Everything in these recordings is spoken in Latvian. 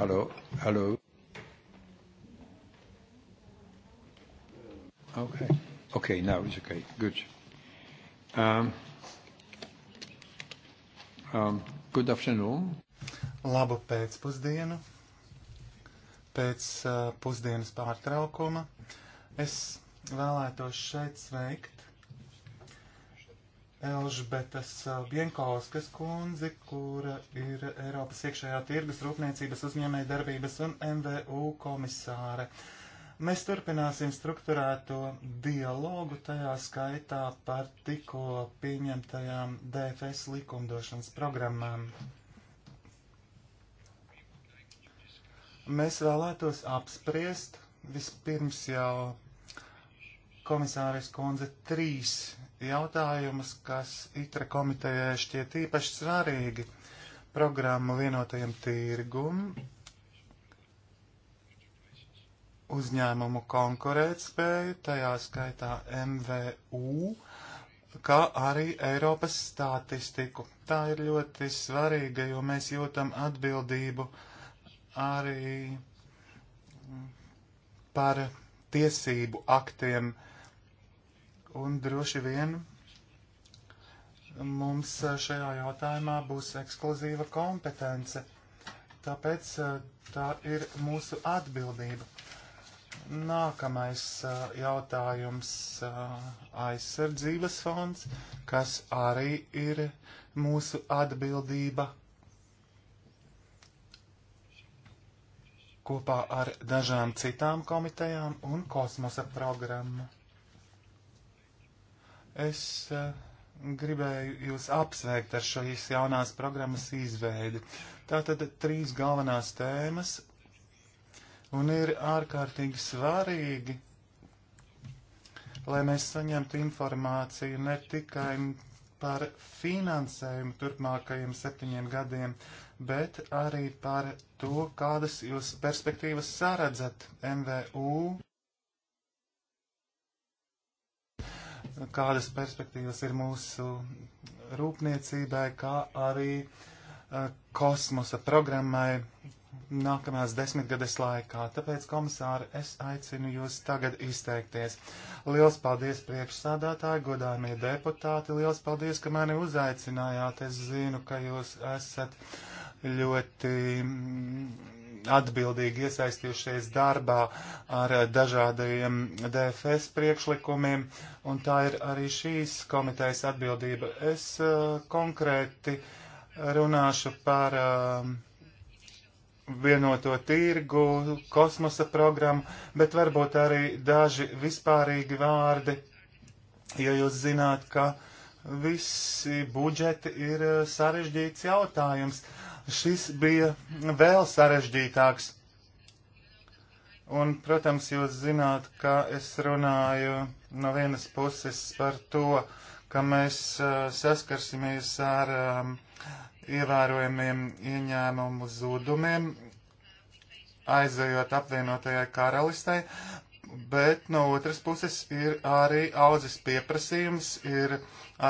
Hello, hello. Okay, okay, now it's okay, good. Um, um, good afternoon. Labu pēcpusdienu. Pēc uh, pusdienas pārtraukuma es vēlētos šeit sveikt Elžbetas eh, Bienkauskas kundzi, kura ir Eiropas iekšējā tirgus rūpniecības uzņēmēja darbības un MVU komisāre. Mēs turpināsim struktūrēto dialogu tajā skaitā par tikko pieņemtajām DFS likumdošanas programmām. Mēs vēlētos apspriest vispirms jau komisāres kundze trīs jautājumus, kas ITRA komitejai šķiet īpaši svarīgi. Programma vienotajam tirgum, uzņēmumu konkurētspēju, tajā skaitā MVU, kā arī Eiropas statistiku. Tā ir ļoti svarīga, jo mēs jūtam atbildību arī par tiesību aktiem uh, Un droši vien mums eh, šajā jautājumā būs ekskluzīva kompetence. Tāpēc eh, tā ir mūsu atbildība. Nākamais eh, jautājums - aizsardzības fonds, kas arī ir mūsu atbildība kopā ar dažām citām komitejām un kosmosa programmu. Es uh, gribēju jūs apsveikt ar šīs jaunās programmas izveidi. Tātad trīs galvenās tēmas, un ir ārkārtīgi svarīgi, lai mēs saņemtu informāciju ne tikai par finansējumu turpmākajiem septiņiem gadiem, bet arī par to, kādas jūs perspektīvas saredzat MVU. kādas perspektīvas ir mūsu rūpniecībai, kā arī uh, kosmosa programmai nākamās desmitgades laikā. Tāpēc, komisāri, es aicinu jūs tagad izteikties. Liels paldies priekšsādātāji, godājumie deputāti, liels paldies, ka mani uzaicinājāt. Es zinu, ka jūs esat ļoti. Mm, atbildīgi iesaistījušies darbā ar dažādajiem DFS priekšlikumiem, un tā ir arī šīs komitejas atbildība. Es uh, konkrēti runāšu par uh, vienoto tirgu, kosmosa programmu, bet varbūt arī daži vispārīgi vārdi, jo jūs zināt, ka visi budžeti ir eh, sarežģīts jautājums. Uh, Šis bija vēl sarežģītāks. Un, protams, jūs zināt, ka es runāju no vienas puses par to, ka mēs uh, saskarsimies ar um, ehm, ievērojumiem ieņēmumu zudumiem, aizējot apvienotajai karalistei, bet no otras puses ir arī audzis pieprasījums, ir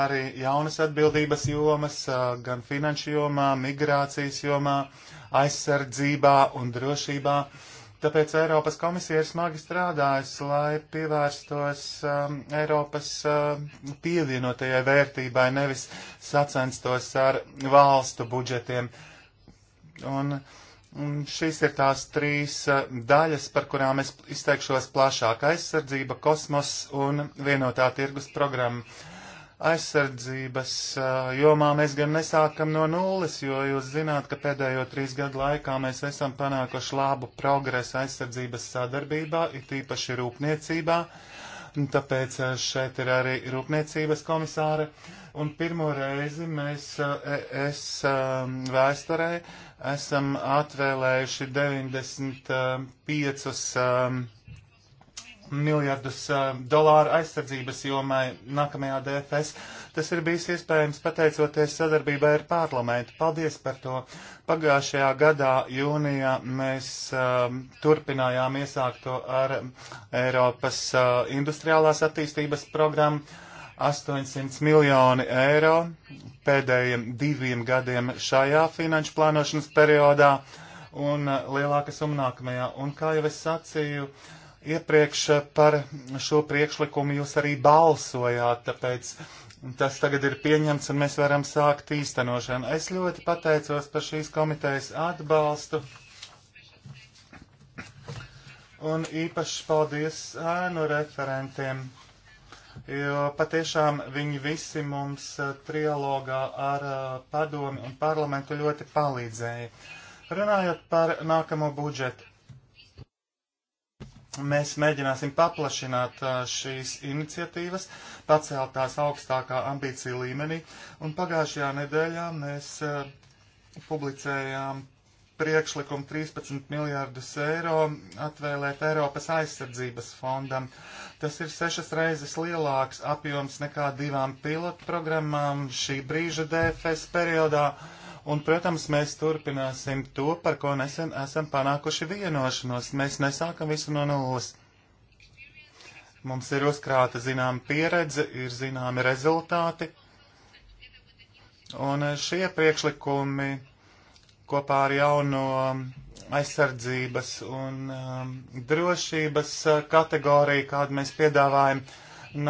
arī jaunas atbildības jomas, gan finanšu jomā, migrācijas jomā, aizsardzībā un drošībā. Tāpēc Eiropas komisija ir smagi strādājusi, lai pievērstos um, Eiropas um, pievienotajai vērtībai, nevis sacenstos ar valstu budžetiem. Un, uh, Šīs ir tās trīs eh, daļas, par kurām es izteikšos plašāk - aizsardzība, kosmos un vienotā tirgus programma. Aizsardzības eh, jomā mēs gan nesākam no nulles, jo jūs zināt, ka pēdējo trīs gadu laikā mēs esam panākuši labu progresu aizsardzības sadarbībā, it īpaši rūpniecībā. Uh, tāpēc eh, šeit ir arī rūpniecības komisāre. Un pirmo reizi mēs eh, es ehm, vēsturē esam atvēlējuši 95 miljardus uh, dolāru aizsardzības jomai nākamajā DFS. Tas ir bijis iespējams pateicoties sadarbībai ar parlamentu. Paldies par to. Pagājušajā gadā jūnijā mēs uh, turpinājām iesākto ar Eiropas uh, industriālās attīstības programmu. 800 miljoni eiro pēdējiem diviem gadiem šajā finanšu plānošanas periodā un lielāka summa nākamajā. Un kā jau es sacīju, uh, Iepriekš par šo priekšlikumu jūs arī balsojāt, tāpēc tas tagad ir pieņemts un mēs varam sākt īstenošanu. Es ļoti pateicos par šīs komitejas atbalstu. Un īpaši paldies ēnu referentiem, jo patiešām viņi visi mums trialogā ar padomi un parlamentu ļoti palīdzēja. Runājot par nākamo budžetu, Mēs mēģināsim paplašināt šīs iniciatīvas, pacelt tās augstākā ambīcija līmenī, un pagājušajā nedēļā mēs publicējām priekšlikumu 13 miljārdus eiro atvēlēt Eiropas aizsardzības fondam. Tas ir sešas reizes lielāks apjoms nekā divām pilotprogrammām šī brīža DFS periodā. Uh, Un, protams, mēs turpināsim to, par ko nesen esam panākuši vienošanos. Mēs nesākam visu no nulles. Mums ir uzkrāta zināma pieredze, ir zināmi rezultāti. Un eh, šie priekšlikumi kopā ar jauno aizsardzības un um, drošības eh, kategoriju, kādu mēs piedāvājam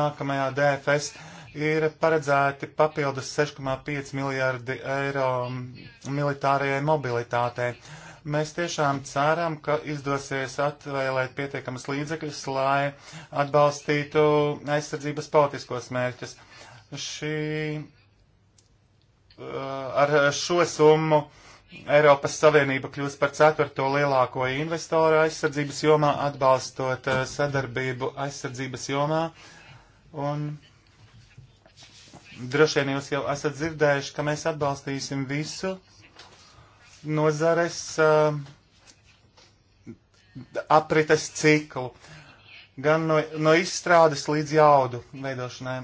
nākamajā DFS, ir paredzēti papildus 6,5 miljārdi eiro militārajai mobilitātei. Mēs tiešām ceram, ka izdosies atvēlēt pietiekamas līdzekļus, lai atbalstītu aizsardzības politiskos mērķus. Šī, uh, ar šo summu Eiropas Savienība kļūs par ceturto lielāko investoru aizsardzības jomā, atbalstot uh, sadarbību aizsardzības jomā. Un Droši vien jūs jau esat dzirdējuši, ka mēs atbalstīsim visu nozares uh, aprites ciklu, gan no, no izstrādes līdz jaudu veidošanai.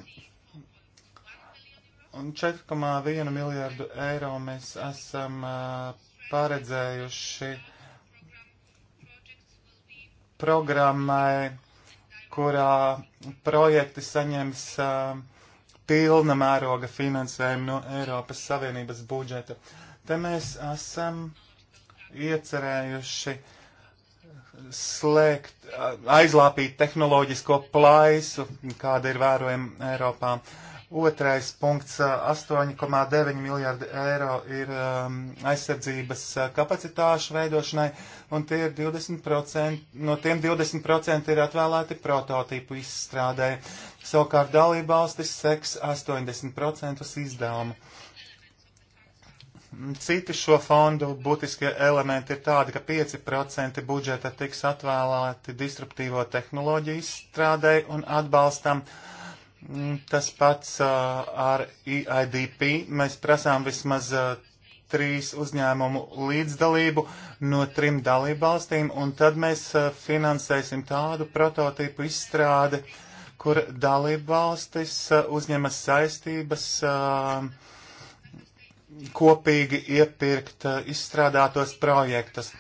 Un 4,1 miljārdu eiro mēs esam uh, paredzējuši programmai, kurā projekti saņems uh, pilna mēroga finansējumu no Eiropas Savienības budžeta. Te mēs esam iecerējuši slēgt, aizlāpīt tehnoloģisko plaisu, kāda ir vērojama Eiropā. Uh, Otrais punkts - 8,9 miljardi eiro ir um, aizsardzības kapacitāšu veidošanai, un tie ir 20%, no tiem 20% ir atvēlēti prototīpu izstrādē. Savukārt dalībvalstis seks 80% izdevumu. Citi šo fondu būtiskie elementi ir tādi, ka 5% budžeta tiks atvēlēti disruptīvo tehnoloģiju izstrādē un atbalstam. Uh, Tas pats ar EIDP. Mēs prasām vismaz trīs uzņēmumu līdzdalību no trim dalībvalstīm, un tad mēs finansēsim tādu prototipu izstrādi, kur dalībvalstis uzņemas saistības kopīgi iepirkt izstrādātos projektus.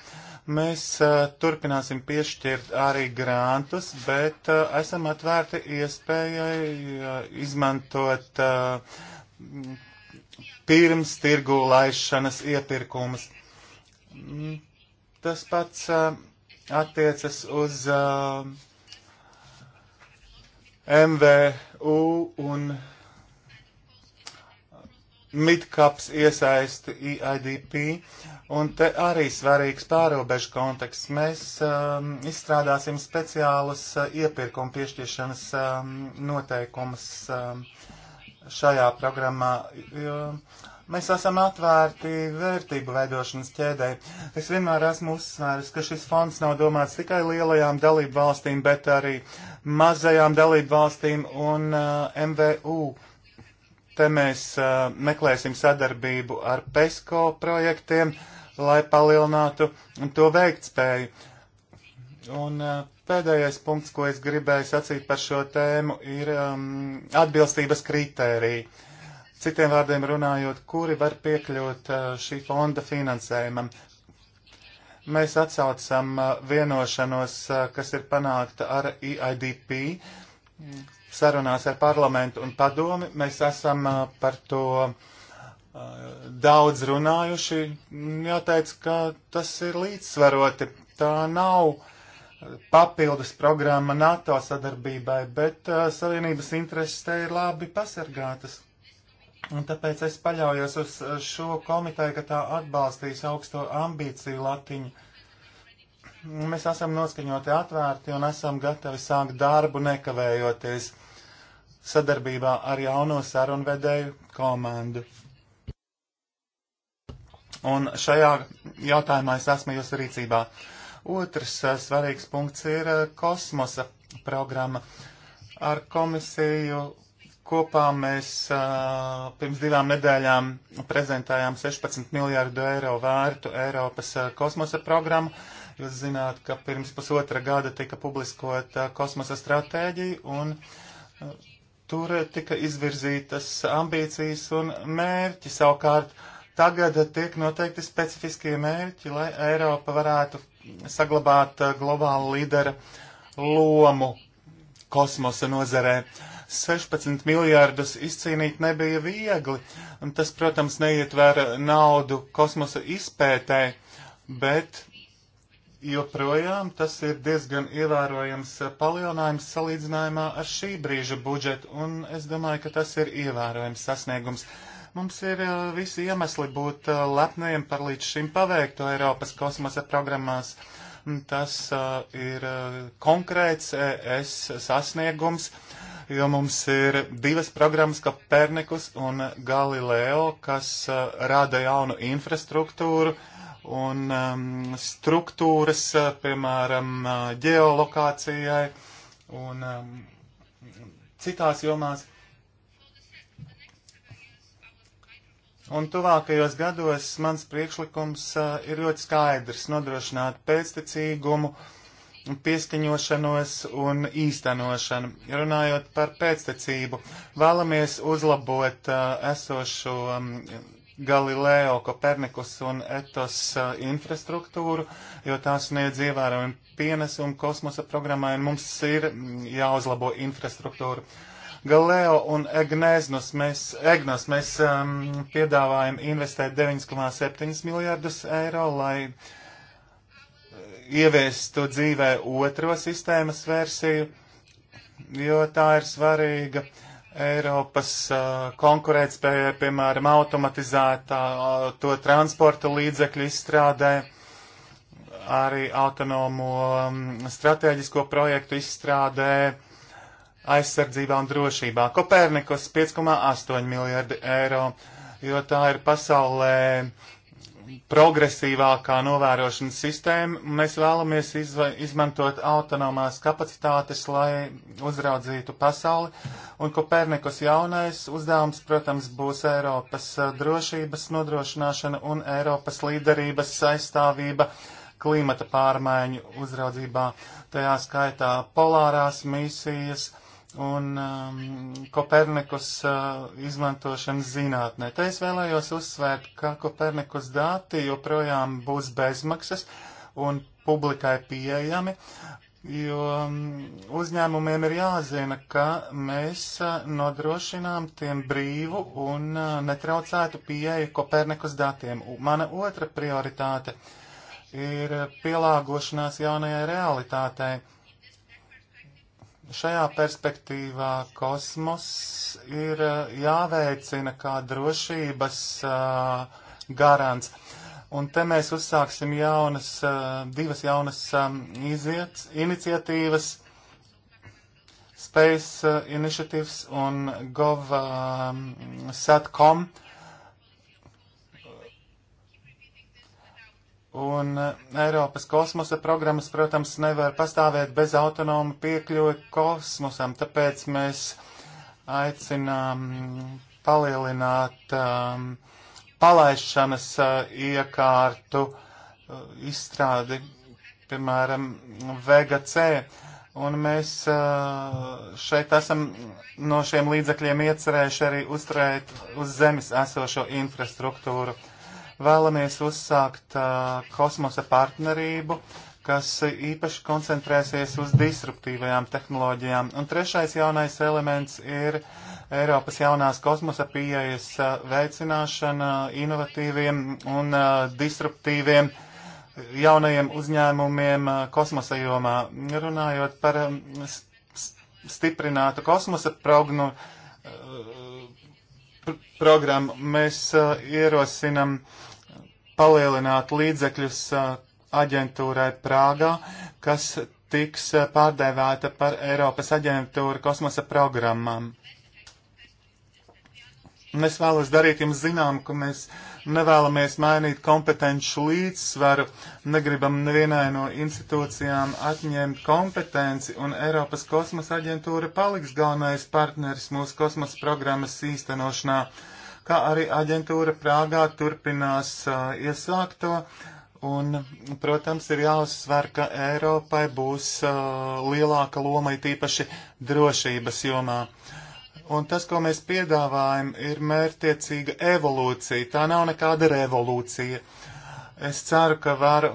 Mēs uh, turpināsim piešķirt arī grantus, bet uh, esam atvērti iespējai uh, izmantot pirms tirgu laišanas iepirkumus. Mm, tas pats attiecas uz MVU un midcaps iesaisti e EIDP, un te arī svarīgs pārobežu konteksts. Mēs um, izstrādāsim speciālus uh, iepirkumu piešķiršanas um, noteikumus um, šajā programmā. Jo, Mēs esam atvērti vērtību veidošanas ķēdē. Es vienmēr esmu uzsvēris, ka šis fonds nav domāts tikai lielajām dalību valstīm, bet arī mazajām dalību valstīm un uh, MVU. Uh, Te mēs uh, meklēsim sadarbību ar PESCO projektiem, lai palielinātu to veiktspēju. Un uh, pēdējais punkts, ko es gribēju sacīt par šo tēmu, ir um, atbilstības kritērija. Citiem vārdiem runājot, kuri var piekļūt uh, šī fonda finansējumam mēs atsaucam vienošanos, kas ir panākta ar EIDP, sarunās ar parlamentu un padomi. Mēs esam uh, par to uh, daudz runājuši. Jāteic, ka tas ir līdzsvaroti. Tā nav papildus programma NATO sadarbībai, bet uh, savienības intereses te ir labi pasargātas. Un tāpēc es paļaujos uz šo komiteju, ka tā atbalstīs augsto ambīciju latiņu. Mēs esam noskaņoti atvērti un esam gatavi sākt darbu nekavējoties sadarbībā ar jauno sarunvedēju komandu. Un šajā jautājumā es esmu jūsu rīcībā. Otrs eh, svarīgs punkts ir eh, kosmosa programma. Ar komisiju kopā mēs uh, pirms divām nedēļām prezentējām 16 miljārdu eiro vērtu Eiropas uh, kosmosa programmu. Jūs zināt, ka pirms pusotra gada tika publiskota uh, kosmosa stratēģija un uh, Tur tika izvirzītas ambīcijas un mērķi. Savukārt tagad tiek noteikti specifiskie mērķi, lai Eiropa varētu saglabāt eh, globālu līdera lomu kosmosa nozarē. 16 miljārdus izcīnīt nebija viegli, un tas, protams, neietver naudu kosmosa izpētē, bet joprojām tas ir diezgan ievērojams palielinājums salīdzinājumā ar šī brīža budžetu, un es domāju, ka tas ir ievērojams sasniegums. Mums ir eh, visi iemesli būt eh, lepniem par līdz šim paveikto Eiropas kosmosa programmās. Tas eh, ir konkrēts ES sasniegums, jo mums ir divas programmas, Kopernikus un Galileo, kas rada jaunu infrastruktūru un um, struktūras, uh, piemēram, uh, ģeolokācijai un um, citās jomās. Un tuvākajos gados mans priekšlikums uh, ir ļoti skaidrs - nodrošināt pēctecīgumu, pieskaņošanos un īstenošanu. Runājot par pēctecību, vēlamies uzlabot uh, esošo um, Galileo, Kopernikus un ETOS uh, infrastruktūru, jo tās sniedz ievērojami pienesumu kosmosa programmai un mums ir mm, jāuzlabo infrastruktūru. Galileo un Egnēznos mēs, Egnos mēs um, piedāvājam investēt 9,7 miljārdus eiro, lai uh, ieviestu dzīvē otro sistēmas versiju, jo tā ir svarīga. Uh, Eiropas uh, konkurētspējai, piemēram, automatizētā uh, to transporta līdzekļu izstrādē, arī autonomo um, strateģisko projektu izstrādē, aizsardzībā un drošībā. Kopernikus 5,8 miljardi eiro, jo tā ir pasaulē uh, progresīvākā novērošanas sistēma, mēs vēlamies izva, izmantot autonomās kapacitātes, lai uzraudzītu pasauli. Un Kopernikus jaunais uzdevums, protams, būs Eiropas eh, drošības nodrošināšana un Eiropas līderības aizstāvība klimata pārmaiņu uzraudzībā, tajā skaitā polārās misijas un um, Kopernikus uh, izmantošanas zinātnē. Te es vēlējos uzsvērt, ka Kopernikus dati joprojām būs bezmaksas un publikai pieejami, jo um, uzņēmumiem ir jāzina, ka mēs uh, nodrošinām tiem brīvu un uh, netraucētu pieeju Kopernikus datiem. Mana otra prioritāte ir uh, pielāgošanās jaunajai realitātei. Šajā perspektīvā kosmos ir eh, jāveicina kā drošības uh, garants. Un te mēs uzsāksim jaunas, uh, divas jaunas um, iziets, iniciatīvas - Space Initiatives un Gov um, Satcom. Uh, Un eh, Eiropas kosmosa programmas, protams, nevar pastāvēt bez autonoma piekļuve kosmosam, tāpēc mēs aicinām palielināt um, palaišanas uh, iekārtu uh, izstrādi, piemēram, Vega C. Un mēs uh, šeit esam no šiem līdzekļiem iecerējuši arī uzturēt uz zemes esošo infrastruktūru. Uh, Vēlamies uzsākt uh, kosmosa partnerību, kas īpaši koncentrēsies uz disruptīvajām tehnoloģijām. Un trešais jaunais elements ir Eiropas jaunās kosmosa pieejas uh, veicināšana inovatīviem un uh, disruptīviem jaunajiem uzņēmumiem uh, kosmosa jomā. Runājot par um, stiprinātu kosmosa prognu, programmu mēs uh, ierosinam palielināt līdzekļus uh, aģentūrai Prāgā, kas tiks uh, pārdēvēta par Eiropas aģentūru kosmosa programmām. Un es vēlos darīt jums zinām, ka mēs uh, nevēlamies mainīt kompetenci līdzsvaru, negribam nevienai no institūcijām atņemt kompetenci, un Eiropas kosmosa aģentūra paliks galvenais partneris mūsu kosmosa programmas īstenošanā, kā arī aģentūra Prāgā turpinās uh, iesākto. Un, protams, ir jāuzsver, ka Eiropai būs uh, lielāka loma, it īpaši drošības jomā. Uh, Un tas, ko mēs piedāvājam, ir mērķtiecīga evolūcija. Tā nav nekāda revolūcija. Es ceru, ka varu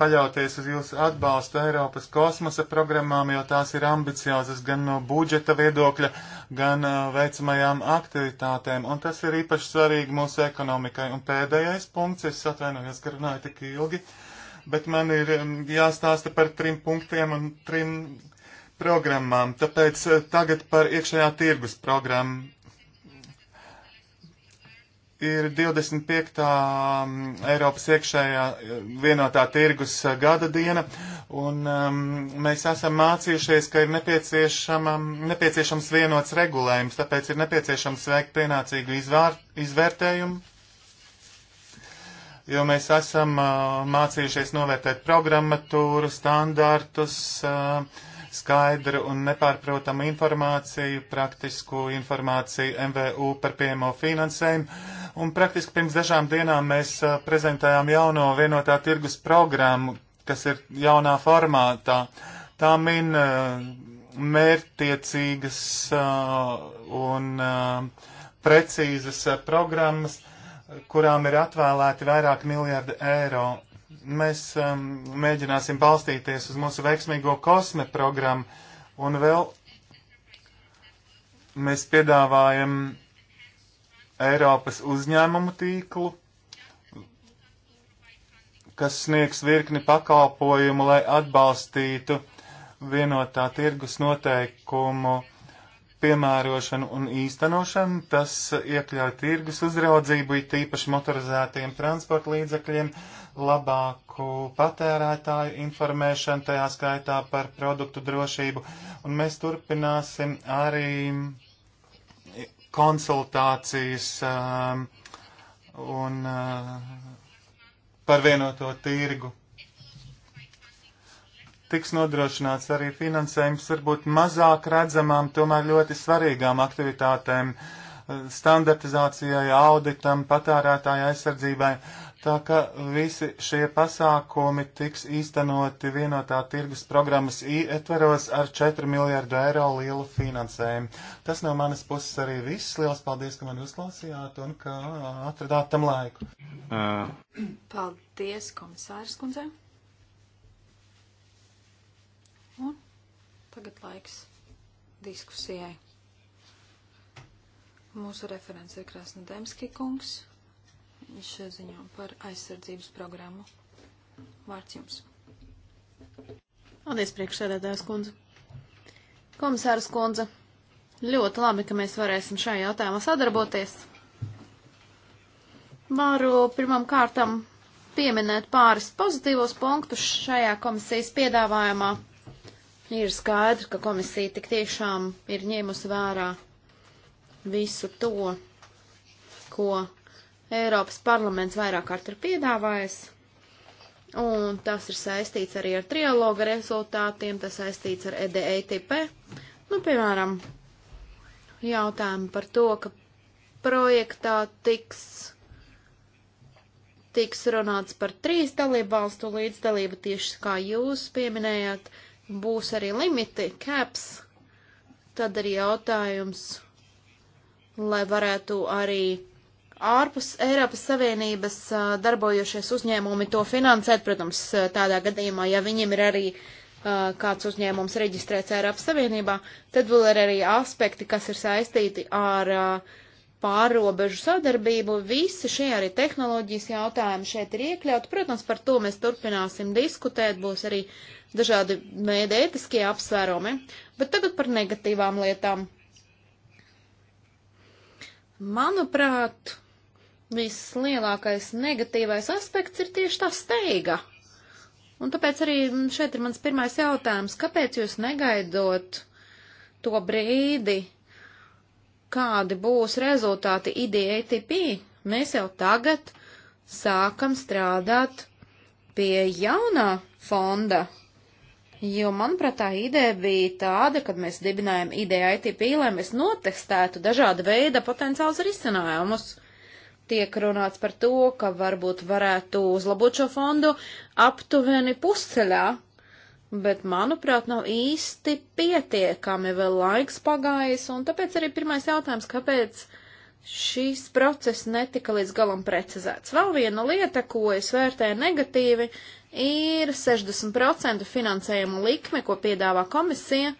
paļauties uz jūsu atbalstu Eiropas kosmosa programmām, jo tās ir ambiciozas gan no budžeta viedokļa, gan uh, veicamajām aktivitātēm. Un tas ir īpaši svarīgi mūsu ekonomikai. Un pēdējais punkts, es atvainojos, ka runāju tik ilgi, bet man ir um, jāstāsta par trim punktiem un trim programmām. Tāpēc eh, tagad par iekšējā tirgus programmu. Ir 25. Mm, Eiropas iekšējā eh, vienotā tirgus eh, gada diena, un um, mēs esam mācījušies, ka ir nepieciešams vienots regulējums, tāpēc ir nepieciešams veikt pienācīgu izvēr, izvērtējumu jo mēs esam uh, mācījušies novērtēt programmatūru, standartus, uh, skaidru un nepārprotamu informāciju, praktisku informāciju MVU par pieejamo finansējumu. Un praktiski pirms dažām dienām mēs a, prezentējām jauno vienotā tirgus programmu, kas ir jaunā formātā. Tā min a, mērtiecīgas a, un precīzas programmas, kurām ir atvēlēti vairāk miljardi eiro mēs um, mēģināsim balstīties uz mūsu veiksmīgo kosme programmu. Un vēl mēs piedāvājam Eiropas uzņēmumu tīklu, kas sniegs virkni pakalpojumu, lai atbalstītu vienotā tirgus noteikumu piemērošanu un īstenošanu, tas iekļauj tirgus uzraudzību, it īpaši motorizētiem transporta līdzekļiem, labāku patērētāju informēšanu, tajā skaitā par produktu drošību, un mēs turpināsim arī konsultācijas um, un uh, par vienoto tirgu tiks nodrošināts arī finansējums varbūt mazāk redzamām, tomēr ļoti svarīgām aktivitātēm, eh, standartizācijai, auditam, patērētāja aizsardzībai. Tā ka visi šie pasākumi tiks īstenoti vienotā tirgus programmas ietveros ar 4 miljārdu eiro lielu finansējumu. Tas no manas puses arī viss. Lielas paldies, ka mani uzklausījāt un ka atradāt tam laiku. Uh. Paldies, komisārs kundzei. Un tagad laiks diskusijai. Mūsu referents ir Krasna Demski kungs. Viņš ziņo par aizsardzības programmu. Vārds jums. Paldies, priekšsēdētājs kundze. Komisārs kundze, ļoti labi, ka mēs varēsim šajā jautājumā sadarboties. Varu pirmam kārtam pieminēt pāris pozitīvos punktus šajā komisijas piedāvājumā ir skaidrs, ka komisija tik tiešām ir ņēmusi vērā visu to, ko Eiropas parlaments vairāk kārt ir piedāvājis. Un tas ir saistīts arī ar trialoga rezultātiem, tas saistīts ar EDATP. E nu, piemēram, jautājumu par to, ka projektā tiks, tiks runāts par trīs dalību valstu līdzdalību, tieši kā jūs pieminējāt, uh, būs arī limiti, caps, tad arī jautājums, lai varētu arī ārpus Eiropas Savienības darbojošies uzņēmumi to finansēt, protams, tādā gadījumā, ja viņiem ir arī a, kāds uzņēmums reģistrēts Eiropas Savienībā, tad vēl ir arī aspekti, kas ir saistīti ar uh, pārobežu sadarbību, visi šie arī tehnoloģijas jautājumi šeit ir iekļauti. Protams, par to mēs turpināsim diskutēt, būs arī dažādi mēdē ētiskie apsvērumi. Bet tagad par negatīvām lietām. Manuprāt, vislielākais negatīvais aspekts ir tieši tā steiga. Un tāpēc arī šeit ir mans pirmais jautājums, kāpēc jūs negaidot to brīdi, kādi būs rezultāti IDATP. E mēs jau tagad sākam strādāt pie jaunā fonda, jo, manuprāt, tā ideja bija tāda, kad mēs dibinājām IDATP, e lai mēs notestētu dažāda veida potenciāls risinājumus. Tiek runāts par to, ka varbūt varētu uzlabot šo fondu aptuveni pusceļā bet, manuprāt, nav īsti pietiekami vēl laiks pagājis, un tāpēc arī pirmais jautājums, kāpēc šīs process netika līdz galam precizēts. Vēl viena lieta, ko es vērtēju negatīvi, ir 60% finansējuma likme, ko piedāvā komisija.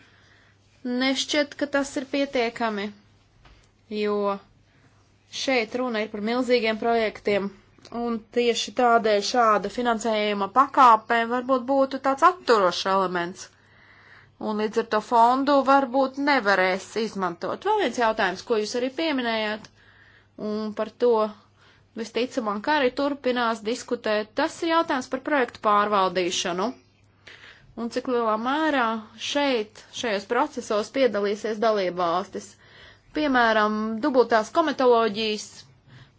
Nešķiet, ka tas ir pietiekami, jo šeit runa ir par milzīgiem projektiem, Un tieši tādēļ šāda finansējuma pakāpē varbūt būtu tāds atturošs elements. Un līdz ar to fondu varbūt nevarēs izmantot. Vēl viens jautājums, ko jūs arī pieminējāt, un par to visticamāk arī turpinās diskutēt, tas ir jautājums par projektu pārvaldīšanu. Un cik lielā mērā šeit, šajos procesos piedalīsies dalībvalstis. Piemēram, dubultās komitoloģijas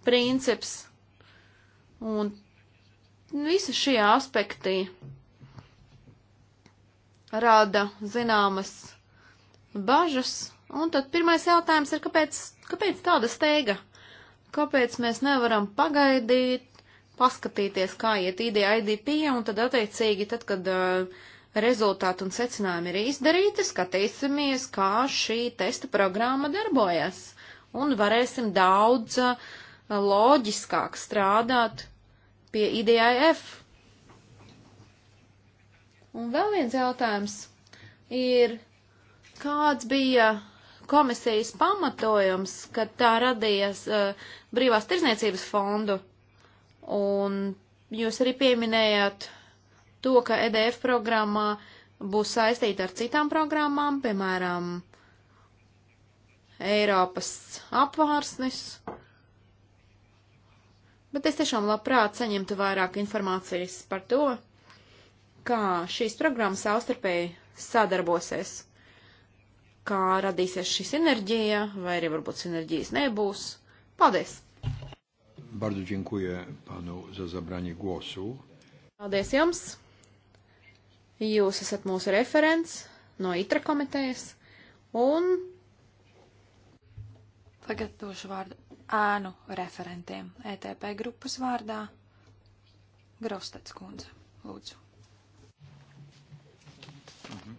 princips Un visi šie aspekti rada zināmas bažas. Un tad pirmais jautājums ir, kāpēc, kāpēc tāda steiga? Kāpēc mēs nevaram pagaidīt, paskatīties, kā iet IDIDP, un tad attiecīgi, tad, kad uh, rezultāti un secinājumi ir izdarīti, skatīsimies, kā šī testa programma darbojas, un varēsim daudz uh, loģiskāk strādāt pie IDIF. Un vēl viens jautājums ir, kāds bija komisijas pamatojums, kad tā radījās uh, brīvās tirzniecības fondu? Un jūs arī pieminējāt to, ka EDF programmā būs saistīta ar citām programmām, piemēram, Eiropas apvārsnis. Uh, bet es tiešām labprāt saņemtu vairāk informācijas par to, kā šīs programmas savstarpēji sadarbosies, kā radīsies šī sinerģija, vai arī varbūt sinerģijas nebūs. Paldies! Bardzo dziękuję panu za zabranie głosu. Paldies jums! Jūs esat mūsu referents no ITRA komitejas un. Tagad došu vārdu ēnu referentiem ETP grupas vārdā. Grostats kundze, lūdzu. Mhm.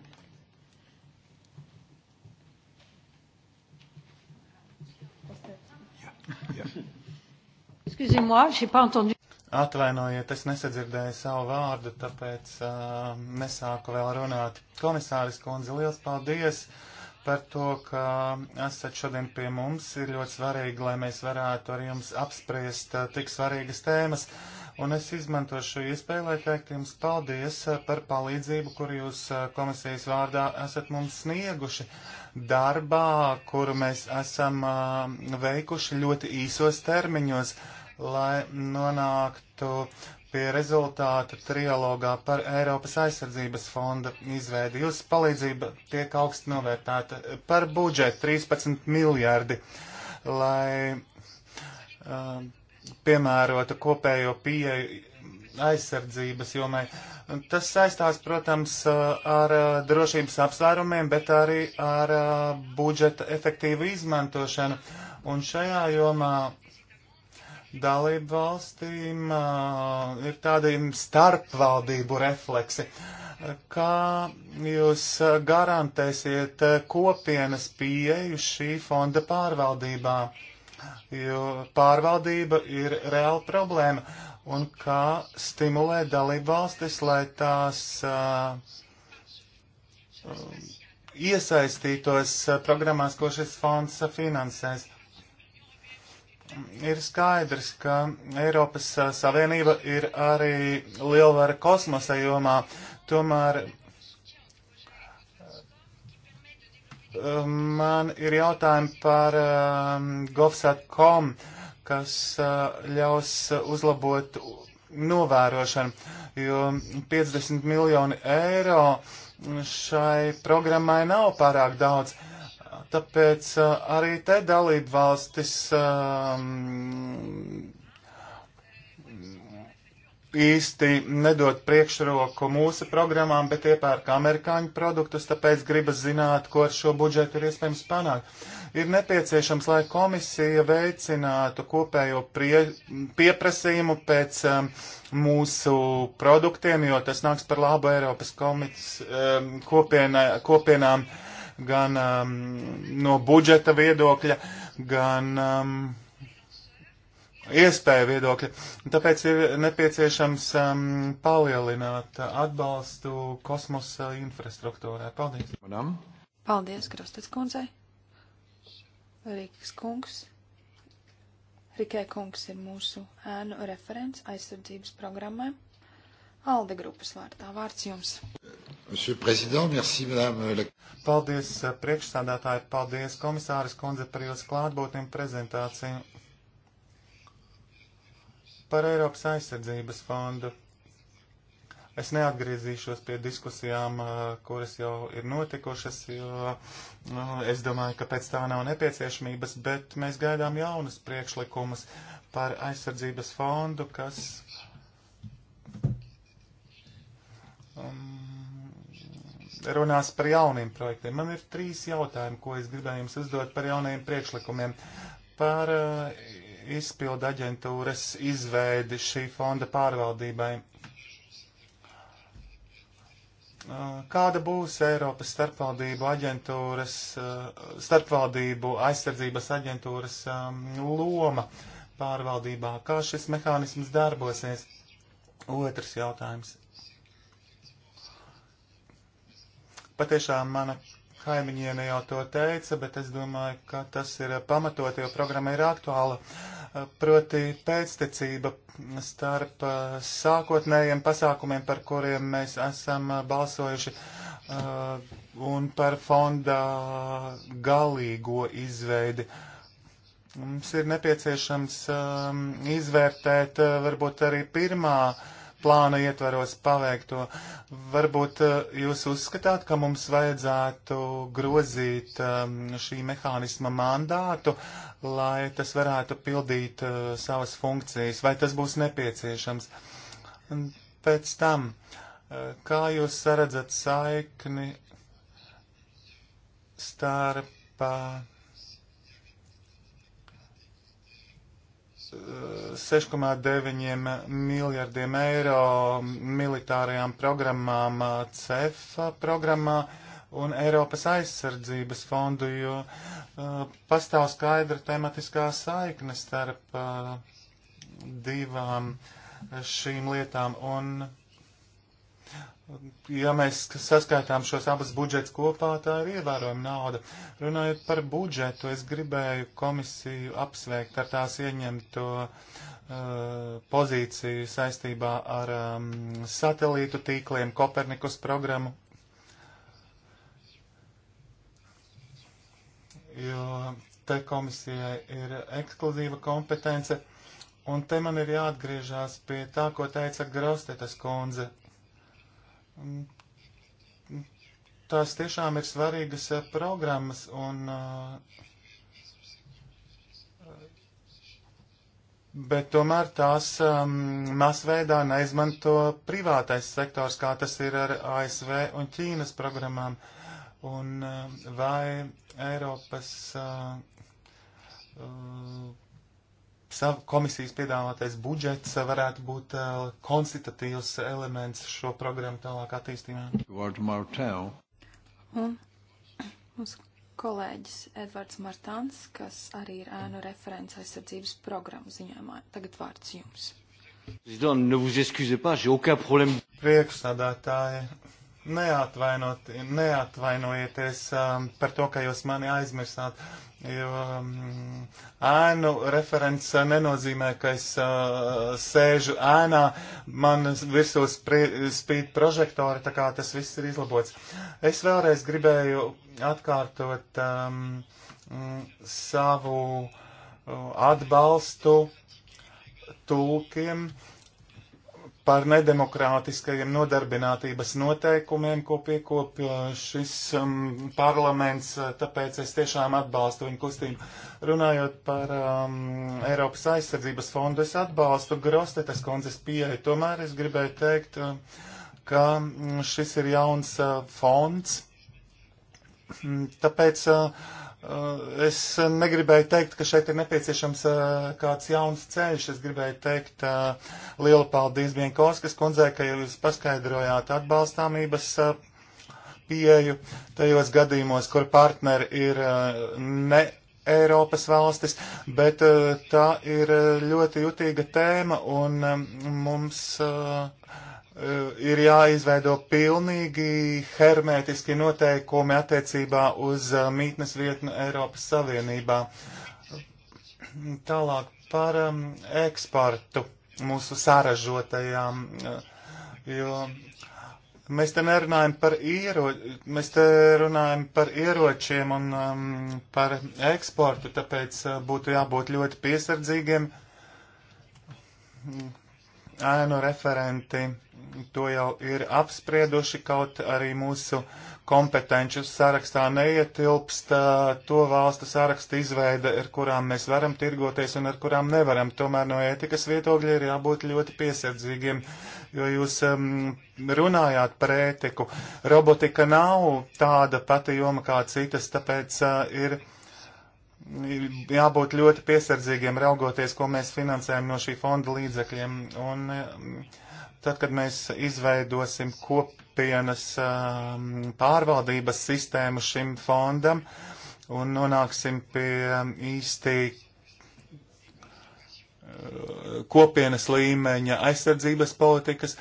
Jā, jā. Atvainojiet, es nesadzirdēju savu vārdu, tāpēc uh, nesāku vēl runāt. Komisāris kundze, liels paldies! Uh, par to, ka esat šodien pie mums. Ir ļoti svarīgi, lai mēs varētu ar jums apspriest tik svarīgas tēmas. Un es izmantošu šo iespēju, lai teikt jums paldies par palīdzību, kur jūs komisijas vārdā esat mums snieguši darbā, kuru mēs esam veikuši ļoti īsos termiņos, lai nonāktu pie rezultāta trialogā par Eiropas aizsardzības fonda izveidi. Jūsu palīdzība tiek augstu novērtēta par budžetu 13 miljārdi, lai uh, piemērotu kopējo pieeju aizsardzības jomai. Tas saistās, protams, ar uh, drošības apsvērumiem, bet arī ar uh, budžeta efektīvu izmantošanu. Un šajā jomā dalību valstīm uh, ir tādi starpvaldību refleksi. Kā jūs garantēsiet kopienas pieeju šī fonda pārvaldībā? Jo pārvaldība ir reāla problēma. Un kā stimulēt dalību valstis, lai tās uh, iesaistītos programmās, ko šis fonds finansēs? Ir skaidrs, ka Eiropas Savienība ir arī lielvara kosmosa jomā, tomēr man ir jautājumi par um, govsat.com, kas uh, ļaus uzlabot novērošanu, jo 50 miljoni eiro šai programmai nav pārāk daudz. Uh, Tāpēc arī te dalību valstis um, īsti nedod priekšroku mūsu programmām, bet iepērk amerikāņu produktus, tāpēc gribas zināt, ko ar šo budžetu ir iespējams panākt. Ir nepieciešams, lai komisija veicinātu kopējo prie, pieprasījumu pēc um, mūsu produktiem, jo tas nāks par labu Eiropas komiks, um, kopienā, kopienām. Uh, gan um, no budžeta viedokļa, gan um, iespēja viedokļa. Tāpēc ir nepieciešams um, palielināt atbalstu kosmosa infrastruktūrā. Paldies! Manam. Paldies, Krastets kundzei! Rīgas kungs. Rikē kungs ir mūsu ēnu referents aizsardzības programmai. Alde grupas vārtā vārds jums. Paldies eh, priekšsādātāji, paldies komisāris kundze par jūsu klātbūtni un prezentāciju. Par Eiropas aizsardzības fondu. Es neatgriezīšos pie diskusijām, eh, kuras jau ir notikušas, jo nu, es domāju, ka pēc tā nav nepieciešamības, bet mēs gaidām jaunus priekšlikumus par aizsardzības fondu, kas. Um, runās par jauniem projektiem. Man ir trīs jautājumi, ko es gribēju jums uzdot par jaunajiem priekšlikumiem. Par uh, izpildu aģentūras izveidi šī fonda pārvaldībai. Eh, kāda būs Eiropas starpvaldību aģentūras, eh, starpvaldību aizsardzības aģentūras loma pārvaldībā? Kā šis mehānisms darbosies? Otrs jautājums. Patiešām mana kaimiņiene jau to teica, bet es domāju, ka tas ir pamatot, jo programma ir aktuāla. Proti pēctecība starp eh, sākotnējiem pasākumiem, par kuriem mēs esam eh, balsojuši, eh, un par fonda galīgo izveidi. Mums ir nepieciešams izvērtēt varbūt arī pirmā uh, plāna ietvaros paveikto. Varbūt eh, jūs uzskatāt, ka mums vajadzētu grozīt ehm, šī mehānisma mandātu, lai tas varētu pildīt eh, savas funkcijas, vai tas būs nepieciešams. Pēc tam, eh, kā jūs saredzat saikni starp 6,9 miljardiem eiro militārajām programmām CEFA programmā un Eiropas aizsardzības fondu, jo uh, pastāv skaidra tematiskā saikne starp uh, divām šīm lietām. Un ja mēs saskaitām šos abus budžets kopā, tā ir ievērojama nauda. Runājot par budžetu, es gribēju komisiju apsveikt ar tās ieņemto uh, pozīciju saistībā ar um, satelītu tīkliem, Kopernikus programmu. Jo te komisijai ir ekskluzīva kompetence, un te man ir jāatgriežās pie tā, ko teica Graustetas kundze tās tiešām ir svarīgas eh, programmas un eh, Bet tomēr tās um, masveidā neizmanto privātais sektors, kā tas ir ar ASV un Ķīnas programmām. Un, eh, vai Eiropas uh, uh, komisijas piedāvātais budžets varētu būt uh, konstitutīvs elements šo programmu tālāk attīstībā. Un mūsu kolēģis Edvards Martāns, kas arī ir ēnu referents aizsardzības programmu ziņojumā. Tagad vārds jums. Priekšsādātāji, neatvainojieties um, par to, ka jūs mani aizmirsāt jo um, ēnu referents uh, nenozīmē, ka es uh, sēžu ēnā, man virsū spīd prožektori, tā kā tas viss ir izlabots. Es vēlreiz gribēju atkārtot um, savu uh, atbalstu tulkiem. Uh, par nedemokrātiskajiem nodarbinātības noteikumiem, ko piekopja šis um, parlaments, uh, tāpēc es tiešām atbalstu viņu kustību. Runājot par um, Eiropas aizsardzības fondu, es atbalstu Grostetas kundzes pieeju, tomēr es gribēju teikt, uh, ka mm, šis ir jauns uh, fonds, mm, tāpēc. Uh, Eh, es negribēju teikt, ka šeit ir nepieciešams eh, kāds jauns ceļš. Es gribēju teikt eh, lielu paldies Bienkovskas kundzē, ka jūs paskaidrojāt atbalstāmības pieju tajos gadījumos, kur partneri ir ne Eiropas valstis, bet tā ir ļoti jutīga tēma un mums. Uh, Eh, ir jāizveido pilnīgi hermētiski noteikumi attiecībā uz eh, mītnes vietnu Eiropas Savienībā. Tālāk par um, eh, eksportu mūsu sāražotajām, jo mēs te nerunājam par, iero, mēs te runājam par ieročiem un um, par eksportu, tāpēc būtu jābūt ļoti piesardzīgiem ēnu referenti to jau ir apsprieduši, kaut arī mūsu kompetenču sarakstā neietilpst to valstu sarakstu izveide, ar kurām mēs varam tirgoties un ar kurām nevaram. Tomēr no ētikas vietokļa ir jābūt ļoti piesardzīgiem, jo jūs um, runājāt par ētiku. Robotika nav tāda pati joma kā citas, tāpēc uh, ir jābūt ļoti piesardzīgiem raugoties, ko mēs finansējam no šī fonda līdzekļiem. Un, uh, Tad, kad mēs izveidosim kopienas um, pārvaldības sistēmu šim fondam un nonāksim pie um, īstī uh, kopienas līmeņa aizsardzības politikas.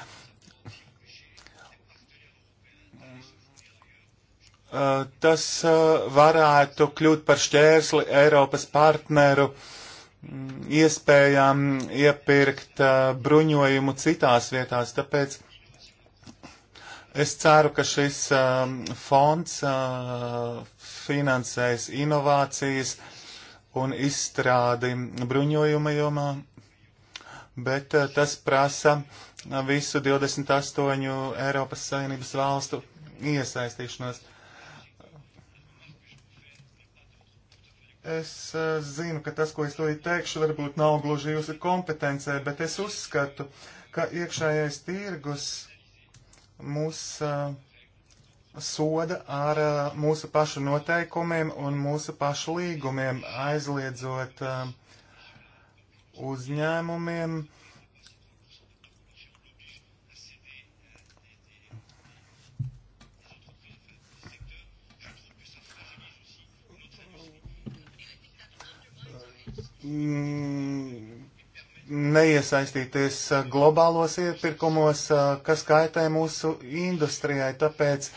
Uh, tas uh, varētu kļūt par šķērsli Eiropas partneru uh, iespējām iepirkt uh, bruņojumu citās vietās. Tāpēc es ceru, ka šis um, fonds uh, finansēs inovācijas un izstrādi bruņojuma jomā, bet uh, tas prasa visu 28 Eiropas Savienības valstu iesaistīšanos. Es uh, zinu, ka tas, ko es to teikšu, varbūt nav gluži jūsu kompetencē, bet es uzskatu, ka iekšējais tirgus mūs uh, soda ar uh, mūsu pašu noteikumiem un mūsu pašu līgumiem, aizliedzot uzņēmumiem Mm, neiesaistīties uh, globālos iepirkumos, uh, kas kaitē mūsu industrijai. Tāpēc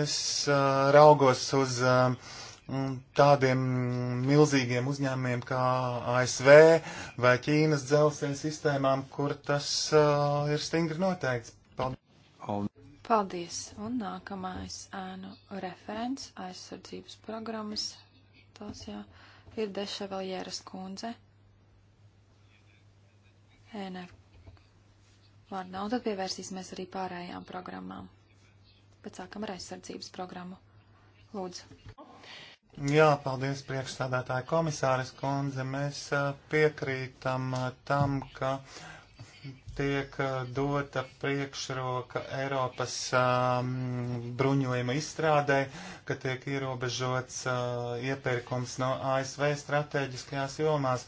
es uh, raugos uz um, tādiem milzīgiem uzņēmumiem kā ASV vai Ķīnas dzelzceļa sistēmām, kur tas ir stingri noteikts. Paldies! Paldies! Un nākamais ēnu referents aizsardzības programmas. Tās jau. Jā ir Dešavaljeras kundze. ENF vārdā, un tad pievērsīsimies arī pārējām programmām. Pēc sākam ar aizsardzības programmu. Lūdzu. Jā, paldies priekšstādātāja komisāres kundze. Mēs piekrītam tam, ka. Uh, tiek uh, dota priekšroka Eiropas um, bruņojuma izstrādē, ka tiek ierobežots uh, iepirkums no ASV strateģiskajās jomās.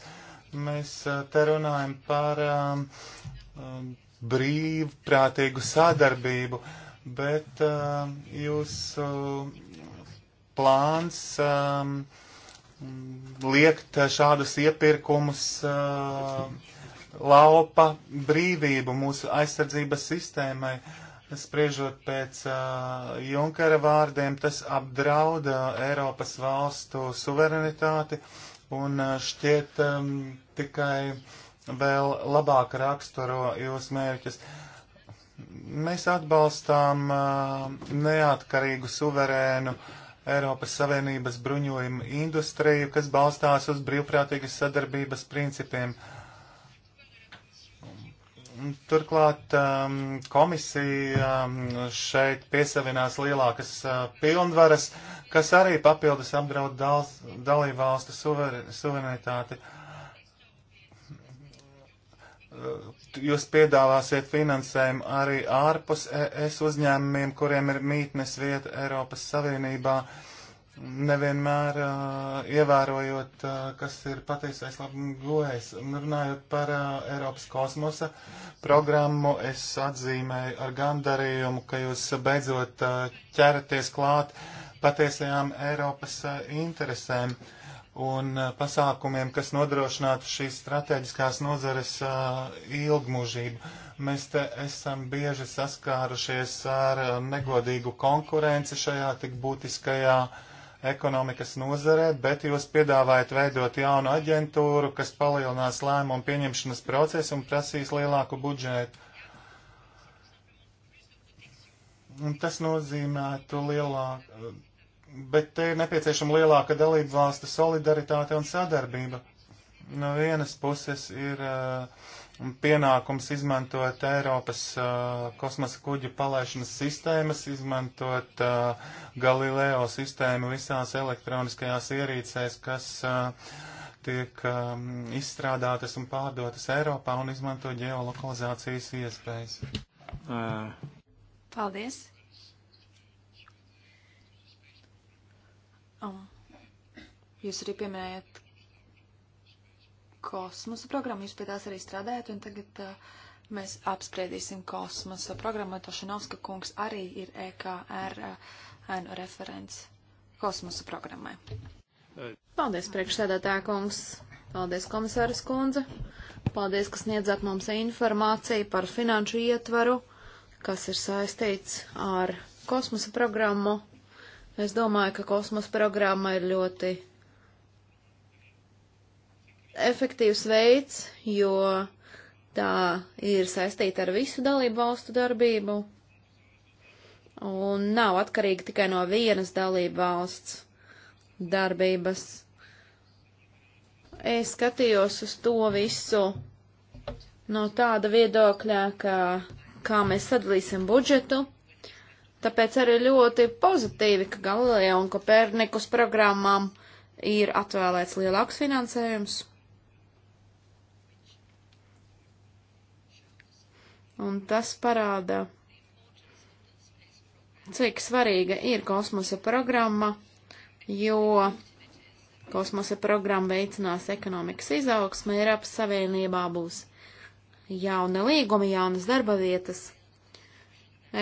Mēs uh, te runājam par um, um, brīvprātīgu sadarbību, bet uh, jūsu plāns um, liekt šādus iepirkumus. Uh, laupa brīvību mūsu aizsardzības sistēmai. Spriežot pēc uh, Junkara vārdiem, tas apdrauda Eiropas valstu suverenitāti un uh, šķiet um, tikai vēl labāk raksturo jūs mērķus. Mēs atbalstām uh, neatkarīgu suverēnu uh, Eiropas Savienības bruņojuma industriju, kas balstās uz brīvprātīgas sadarbības principiem. Uh, Turklāt um, komisija um, šeit piesavinās lielākas uh, pilnvaras, kas arī papildus apdraud dal dalībvalstu suverenitāti. Uh, jūs piedāvāsiet finansējumu arī ārpus ES uzņēmumiem, kuriem ir mītnes vieta Eiropas Savienībā. Uh, nevienmēr uh, ievērojot, uh, kas ir patiesais labums guvējs. Runājot par uh, Eiropas kosmosa programmu, es atzīmēju ar gandarījumu, ka jūs beidzot uh, ķeraties klāt patiesajām Eiropas uh, interesēm un uh, pasākumiem, kas nodrošinātu šīs strateģiskās nozares uh, ilgmužību. Mēs te esam bieži saskārušies ar uh, negodīgu konkurenci šajā tik būtiskajā uh, ekonomikas nozarē, bet jūs piedāvājat veidot jaunu aģentūru, kas palielinās lēmumu pieņemšanas procesu un prasīs lielāku budžetu. Un tas nozīmētu lielāku, bet te ir nepieciešama lielāka dalību valstu solidaritāte un sadarbība. No vienas puses ir uh, pienākums izmantot Eiropas uh, kosmosa kuģu palaišanas sistēmas, izmantot uh, Galileo sistēmu visās elektroniskajās ierīcēs, kas uh, tiek um, izstrādātas un pārdotas Eiropā un izmanto ģeolokalizācijas iespējas. Paldies! Oh. Jūs arī pieminējat kosmosa programmu. Jūs pie tās arī strādājat, un tagad uh, mēs apspriedīsim kosmosa programmu. Tošanovska kungs arī ir EKR uh, referents kosmosa programmai. Paldies, priekšsēdētā kungs! Paldies, komisāras kundze! Paldies, ka sniedzat mums informāciju par finanšu ietvaru, kas ir saistīts ar kosmosa programmu. Es domāju, ka kosmosa programma ir ļoti efektīvs veids, jo tā ir saistīta ar visu dalību valstu darbību un nav atkarīga tikai no vienas dalību valsts darbības. Es skatījos uz to visu no tāda viedokļa, ka kā mēs sadalīsim budžetu, tāpēc arī ļoti pozitīvi, ka Galileo un Kopernikus programmām ir atvēlēts lielāks finansējums. Un tas parāda, cik svarīga ir kosmosa programma, jo kosmosa programma veicinās ekonomikas izaugsmē, Eiropas Savienībā būs jauna līguma, jaunas darba vietas.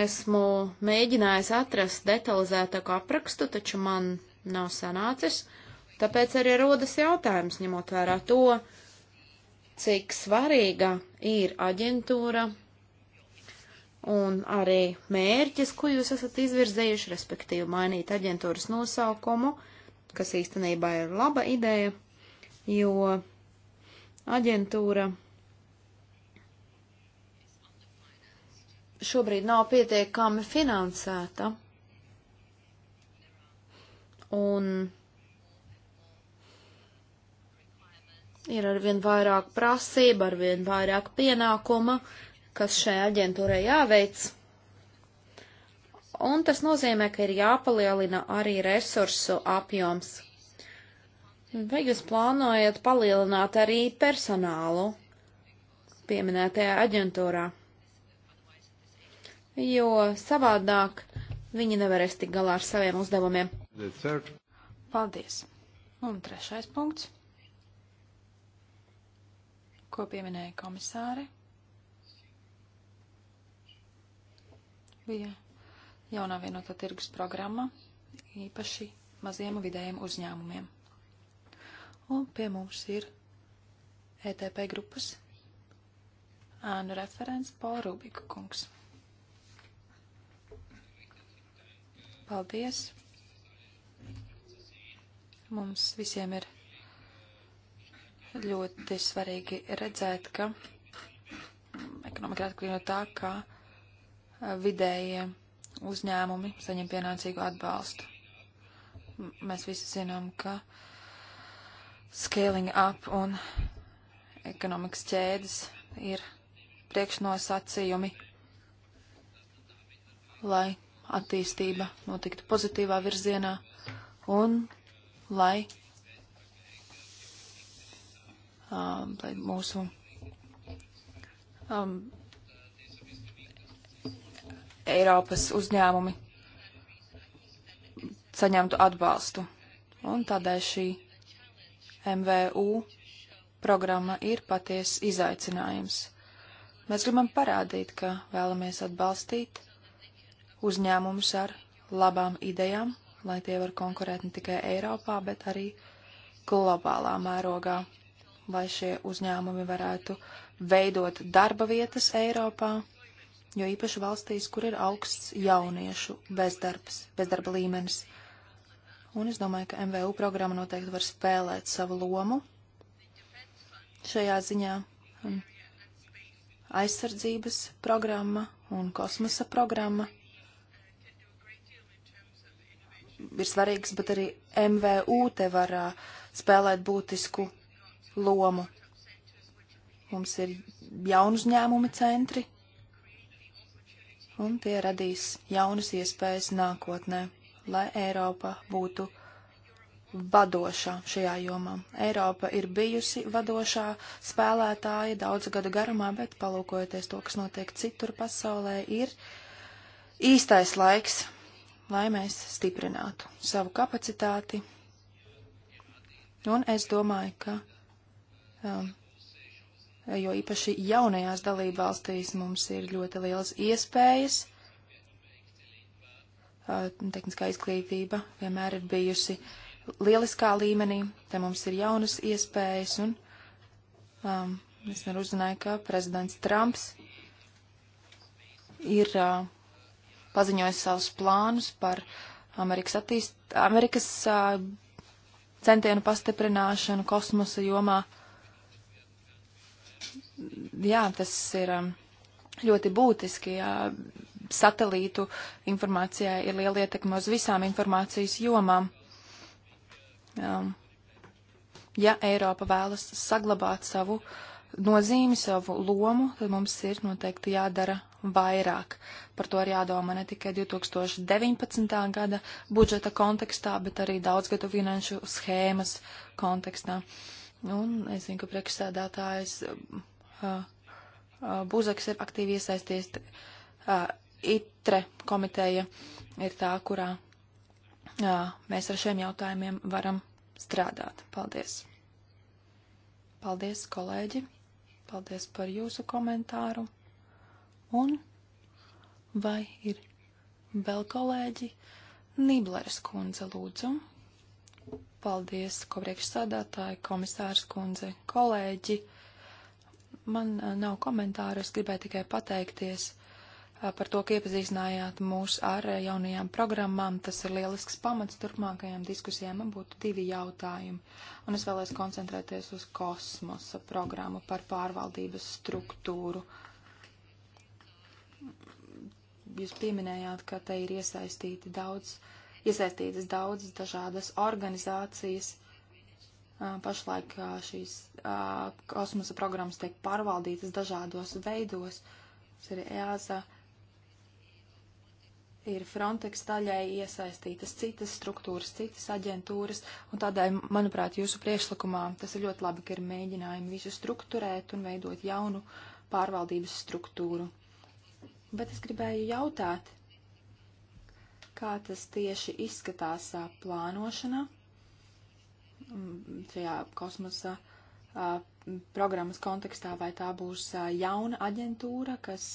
Esmu mēģinājis atrast detalizētāku aprakstu, taču man nav sanācis, tāpēc arī rodas jautājums, ņemot vērā to, cik svarīga ir aģentūra un arī mērķis, ko jūs esat izvirzējuši, respektīvi mainīt aģentūras nosaukumu, kas īstenībā ir laba ideja, jo aģentūra šobrīd nav pietiekami finansēta. Un ir arvien vairāk prasība, arvien vairāk pienākuma, uh, kas šai aģentūrai jāveic. Un tas nozīmē, ka ir jāpalielina arī resursu apjoms. Vai jūs plānojat palielināt arī personālu pieminētajā aģentūrā? Jo savādāk viņi nevarēs tik galā ar saviem uzdevumiem. Paldies. Un trešais punkts, ko pieminēja komisāri. bija jaunā vienotā tirgus programma īpaši maziem un vidējiem uzņēmumiem. Un pie mums ir ETP grupas ēnu referents Paurubika kungs. Paldies! Mums visiem ir ļoti svarīgi redzēt, ka ekonomika ir atkarīga no tā, kā vidējie uzņēmumi saņem pienācīgu atbalstu. M mēs visi zinām, ka scaling up un ekonomikas ķēdes ir priekšnosacījumi, lai attīstība notiktu pozitīvā virzienā un lai, um, lai mūsu um, Eiropas uzņēmumi saņemtu atbalstu. Un tādēļ šī MVU programma ir paties izaicinājums. Mēs gribam parādīt, ka vēlamies atbalstīt uzņēmumus ar labām idejām, lai tie var konkurēt ne tikai Eiropā, bet arī globālā mērogā, lai šie uzņēmumi varētu veidot darba vietas Eiropā jo īpaši valstīs, kur ir augsts jauniešu bezdarbs, bezdarba līmenis. Un es domāju, ka MVU programma noteikti var spēlēt savu lomu šajā ziņā. Un aizsardzības programma un kosmosa programma ir svarīgas, bet arī MVU te var uh, spēlēt būtisku lomu. Mums ir jaunu uzņēmumu centri, un tie radīs jaunas iespējas nākotnē, lai Eiropa būtu vadošā šajā jomā. Eiropa ir bijusi vadošā spēlētāja daudzu gadu garumā, bet palūkojoties to, kas notiek citur pasaulē, ir īstais laiks, lai mēs stiprinātu savu kapacitāti. Un es domāju, ka um, jo īpaši jaunajās dalībvalstīs mums ir ļoti lielas iespējas. Tehniskā izglītība vienmēr ir bijusi lieliskā līmenī, te mums ir jaunas iespējas, un um, es nevaru uzzināju, ka prezidents Trumps ir uh, paziņojis savus plānus par Amerikas, attīst Amerikas uh, centienu pastiprināšanu kosmosa jomā. Uh, jā, tas ir um, ļoti būtiski, jā, satelītu informācijai ir liela ietekme uz visām informācijas jomām. Um, ja Eiropa vēlas saglabāt savu nozīmi, savu lomu, tad mums ir noteikti jādara vairāk. Par to ir jādomā ne tikai 2019. gada budžeta kontekstā, bet arī daudzgadu finanšu schēmas kontekstā. Un es zinu, ka priekšsēdētājs Buzaks ir aktīvi iesaisties. ITRE komiteja ir tā, kurā mēs ar šiem jautājumiem varam strādāt. Paldies! Paldies, kolēģi! Paldies par jūsu komentāru! Un vai ir vēl kolēģi? Nibleres kundze, lūdzu. Paldies, ko priekšsādātāji, komisārs kundze, kolēģi. Man eh, nav komentāru, es gribēju tikai pateikties eh, par to, ka iepazīstinājāt mūs ar eh, jaunajām programmām. Tas ir lielisks pamats turpmākajām diskusijām. Man būtu divi jautājumi, un es vēlēs koncentrēties uz kosmosa programmu par pārvaldības struktūru. Jūs pieminējāt, ka te ir iesaistīti daudz, iesaistītas daudz dažādas organizācijas. Pašlaik šīs kosmosa programmas tiek pārvaldītas dažādos veidos. Tas ir EASA, ir Frontex daļai iesaistītas citas struktūras, citas aģentūras, un tādēļ, manuprāt, jūsu priekšlikumā tas ir ļoti labi, ka ir mēģinājumi visu strukturēt un veidot jaunu pārvaldības struktūru. Bet es gribēju jautāt, kā tas tieši izskatās plānošanā šajā kosmosa programmas kontekstā, vai tā būs jauna aģentūra, kas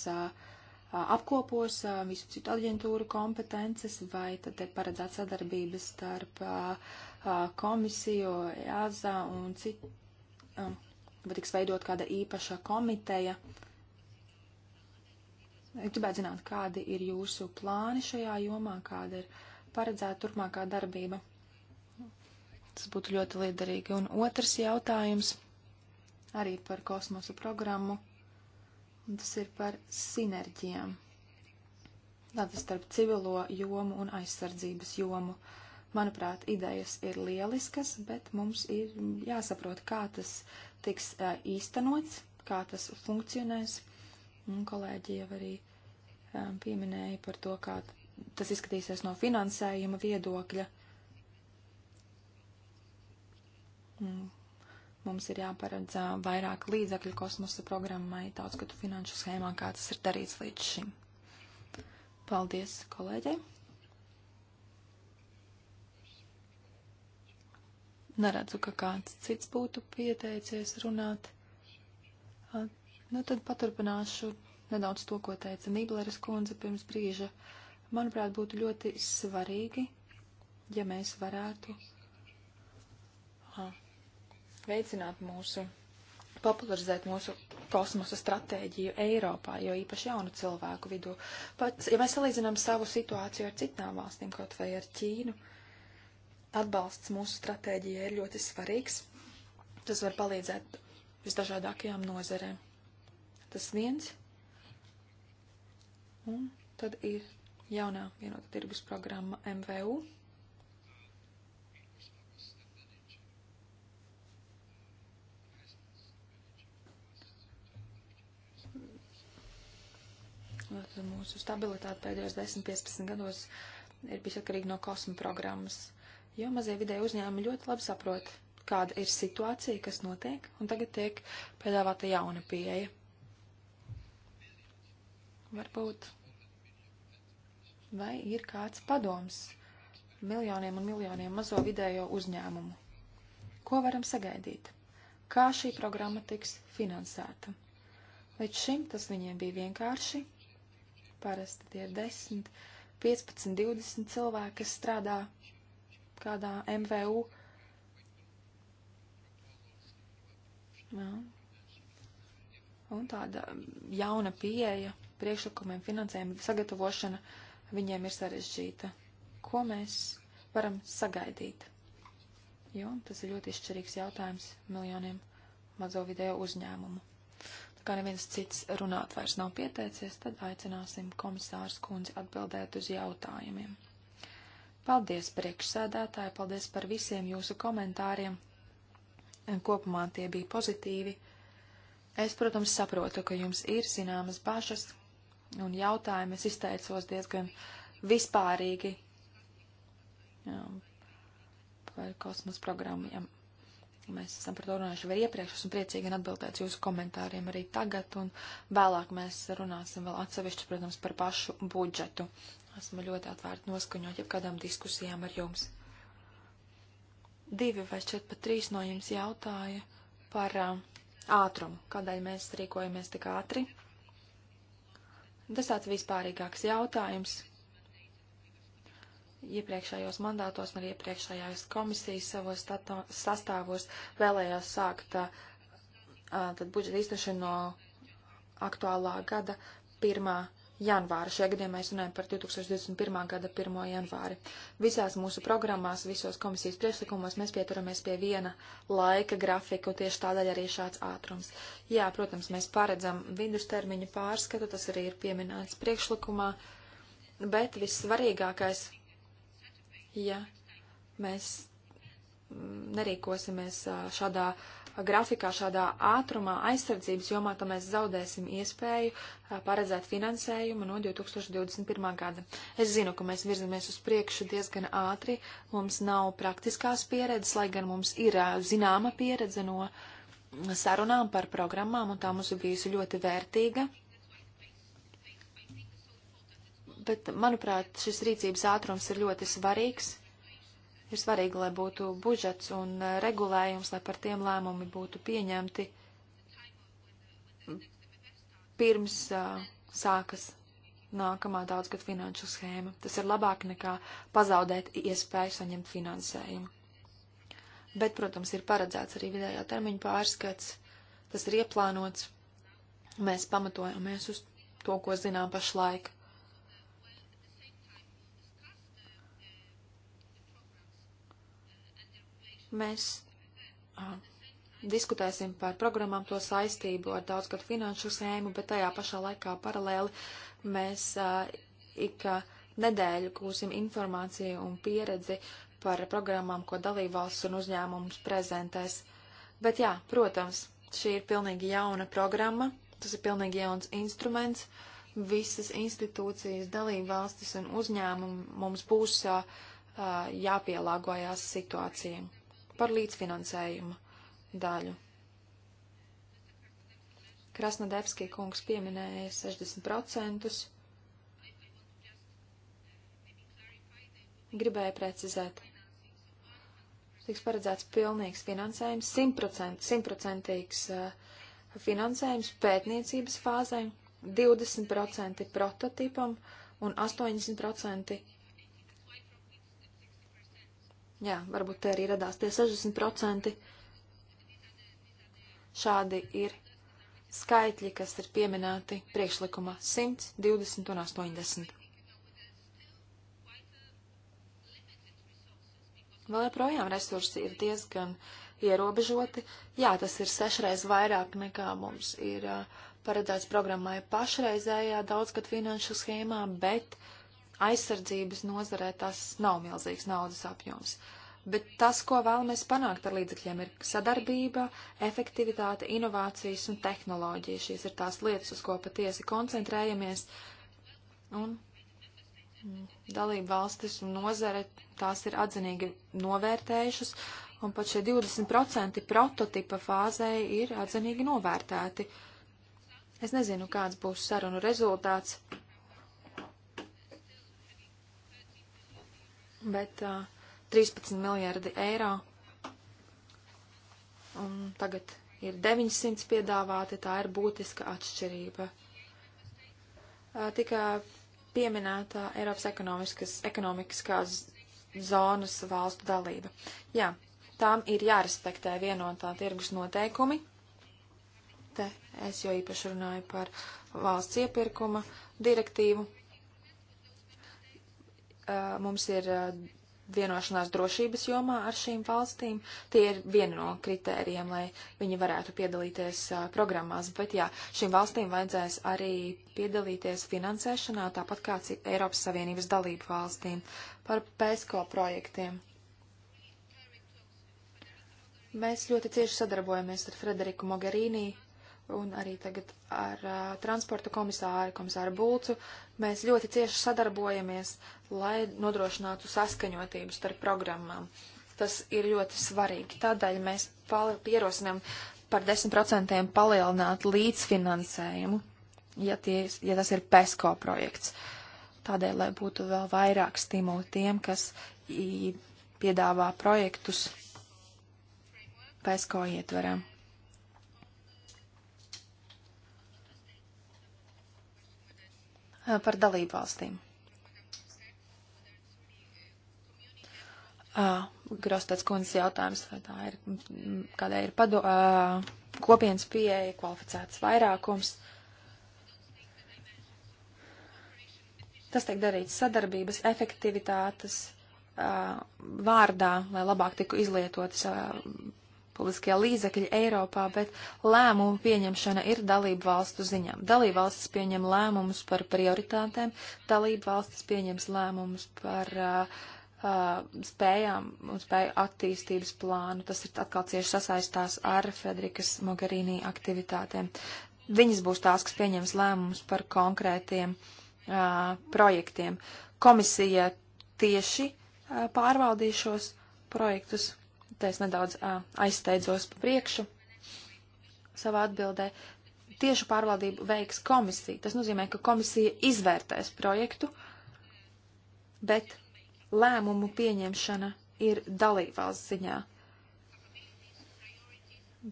apkopos visu citu aģentūru kompetences, vai tad te paredzēt sadarbības starp komisiju, EASA un citu, vai tiks veidot kāda īpaša komiteja. Gribētu zināt, kādi ir jūsu plāni šajā jomā, kāda ir paredzēta turpmākā darbība. Tas būtu ļoti liederīgi. Un otrs jautājums arī par kosmosa programmu. Un tas ir par sinerģijām. Tātad starp civilo jomu un aizsardzības jomu. Manuprāt, idejas ir lieliskas, bet mums ir jāsaprot, kā tas tiks īstenots, kā tas funkcionēs. Un kolēģi jau arī um, pieminēja par to, kā tas izskatīsies no finansējuma viedokļa. Mums ir jāparedz vairāk līdzekļu kosmosa programmai, daudzgadu finanšu schēmā, kā tas ir darīts līdz šim. Paldies kolēģei! Neredzu, ka kāds cits būtu pieteicies runāt. Nu, tad paturpināšu nedaudz to, ko teica Nībleres kundze pirms brīža. Manuprāt, būtu ļoti svarīgi, ja mēs varētu. Aha veicināt mūsu, popularizēt mūsu kosmosa stratēģiju Eiropā, jo īpaši jaunu cilvēku vidū. Pat, ja mēs salīdzinām savu situāciju ar citām valstīm, kaut vai ar Ķīnu, atbalsts mūsu stratēģijai ir ļoti svarīgs. Tas var palīdzēt visdažādākajām nozerēm. Tas viens. Un tad ir jaunā vienota tirgus programma MVU Mūsu stabilitāte pēdējos 10-15 gados ir bijusi atkarīga no kosma programmas, jo mazie vidēji uzņēmumi ļoti labi saprot, kāda ir situācija, kas notiek, un tagad tiek piedāvāta jauna pieeja. Varbūt vai ir kāds padoms miljoniem un miljoniem mazo vidējo uzņēmumu? Ko varam sagaidīt? Kā šī programma tiks finansēta? Līdz šim tas viņiem bija vienkārši, Parasti tie ir 10, 15, 20 cilvēki, kas strādā kādā MVU. Jā. Un tāda jauna pieeja priekšlikumiem, finansējumu sagatavošana viņiem ir sarežģīta. Ko mēs varam sagaidīt? Jo tas ir ļoti izšķirīgs jautājums miljoniem mazo video uzņēmumu kā neviens cits runāt vairs nav pieteicies, tad aicināsim komisārs kundzi atbildēt uz jautājumiem. Paldies priekšsēdētāji, paldies par visiem jūsu komentāriem. Kopumā tie bija pozitīvi. Es, protams, saprotu, ka jums ir zināmas bažas un jautājumi. Es izteicos diezgan vispārīgi jā, um, par kosmos programmiem Mēs esam par to runājuši vēl iepriekš, esmu priecīgi atbildēt jūsu komentāriem arī tagad, un vēlāk mēs runāsim vēl atsevišķi, protams, par pašu budžetu. Esmu ļoti atvērti noskaņot jau kādām diskusijām ar jums. Divi vai šķiet pat trīs no jums jautāja par uh, ātrumu, kādēļ mēs rīkojamies tik ātri. Tas tāds vispārīgāks jautājums iepriekšējos mandātos un arī iepriekšējās komisijas savos tato, sastāvos vēlējās sākt tā, uh, uh, tad budžeta īstenošanu no aktuālā gada 1. janvāra. Šajā gadījumā mēs runājam par 2021. gada 1. janvāri. Visās mūsu programmās, visos komisijas priekšlikumos mēs pieturamies pie viena laika grafika, un tieši tādēļ arī šāds ātrums. Jā, protams, mēs paredzam vidustermiņu pārskatu, tas arī ir pieminēts priekšlikumā, bet vissvarīgākais ja mēs mm, nerīkosimies šādā grafikā, šādā ātrumā aizsardzības jomā, tad mēs zaudēsim iespēju paredzēt finansējumu no 2021. gada. Es zinu, ka mēs virzamies uz priekšu diezgan ātri, mums nav praktiskās pieredzes, lai gan mums ir zināma pieredze no sarunām par programmām, un tā mums ir bijusi ļoti vērtīga bet, manuprāt, šis rīcības ātrums ir ļoti svarīgs. Ir svarīgi, lai būtu budžets un eh, regulējums, lai par tiem lēmumi būtu pieņemti pirms uh, sākas nākamā daudzgad finanšu schēma. Tas ir labāk nekā pazaudēt iespēju saņemt finansējumu. Bet, protams, ir paredzēts arī vidējā termiņa pārskats, tas ir ieplānots, mēs pamatojamies uz to, ko zinām pašlaik. Mēs a, diskutēsim par programmām to saistību ar daudzgad finanšu sēmu, bet tajā pašā laikā paralēli mēs a, ik a, nedēļu gūsim informāciju un pieredzi par programmām, ko dalībvalsts un uzņēmums prezentēs. Bet jā, protams, šī ir pilnīgi jauna programma, tas ir pilnīgi jauns instruments. Visas institūcijas, dalībvalstis un uzņēmumi mums būs uh, jāpielāgojās situācijai par līdzfinansējumu daļu. Krasnodebskī kungs pieminēja 60%. Gribēju precizēt. Tiks paredzēts pilnīgs finansējums, 100%, 100% uh, finansējums pētniecības fāzēm, 20% prototipam un 80% Jā, varbūt te arī radās tie 60%. Šādi ir skaitļi, kas ir pieminēti priekšlikumā 100, 20 un 80. Vēl joprojām resursi ir diezgan ierobežoti. Jā, tas ir sešreiz vairāk nekā mums ir uh, paredzēts programmai pašreizējā daudzgad finanšu schēmā, bet uh, aizsardzības nozarē tas nav milzīgs naudas apjoms. Bet tas, ko vēlamies panākt ar līdzekļiem, ir sadarbība, efektivitāte, inovācijas un tehnoloģija. Šīs ir tās lietas, uz ko patiesi koncentrējamies. Un mm, dalība valstis un nozare tās ir atzinīgi novērtējušas, un pat šie 20% prototipa fāzē ir atzinīgi novērtēti. Es nezinu, kāds būs sarunu rezultāts, bet uh, 13 miljardi eiro. Un tagad ir 900 piedāvāti, tā ir būtiska atšķirība. Uh, tika pieminēta Eiropas ekonomikas, ekonomikas kā zonas valstu dalība. Jā, tām ir jārespektē vienotā tirgus noteikumi. Te es jau īpaši runāju par valsts iepirkuma direktīvu, Eh, mums ir eh, vienošanās drošības jomā ar šīm valstīm. Tie ir viena no kritērijiem, lai viņi varētu piedalīties uh, programmās. Bet jā, šīm valstīm vajadzēs arī piedalīties finansēšanā, tāpat kā Eiropas Savienības dalību valstīm par PESCO projektiem. Mēs ļoti cieši sadarbojamies ar Frederiku Mogherīnī un arī tagad ar uh, transporta komisāru, komisāru Bulcu, mēs ļoti cieši sadarbojamies, lai nodrošinātu saskaņotību starp programmām. Tas ir ļoti svarīgi. Tādēļ mēs pierosinām par 10% palielināt līdzfinansējumu, ja, tie, ja tas ir PESCO projekts. Tādēļ, lai būtu vēl vairāk stimulu tiem, kas piedāvā projektus PESCO ietverām. par dalību valstīm. Uh, Grostats kundzes jautājums, vai tā ir, kādai ir pado, uh, kopienas pieeja, kvalificēts vairākums. Tas tiek darīts sadarbības, efektivitātes uh, vārdā, lai labāk tiku izlietotas uh, politiskie līdzekļi Eiropā, bet lēmumu pieņemšana ir dalību valstu ziņām. Dalību valstis pieņem lēmumus par prioritātēm, dalību valstis pieņems lēmumus par uh, uh, spējām un spēju attīstības plānu. Tas ir atkal cieši sasaistās ar Federikas Mogherini aktivitātēm. Viņas būs tās, kas pieņems lēmumus par konkrētiem uh, projektiem. Komisija tieši uh, pārvaldīs šos projektus te es nedaudz uh, aizsteidzos pa priekšu savā atbildē. Tiešu pārvaldību veiks komisija. Tas nozīmē, ka komisija izvērtēs projektu, bet lēmumu pieņemšana ir dalībvalsts ziņā.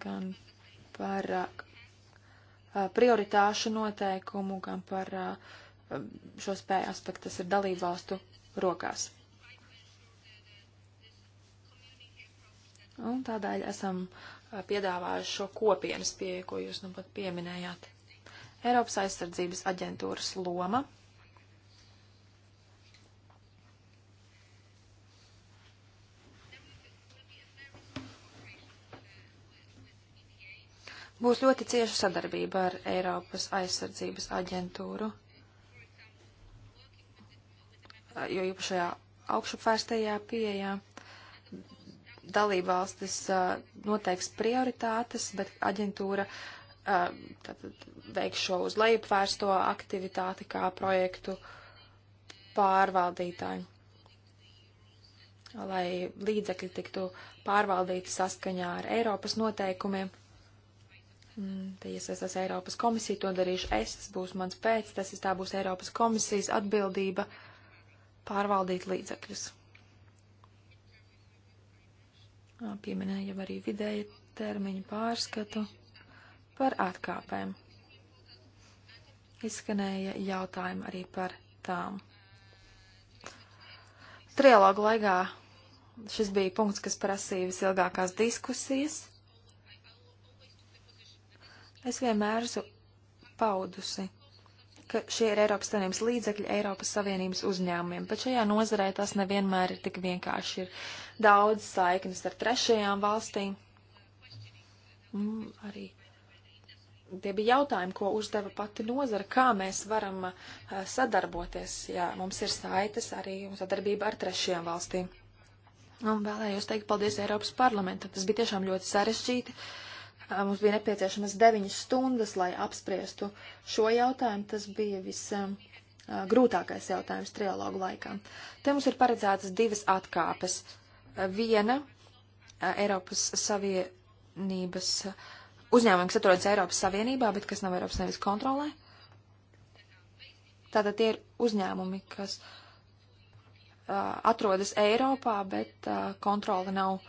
Gan par uh, prioritāšu noteikumu, gan par uh, šo spēju aspektu, tas ir dalībvalstu rokās. Un tādēļ esam piedāvājuši šo kopienas pieeju, ko jūs nu pat pieminējāt. Eiropas aizsardzības aģentūras loma. Būs ļoti cieša sadarbība ar Eiropas aizsardzības aģentūru, jo īpašajā augšupvērstajā pieejā dalībvalstis noteiks prioritātes, bet aģentūra veiks šo uz lejup vērsto aktivitāti kā projektu pārvaldītāju, lai līdzekļi tiktu pārvaldīti saskaņā ar Eiropas noteikumiem. Mm, te iesaistās Eiropas komisija, to darīšu es, tas būs mans pēc, tas tā būs Eiropas komisijas atbildība pārvaldīt līdzekļus pieminēja jau arī vidēja termiņu pārskatu par atkāpēm. Izskanēja jautājumi arī par tām. Trialogu laikā šis bija punkts, kas prasīja visilgākās diskusijas. Es vienmēr esmu paudusi, ka šie ir Eiropas Savienības līdzekļi Eiropas Savienības uzņēmumiem, bet šajā nozarē tas nevienmēr ir tik vienkārši. Ir daudz saiknes ar trešajām valstīm. Mm, arī tie bija jautājumi, ko uzdeva pati nozara, kā mēs varam uh, sadarboties, ja mums ir saites arī sadarbība ar trešajām valstīm. Un vēlējos teikt paldies Eiropas parlamentam. Tas bija tiešām ļoti sarežģīti. Uh, mums bija nepieciešamas deviņas stundas, lai apspriestu šo jautājumu. Tas bija viss. Um, eh, grūtākais jautājums trialogu laikā. Te mums ir paredzētas divas atkāpes viena Eiropas Savienības uzņēmuma, kas atrodas Eiropas Savienībā, bet kas nav Eiropas Savienības kontrolē. Tātad tie ir uzņēmumi, kas atrodas Eiropā, bet kontrole nav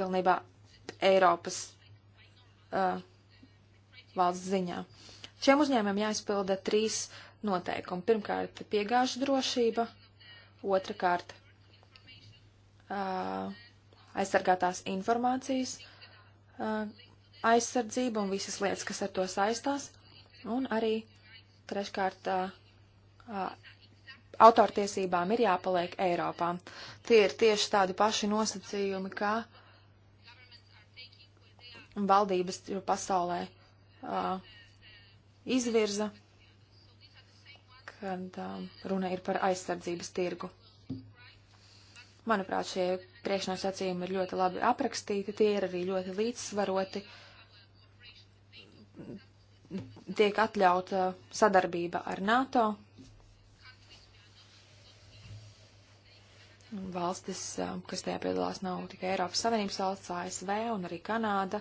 pilnībā Eiropas valsts ziņā. Šiem uzņēmumiem jāizpilda trīs noteikumi. Pirmkārt, piegāžu drošība, otrakārt, Uh, aizsargātās informācijas uh, aizsardzība un visas lietas, kas ar to saistās, un arī treškārt uh, autortiesībām ir jāpaliek Eiropā. Tie ir tieši tādi paši nosacījumi, kā valdības pasaulē uh, izvirza, kad uh, runa ir par aizsardzības tirgu. Manuprāt, šie priekšnosacījumi ir ļoti labi aprakstīti, tie ir arī ļoti līdzsvaroti. Tiek atļauta sadarbība ar NATO. Valstis, um, kas tajā piedalās, nav tikai Eiropas Savienības valsts, ASV un arī Kanāda.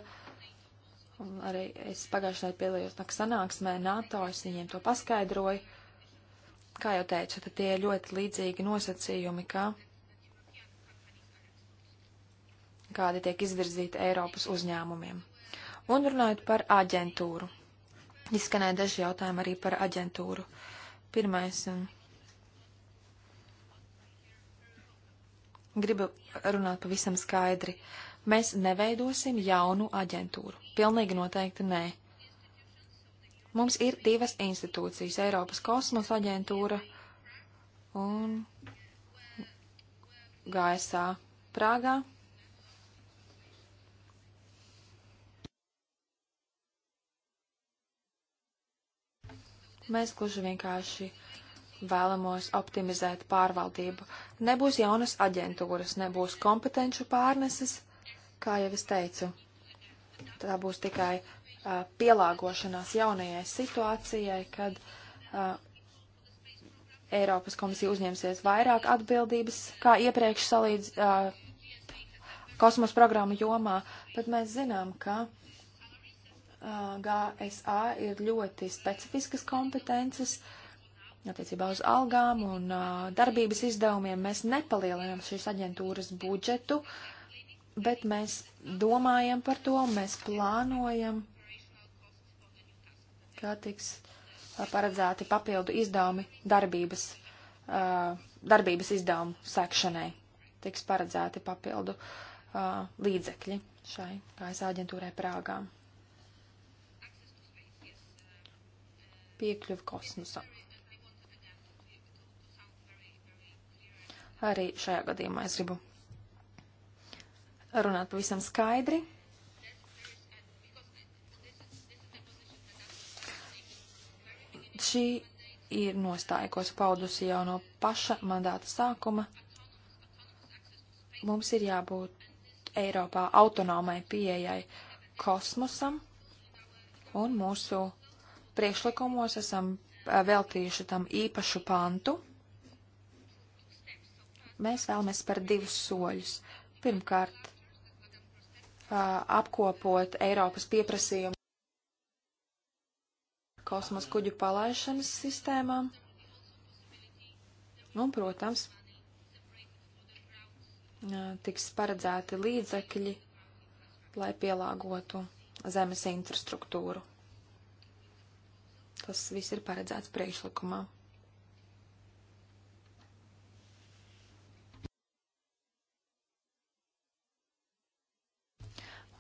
Un arī es pagājušajā piedalījos nāk sanāksmē NATO, es viņiem to paskaidroju. Kā jau teicu, tad tie ir ļoti līdzīgi nosacījumi, ka kādi tiek izvirzīti Eiropas uzņēmumiem. Un runājot par aģentūru. Izskanēja daži jautājumi arī par aģentūru. Pirmais. Mm, gribu runāt pavisam skaidri. Mēs neveidosim jaunu aģentūru. Pilnīgi noteikti nē. Mums ir divas institūcijas - Eiropas kosmosa aģentūra un GSA Prāgā Mēs gluži vienkārši vēlamos optimizēt pārvaldību. Nebūs jaunas aģentūras, nebūs kompetenču pārneses, kā jau es teicu. Tā būs tikai uh, pielāgošanās jaunajai situācijai, kad uh, Eiropas komisija uzņemsies vairāk atbildības, kā iepriekš salīdz uh, kosmos programmu jomā, bet mēs zinām, ka uh, GSA ir ļoti specifiskas kompetences attiecībā uz algām un darbības izdevumiem. Mēs nepalielinām šīs aģentūras budžetu, bet mēs domājam par to, mēs plānojam, kā tiks paredzēti papildu izdevumi darbības, darbības izdevumu sekšanai. Tiks paredzēti papildu līdzekļi šai KSA aģentūrai Prāgām. piekļuvi kosmosam. Arī šajā gadījumā es gribu runāt pavisam skaidri. Šī ir nostāja, ko es paudusi jau no paša mandāta sākuma. Mums ir jābūt Eiropā autonomai pieejai kosmosam, un mūsu priekšlikumos esam eh, veltījuši tam īpašu pantu. Mēs vēlamies par divus soļus. Pirmkārt, eh, apkopot Eiropas pieprasījumu kosmos kuģu palaišanas sistēmām. Un, protams, eh, tiks paredzēti līdzekļi, lai pielāgotu zemes infrastruktūru. Tas viss ir paredzēts priekšlikumā.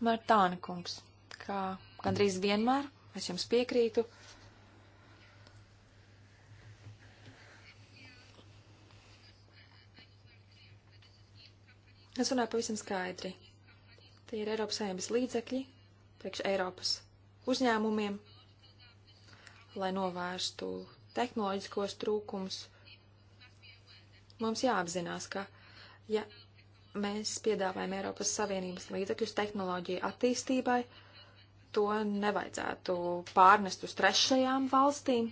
Martāna kungs, kā gandrīz vienmēr, es jums piekrītu. Es runāju pavisam skaidri. Tie ir Eiropas saimnes līdzekļi, priekš Eiropas uzņēmumiem, lai novērstu tehnoloģiskos trūkums. Mums jāapzinās, ka, ja mēs piedāvājam Eiropas Savienības līdzekļus tehnoloģiju attīstībai, to nevajadzētu pārnest uz trešajām valstīm.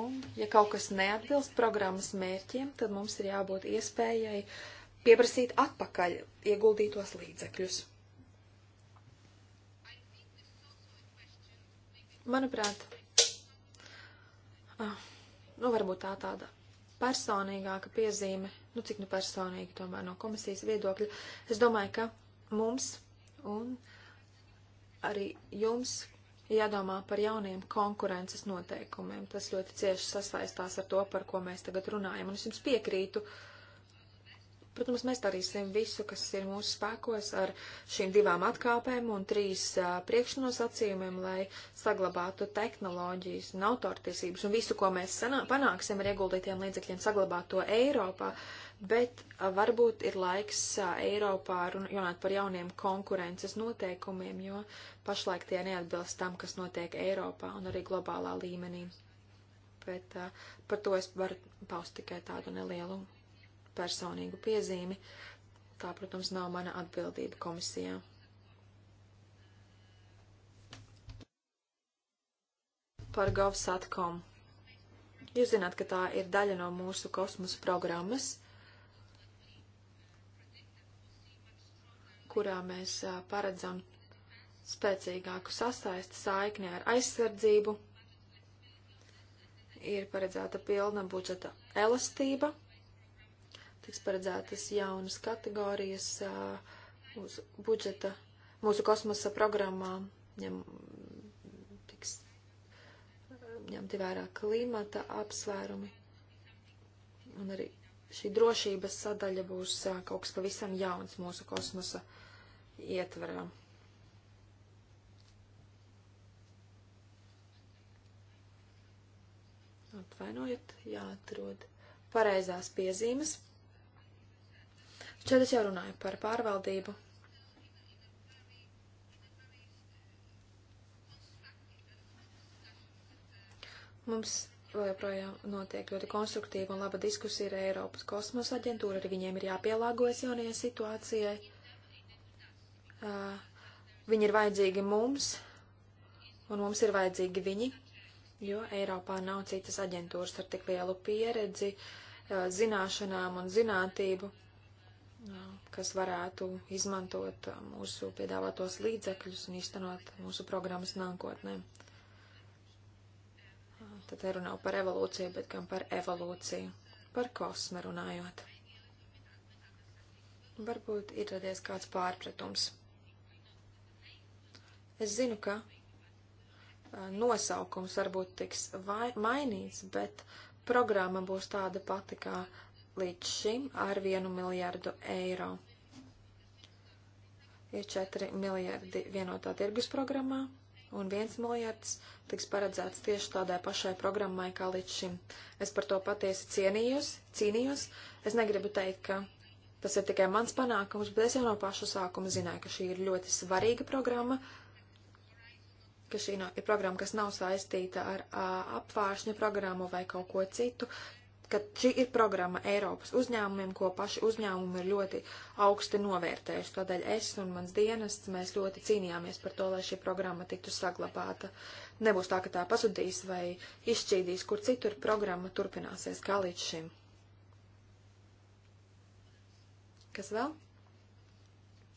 Un, ja kaut kas neatbilst programmas mērķiem, tad mums ir jābūt iespējai pieprasīt atpakaļ ieguldītos līdzekļus. Manuprāt, ah, nu varbūt tā tāda personīgāka piezīme, nu cik nu personīgi tomēr no komisijas viedokļa. Es domāju, ka mums un arī jums jādomā par jauniem konkurences noteikumiem. Tas ļoti cieši sasaistās ar to, par ko mēs tagad runājam. Un es jums piekrītu, uh, Protams, mēs darīsim visu, kas ir mūsu spēkos ar šīm divām atkāpēm un trīs uh, priekšnosacījumiem, lai saglabātu tehnoloģijas un autortiesības un visu, ko mēs sanā, panāksim ar ieguldītiem līdzekļiem, saglabāt to Eiropā. Bet uh, varbūt ir laiks uh, Eiropā runāt par jauniem konkurences noteikumiem, jo pašlaik tie neatbilst tam, kas notiek Eiropā un arī globālā līmenī. Bet uh, par to es varu paust tikai tādu nelielu personīgu piezīmi. Tā, protams, nav mana atbildība komisijā. Par GovSatcom. Jūs zināt, ka tā ir daļa no mūsu kosmosa programmas, kurā mēs paredzam spēcīgāku sasaisti saikni ar aizsardzību. Ir paredzēta pilna budžeta elastība tiks paredzētas jaunas kategorijas mūsu budžeta, mūsu kosmosa programmā, ņem, tiks ņemti vērā klimata apsvērumi. Un arī šī drošības sadaļa būs kaut kas pavisam jauns mūsu kosmosa ietvarā. Atvainojiet, jāatrod pareizās piezīmes. Šeit es jau runāju par pārvaldību. Mums vēl joprojām notiek ļoti konstruktīva un laba diskusija ar Eiropas kosmosa aģentūru. Arī viņiem ir jāpielāgojas jaunajai situācijai. Uh, viņi ir vajadzīgi mums, un mums ir vajadzīgi viņi, jo Eiropā nav citas aģentūras ar tik lielu pieredzi, uh, zināšanām un zinātību kas varētu izmantot uh, mūsu piedāvātos līdzekļus un iztenot mūsu programmas nākotnē. Uh, tad te runāju par evolūciju, bet gan par evolūciju, par kosmu runājot. Varbūt ir radies kāds pārpratums. Es zinu, ka uh, nosaukums varbūt tiks vai, mainīts, bet programma būs tāda pati kā līdz šim ar vienu miljardu eiro ir 4 miljardi vienotā tirgus programmā, un 1 miljards tiks paredzēts tieši tādai pašai programmai kā līdz šim. Es par to patiesi cienījos, cīnījos. Es negribu teikt, ka tas ir tikai mans panākums, bet es jau no paša sākuma zināju, ka šī ir ļoti svarīga programma, ka šī ir programma, kas nav saistīta ar a, apvāršņu programmu vai kaut ko citu ka šī ir programma Eiropas uzņēmumiem, ko paši uzņēmumi ir ļoti augsti novērtējuši. Tādēļ es un mans dienests, mēs ļoti cīnījāmies par to, lai šī programma tiktu saglabāta. Nebūs tā, ka tā pazudīs vai izšķīdīs, kur citur programma turpināsies kā līdz šim. Kas vēl?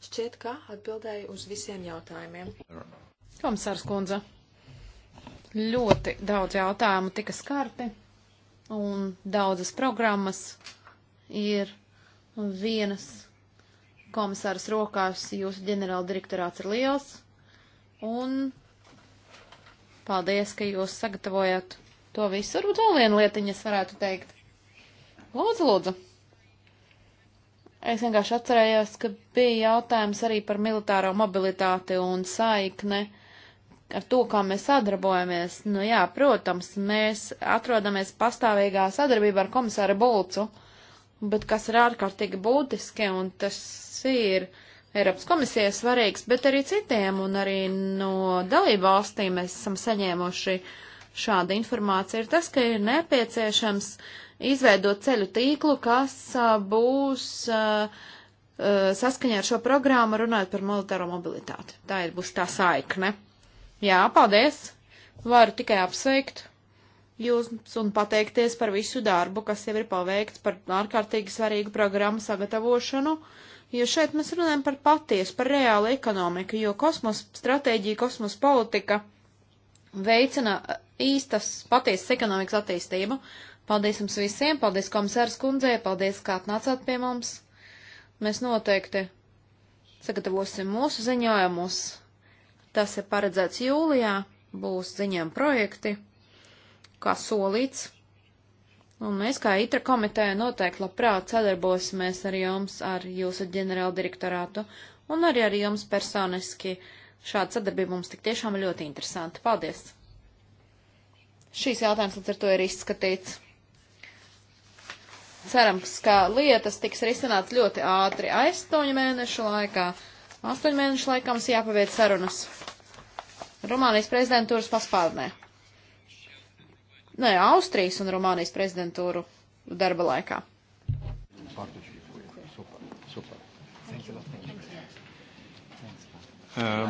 Šķiet, ka atbildēju uz visiem jautājumiem. Komisārs Kundze, ļoti daudz jautājumu tika skarti un daudzas programmas ir vienas komisāras rokās, jūsu ģenerāla direktorāts ir liels, un paldies, ka jūs sagatavojat to visu. Varbūt vēl vienu lietiņu es varētu teikt. Lūdzu, lūdzu. Es vienkārši atcerējos, ka bija jautājums arī par militāro mobilitāti un saikne ar to, kā mēs sadarbojamies. Nu jā, protams, mēs atrodamies pastāvīgā sadarbībā ar komisāru Bulcu, bet kas ir ārkārtīgi būtiski, un tas ir Eiropas komisijai svarīgs, bet arī citiem, un arī no dalību valstīm mēs esam saņēmuši šādu informāciju, ir tas, ka ir nepieciešams izveidot ceļu tīklu, kas būs uh, saskaņā ar šo programmu runājot par militāro mobilitāti. Tā ir būs tā saikne. Jā, paldies! Varu tikai apsveikt jūs un pateikties par visu darbu, kas jau ir paveikts par ārkārtīgi svarīgu programmu sagatavošanu, jo šeit mēs runājam par patiesu, par reālu ekonomiku, jo kosmos stratēģija, kosmos politika veicina īstas patiesas ekonomikas attīstību. Paldies jums visiem, paldies komisārs kundzē, paldies, kā atnācāt pie mums. Mēs noteikti sagatavosim mūsu ziņojumus Tas ir paredzēts jūlijā, būs ziņām projekti, kā solīts. Un mēs kā ITRA komiteja noteikti labprāt sadarbosimies ar jums, ar jūsu ģenerāla direktorātu un arī ar jums personiski. Šāda sadarbība mums tik tiešām ļoti interesanta. Paldies! Šīs jautājums līdz ar to ir izskatīts. Cerams, ka lietas tiks risināts ļoti ātri aiztoņu mēnešu laikā. Astoņu mēnešu laikā mums jāpaveic sarunas. Rumānijas prezidentūras paspārnē. Nē, nu Austrijas un Rumānijas prezidentūru darba laikā. Uh,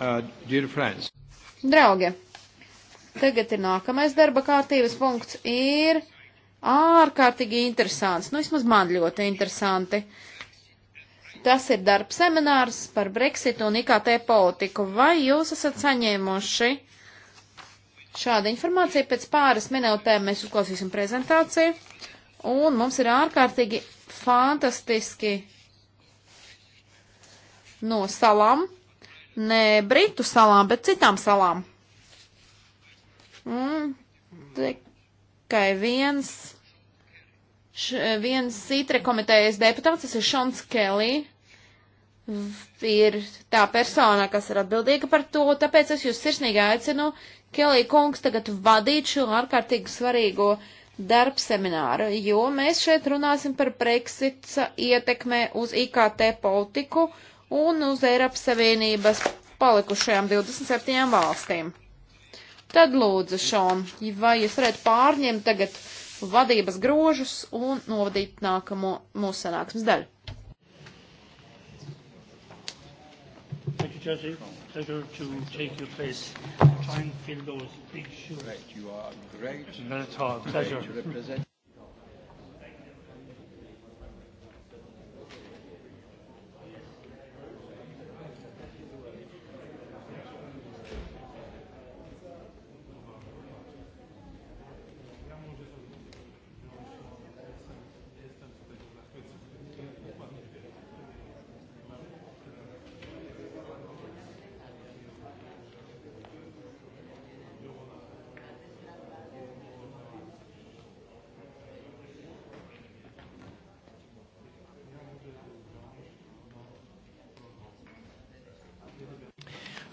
uh, Draugi, tagad ir nākamais darba kārtības punkts. Ir ārkārtīgi interesants. Nu, vismaz man ļoti interesanti. Uh, Tas ir darba seminārs par Brexit un IKT politiku. Vai jūs esat saņēmuši šādu informāciju? Pēc pāris minūtēm mēs uzklausīsim prezentāciju. Un mums ir ārkārtīgi fantastiski no salām, ne Britu salām, bet citām salām. Mm, tikai viens, š, viens itre komitejas deputāts, tas ir Šons Kelly ir tā persona, kas ir atbildīga par to, tāpēc es jūs sirsnīgi aicinu, Kelī kungs, tagad vadīt šo ārkārtīgi svarīgo darbu semināru, jo mēs šeit runāsim par Brexits ietekmē uz IKT politiku un uz Eiropas Savienības palikušajām 27 valstīm. Tad lūdzu, Šon, vai jūs varētu pārņemt tagad vadības grožus un novadīt nākamo mūsu sanāksmes daļu? Judge, pleasure to take your place. Try and fill those big shoes. Great, you are great. Not at all. Pleasure. Great to represent.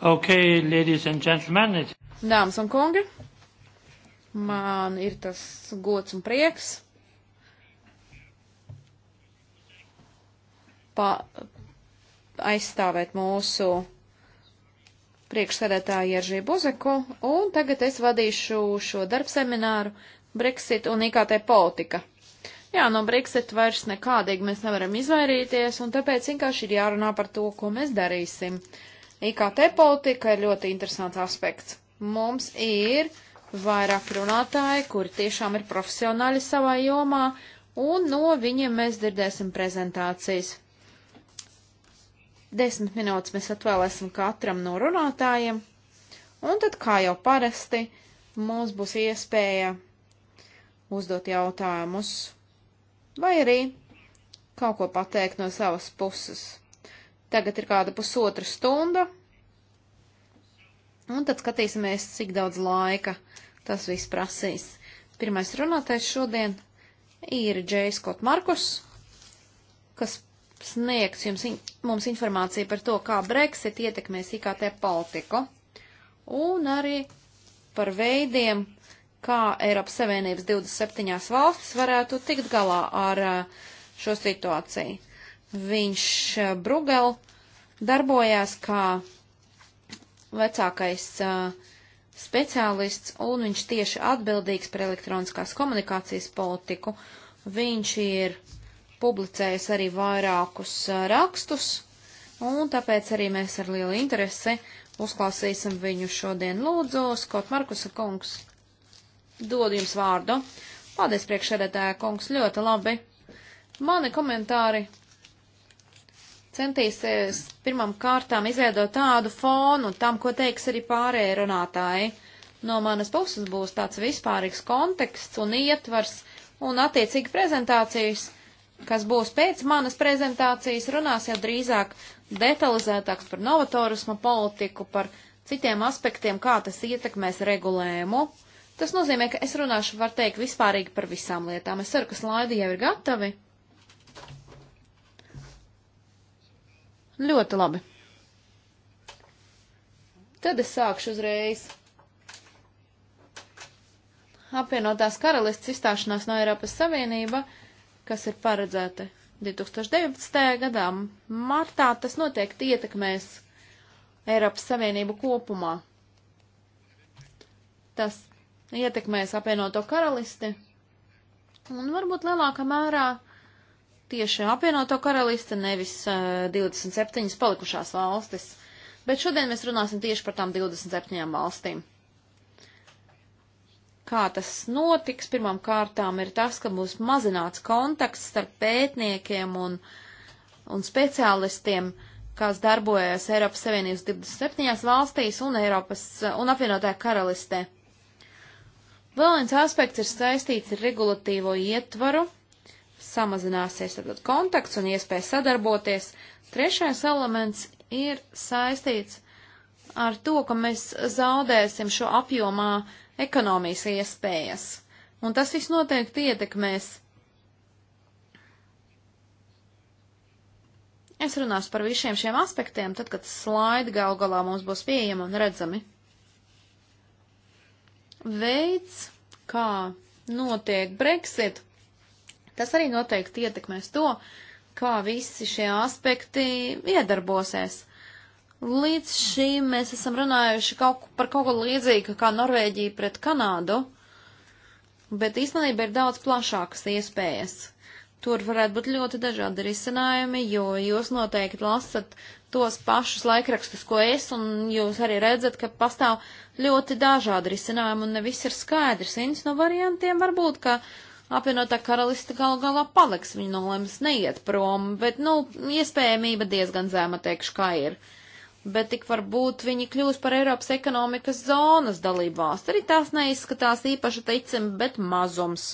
Okay, ladies and gentlemen. Dāmas un kungi, man ir tas gods un prieks pa, aizstāvēt mūsu priekšsēdētāju Jeržī Buzeku, un tagad es vadīšu šo darbu semināru Brexit un IKT politika. Jā, no Brexit vairs nekādīgi mēs nevaram izvairīties, un tāpēc vienkārši ir jārunā par to, ko mēs darīsim. Uh, IKT politika ir ļoti interesants aspekts. Mums ir vairāk runātāji, kuri tiešām ir profesionāļi savā jomā, un no viņiem mēs dzirdēsim prezentācijas. Desmit minūtes mēs atvēlēsim katram no runātājiem, un tad, kā jau parasti, mums būs iespēja uzdot jautājumus vai arī kaut ko pateikt no savas puses. Tagad ir kāda pusotra stunda. Un tad skatīsimies, cik daudz laika tas viss prasīs. Pirmais runātais šodien ir Džejs Kot Markus, kas sniegs jums, mums informāciju par to, kā Brexit ietekmēs IKT politiku un arī par veidiem, kā Eiropas Savienības 27 valstis varētu tikt galā ar šo situāciju. Viņš Brugel darbojās kā vecākais uh, speciālists, un viņš tieši atbildīgs par elektroniskās komunikācijas politiku. Viņš ir publicējis arī vairākus uh, rakstus, un tāpēc arī mēs ar lielu interesi uzklausīsim viņu šodien. Lūdzu, Skot Markusa kungs, dod jums vārdu. Paldies, priekšsēdētāja kungs, ļoti labi. Mani komentāri centīsies pirmam kārtām izveidot tādu fonu tam, ko teiks arī pārējie runātāji. No manas puses būs tāds vispārīgs konteksts un ietvars un attiecīgi prezentācijas, kas būs pēc manas prezentācijas, runās jau drīzāk detalizētāks par novatorismu politiku, par citiem aspektiem, kā tas ietekmēs regulējumu. Tas nozīmē, ka es runāšu, var teikt, vispārīgi par visām lietām. Es ceru, ka slaidi jau ir gatavi. Ļoti labi. Tad es sākšu uzreiz. Apvienotās karalists izstāšanās no Eiropas Savienība, kas ir paredzēta 2019. gadā, martā, tas noteikti ietekmēs Eiropas Savienību kopumā. Tas ietekmēs apvienoto karalisti un varbūt lielākā mērā tieši apvienoto karalisti, nevis uh, eh, 27 palikušās valstis. Bet šodien mēs runāsim tieši par tām 27 valstīm. Kā tas notiks? Pirmām kārtām ir tas, ka būs mazināts kontakts starp pētniekiem un, un speciālistiem, kas darbojas Eiropas Savienības 27 valstīs un, Eiropas, un apvienotajā karalistē. Vēl viens aspekts ir saistīts ar regulatīvo ietvaru, samazināsies tad kontakts un iespēja sadarboties. Trešais elements ir saistīts ar to, ka mēs zaudēsim šo apjomā ekonomijas iespējas. Un tas viss noteikti ietekmēs. Es runāšu par visiem šiem aspektiem, tad, kad slaidi gal galā mums būs pieejami un redzami. Veids, kā notiek Brexit, Tas arī noteikti ietekmēs to, kā visi šie aspekti iedarbosies. Līdz šim mēs esam runājuši kaut, par kaut ko līdzīgu kā Norvēģija pret Kanādu, bet īstenībā ir daudz plašākas iespējas. Tur varētu būt ļoti dažādi risinājumi, jo jūs noteikti lasat tos pašus laikrakstus, ko es, un jūs arī redzat, ka pastāv ļoti dažādi risinājumi, un ne viss ir skaidrs. Viens no variantiem var būt, ka apvienotā karalista gal galā paliks, viņa nolēmas neiet prom, bet, nu, iespējamība diezgan zēma teikšu, kā ir. Bet tik varbūt viņi kļūs par Eiropas ekonomikas zonas dalību valsts. Arī tās neizskatās īpaši teicam, bet mazums.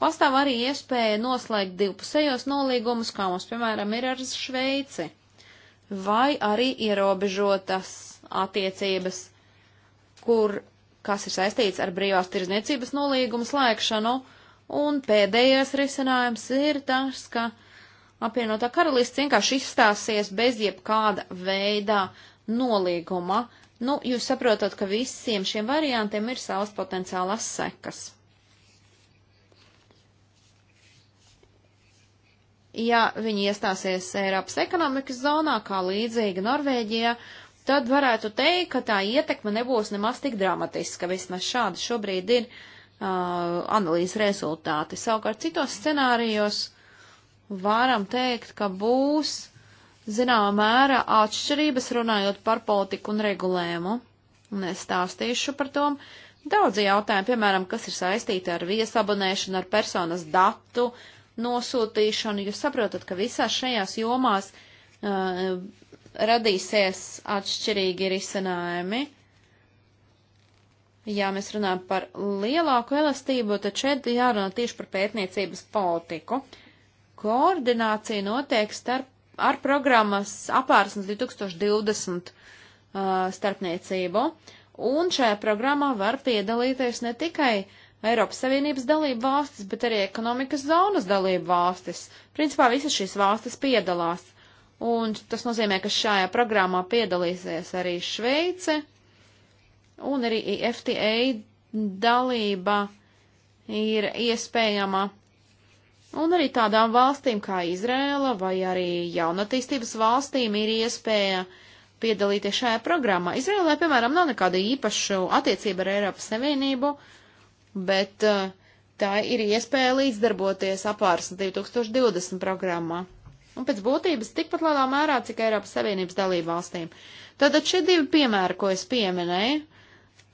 Pastāv arī iespēja noslēgt divpusējos nolīgumus, kā mums, piemēram, ir ar Šveici, vai arī ierobežotas attiecības, kur, kas ir saistīts ar brīvās tirzniecības nolīgumu slēgšanu, uh, Un pēdējais risinājums ir tas, ka apvienotā karalists vienkārši izstāsies bez jebkāda veidā nolīguma. Nu, jūs saprotat, ka visiem šiem variantiem ir savas potenciālas sekas. Ja viņi iestāsies Eiropas ekonomikas zonā, kā līdzīga Norvēģijā, tad varētu teikt, ka tā ietekme nebūs nemaz tik dramatiska. Vismaz šāda šobrīd ir uh, Uh, analīzes rezultāti. Savukārt citos scenārijos varam teikt, ka būs zināmā mērā atšķirības runājot par politiku un regulējumu. Un es stāstīšu par to. Daudzi jautājumi, piemēram, kas ir saistīti ar viesabonēšanu, ar personas datu nosūtīšanu, jūs saprotat, ka visās šajās jomās uh, radīsies atšķirīgi risinājumi ja mēs runājam par lielāku elastību, tad šeit jārunā tieši par pētniecības politiku. Koordinācija notiek starp, ar programmas apārsnes 2020 uh, starpniecību, un šajā programmā var piedalīties ne tikai Eiropas Savienības dalību valstis, bet arī ekonomikas zonas dalību valstis. Principā visas šīs valstis piedalās. Un tas nozīmē, ka šajā programmā piedalīsies arī Šveice, un arī FTA dalība ir iespējama. Un arī tādām valstīm kā Izrēla vai arī jaunatīstības valstīm ir iespēja piedalīties šajā programmā. Izrēlē, piemēram, nav nekāda īpaša attiecība ar Eiropas Savienību, bet eh, tā ir iespēja līdzdarboties apārs 2020 programmā. Un pēc būtības tikpat lielā mērā, cik Eiropas Savienības dalību valstīm. Tātad šie divi piemēri, ko es pieminēju,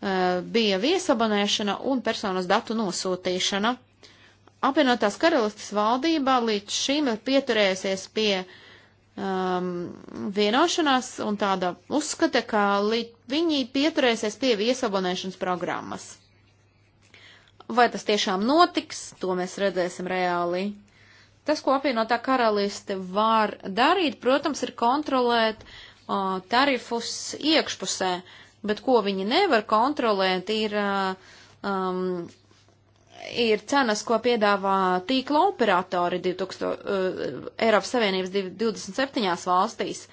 Eh, bija viesabonēšana un personas datu nosūtīšana. Apvienotās karalistas valdībā līdz šim ir pieturējusies pie um, vienošanās un tāda uzskata, ka viņi pieturēsies pie viesabonēšanas programmas. Vai tas tiešām notiks, to mēs redzēsim reāli. Tas, ko apvienotā karaliste var darīt, protams, ir kontrolēt uh, tarifus iekšpusē. Uh, bet ko viņi nevar kontrolēt, ir, uh, um, ir cenas, ko piedāvā tīkla operatori 2000, uh, Eiropas Savienības 27 valstīs.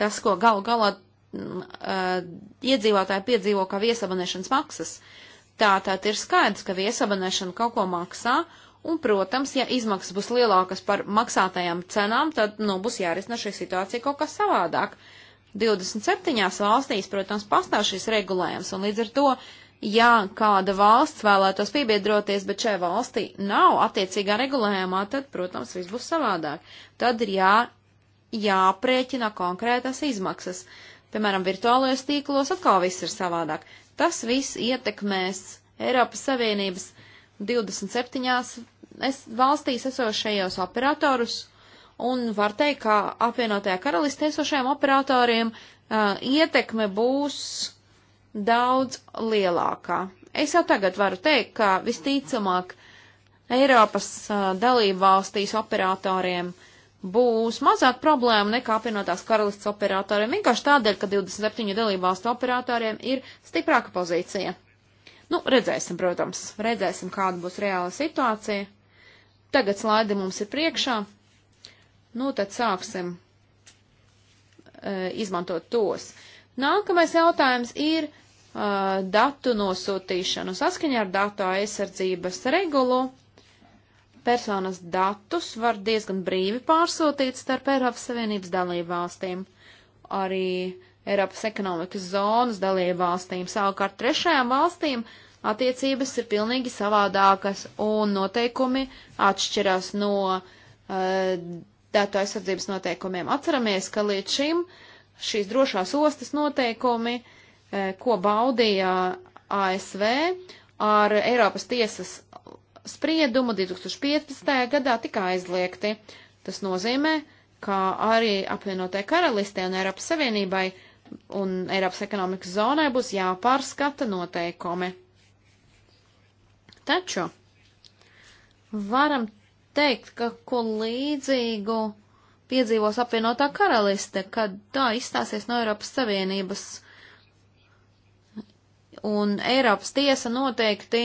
Tas, ko gal galā mm, uh, iedzīvotāji piedzīvo kā viesabonēšanas maksas. Tātad ir skaidrs, ka viesabonēšana kaut ko maksā, un, protams, ja izmaksas būs lielākas par maksātajām cenām, tad, nu, būs jārisina šī situācija kaut kas savādāk. Uh, 27 valstīs, protams, pastāv šis regulējums, un līdz ar to, ja kāda valsts vēlētos piebiedroties, bet šai valstī nav attiecīgā regulējumā, tad, protams, viss būs savādāk. Tad ir jā, jāprēķina konkrētas izmaksas. Piemēram, virtuālajos tīklos atkal viss ir savādāk. Tas viss ietekmēs Eiropas Savienības 27 valstīs esošajos operatorus un var teikt, ka apvienotajā karalistē esošajiem operatoriem uh, ietekme būs daudz lielākā. Es jau tagad varu teikt, ka visticamāk Eiropas uh, dalību valstīs operatoriem būs mazāk problēma nekā apvienotās karalists operatoriem, vienkārši tādēļ, ka 27 dalību valstu operatoriem ir stiprāka pozīcija. Nu, redzēsim, protams, redzēsim, kāda būs reāla situācija. Tagad slaidi mums ir priekšā. Nu, tad sāksim e, izmantot tos. Nākamais jautājums ir uh, datu nosūtīšanu. Saskaņā ar datu aizsardzības regulu personas datus var diezgan brīvi pārsūtīt starp Eiropas Savienības dalību valstīm, arī Eiropas ekonomikas zonas dalību valstīm. Savukārt trešajām valstīm attiecības ir pilnīgi savādākas un noteikumi atšķiras no uh, datu aizsardzības noteikumiem. Atceramies, ka līdz šim šīs drošās ostas noteikumi, eh, ko baudīja ASV ar Eiropas tiesas spriedumu 2015. gadā, tika aizliegti. Tas nozīmē, ka arī apvienotai karalistē un Eiropas Savienībai un Eiropas ekonomikas zonai būs jāpārskata noteikumi. Taču varam teikt, ka ko līdzīgu piedzīvos apvienotā karaliste, kad tā izstāsies no Eiropas Savienības. Un Eiropas tiesa noteikti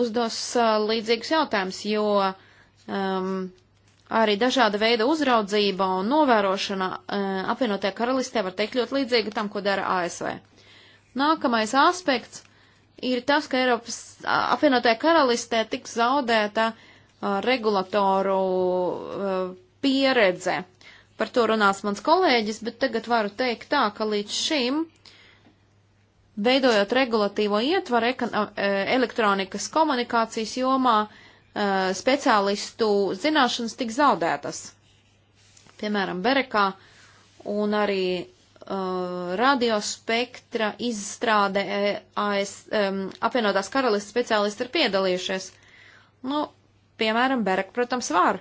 uzdos uh, līdzīgus jautājumus, jo um, arī dažāda veida uzraudzība un novērošana uh, apvienotajā karalistē var teikt ļoti līdzīga tam, ko dara ASV. Nākamais aspekts ir tas, ka Eiropas uh, apvienotajā karalistē tiks zaudēta uh, regulatoru pieredze. Par to runās mans kolēģis, bet tagad varu teikt tā, ka līdz šim, veidojot regulatīvo ietvaru elektronikas komunikācijas jomā, speciālistu zināšanas tik zaudētas. Piemēram, Berekā un arī uh, radiospektra izstrāde AS, um, apvienotās karalistas speciālisti ir piedalījušies. Nu, piemēram, Berek, protams, var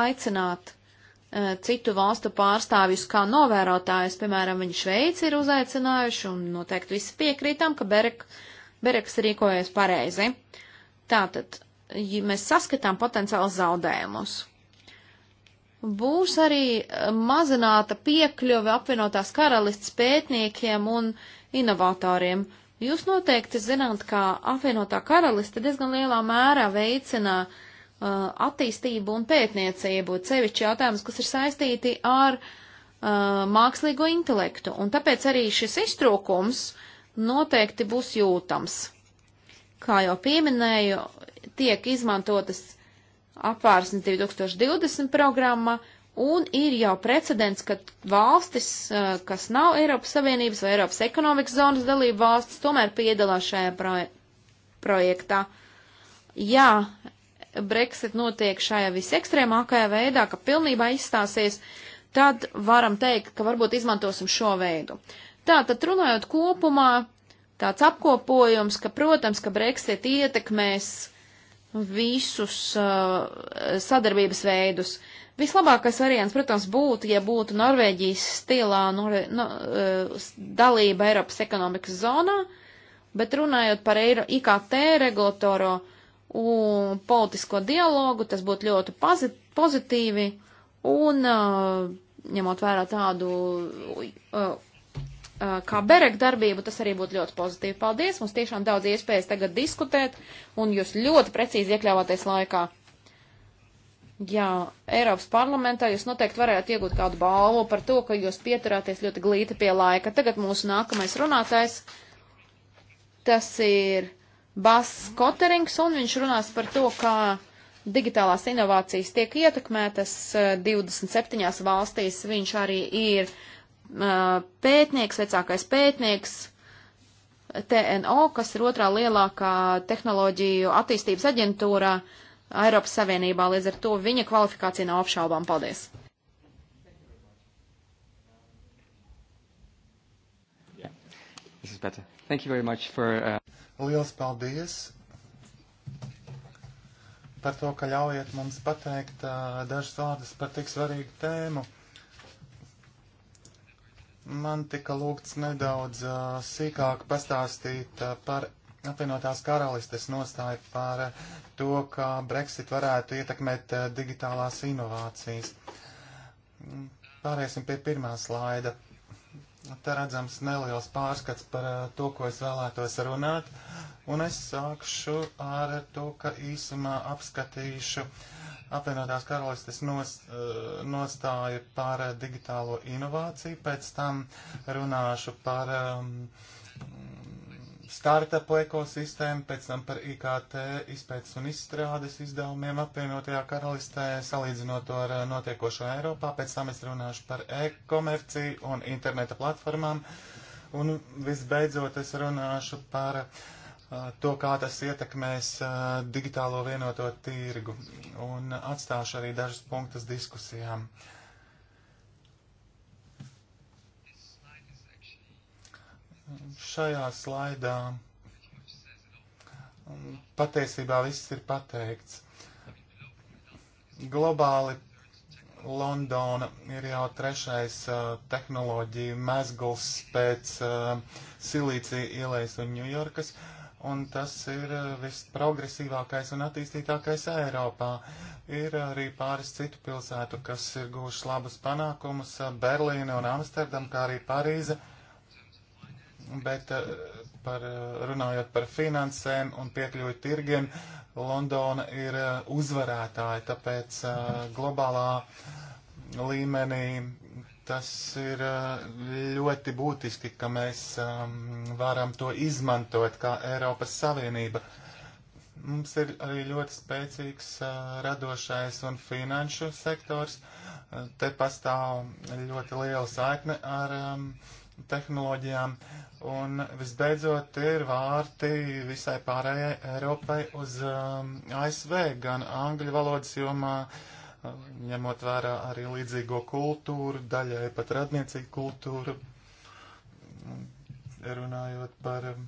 aicināt uh, citu valstu pārstāvjus kā novērotājus, piemēram, viņi Šveici ir uzaicinājuši, un noteikti visi piekrītam, ka Berek, Bereks rīkojas pareizi. Tātad, ja mēs saskatām potenciāls zaudējumus. Būs arī e, mazināta piekļuve apvienotās karalists pētniekiem un inovatoriem. Jūs noteikti zināt, ka apvienotā karaliste diezgan lielā mērā veicina uh, Uh, attīstību un pētniecību, sevišķi jautājumus, kas ir saistīti ar uh, mākslīgo intelektu, un tāpēc arī šis iztrūkums noteikti būs jūtams. Kā jau pieminēju, tiek izmantotas apvārsnes 2020 programma, un ir jau precedents, ka valstis, uh, kas nav Eiropas Savienības vai Eiropas ekonomikas zonas dalība valstis, tomēr piedalās šajā proje projektā. Jā, Brexit notiek šajā visekstrēmākajā veidā, ka pilnībā izstāsies, tad varam teikt, ka varbūt izmantosim šo veidu. Tātad runājot kopumā, tāds apkopojums, ka, protams, ka Brexit ietekmēs visus uh, sadarbības veidus. Vislabākais variants, protams, būtu, ja būtu Norvēģijas stilā Norve no, uh, dalība Eiropas ekonomikas zonā, bet runājot par Eiro IKT regulatoro uh, un politisko dialogu, tas būtu ļoti pozit pozitīvi, un uh, ņemot vērā tādu uh, uh, kā berek darbību, tas arī būtu ļoti pozitīvi. Paldies, mums tiešām daudz iespējas tagad diskutēt, un jūs ļoti precīzi iekļāvāties laikā. Jā, Eiropas parlamentā jūs noteikti varētu iegūt kādu balvu par to, ka jūs pieturāties ļoti glīti pie laika. Tagad mūsu nākamais runātājs, tas ir Bas Koterings, un viņš runās par to, kā digitālās inovācijas tiek ietekmētas 27 eh, valstīs. Viņš arī ir uh, pētnieks, vecākais pētnieks TNO, kas ir otrā lielākā tehnoloģiju attīstības aģentūra Eiropas Savienībā. Līdz ar to viņa kvalifikācija nav apšaubām. Paldies! Yeah. This is better. Thank you very much for uh... Liels paldies par to, ka ļaujiet mums pateikt uh, dažas vārdas par tik svarīgu tēmu. Man tika lūgts nedaudz uh, sīkāk pastāstīt uh, par apvienotās karalistes nostāju par uh, to, kā Brexit varētu ietekmēt uh, digitālās inovācijas. Pāriesim pie pirmā slaida. Uh, Nu, te redzams neliels pārskats par eh, to, ko es vēlētos runāt. Un es sākšu ar to, ka īsumā apskatīšu apvienotās karalistes eh, nostāju par eh, digitālo inovāciju, pēc tam runāšu par um, startupu ekosistēmu, pēc tam par IKT izpētes un izstrādes izdevumiem apvienotajā karalistē, salīdzinot to ar uh, notiekošo Eiropā, pēc tam es runāšu par e-komerciju un interneta platformām, un visbeidzot es runāšu par a, uh, to, kā tas ietekmēs a, uh, digitālo vienoto tirgu, un atstāšu arī dažus punktus diskusijām. Uh, šajā slaidā patiesībā viss ir pateikts. Globāli Londona ir jau trešais uh, tehnoloģija mezgls pēc uh, Silīcija ielais un Ņujorkas, un tas ir uh, visprogresīvākais un attīstītākais Eiropā. Ir arī pāris citu pilsētu, kas ir guvuši labus panākumus uh, - Berlīna un Amsterdam, kā arī Parīze. Uh, Bet eh, par, eh, runājot par finansēm un piekļuvi tirgiem, Londona ir eh, uzvarētāja, tāpēc globālā līmenī tas ir ļoti būtiski, ka mēs varam to izmantot kā Eiropas Savienība. Mums ir arī ļoti spēcīgs radošais un finanšu sektors. Te pastāv ļoti liela saikne ar tehnoloģijām, Un visbeidzot ir vārti visai pārējai Eiropai uz um, ASV, gan angļu valodas jomā, um, ņemot vērā arī līdzīgo kultūru, daļai pat radniecīgu kultūru, um, runājot par um,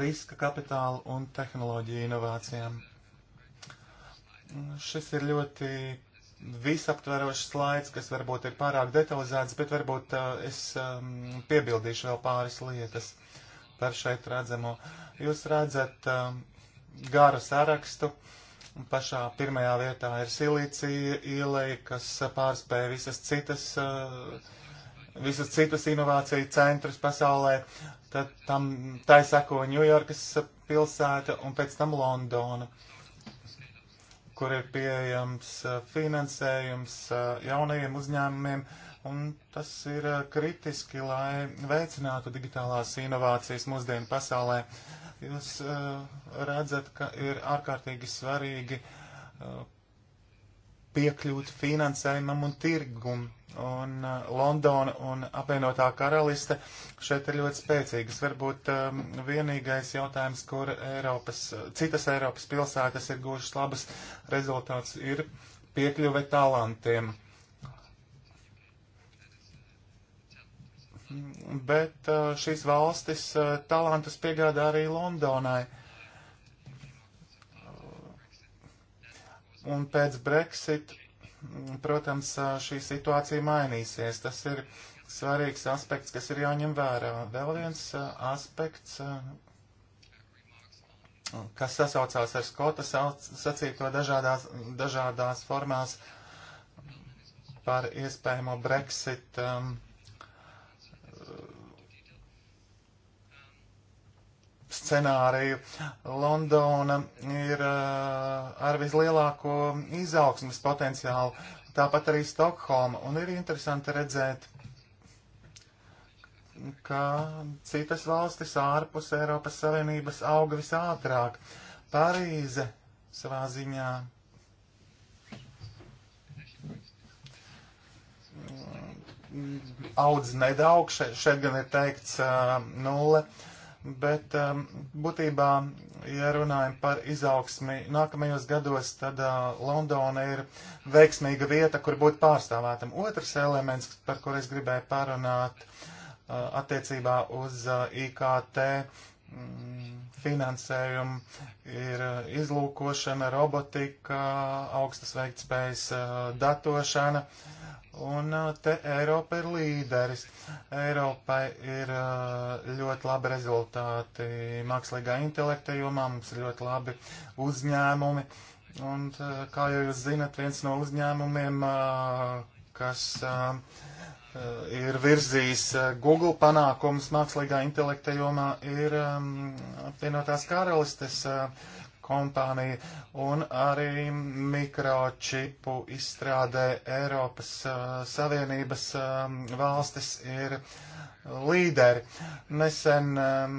riska kapitālu un tehnoloģiju inovācijām. Šis ir ļoti visaptverošs slaids, kas varbūt ir pārāk detalizēts, bet varbūt uh, es um, piebildīšu vēl pāris lietas par šeit redzamo. Jūs redzat um, garu sarakstu. Pašā pirmajā vietā ir silīcija ielai, kas pārspēja visas citas, uh, visas citas inovāciju centrus pasaulē. Tad tam tai sako Ņujorkas pilsēta un pēc tam Londona. Uh, kur ir pieejams finansējums jaunajiem uzņēmumiem, un tas ir kritiski, lai veicinātu digitālās inovācijas mūsdienu pasaulē. Jūs redzat, ka ir ārkārtīgi svarīgi piekļūt finansējumam un tirgum. Un uh, Londona un apvienotā karaliste šeit ir ļoti spēcīgas. Varbūt um, vienīgais jautājums, kur Eiropas, citas Eiropas pilsētas ir guvušas labas rezultātus, ir piekļuve talantiem. Bet uh, šīs valstis uh, talantus piegādā arī Londonai. Uh, Un pēc Brexit, protams, šī situācija mainīsies. Tas ir svarīgs aspekts, kas ir jāņem vērā. Vēl viens aspekts, kas sasaucās ar Skota sacīto dažādās, dažādās formās par iespējamo Brexit. Um, scenāriju. Londona ir eh, ar vislielāko izaugsmas potenciālu, tāpat arī Stokholma. Un ir interesanti redzēt, ka citas valstis ārpus Eiropas Savienības auga visātrāk. Parīze savā ziņā audz nedaug, šeit, šeit gan ir teikts uh, nulle. Uh, Bet um, būtībā, ja runājam par izaugsmi nākamajos gados, tad uh, Londona ir veiksmīga vieta, kur būt pārstāvētam. Otrs elements, par kur es gribēju parunāt uh, attiecībā uz uh, IKT mm, finansējumu, ir uh, izlūkošana, robotika, augstas veiktspējas uh, datošana. Uh, Un uh, te Eiropa ir līderis. Eiropai ir uh, ļoti labi rezultāti mākslīgā intelekta jomā, mums ir ļoti labi uzņēmumi. Un uh, kā jau jūs zinat, viens no uzņēmumiem, kas um, ir virzījis Google panākumus mākslīgā intelekta jomā, ir um, apvienotās karalistes kompānija, un arī mikročipu izstrādē Eiropas uh, Savienības um, valstis ir līderi. Nesen um,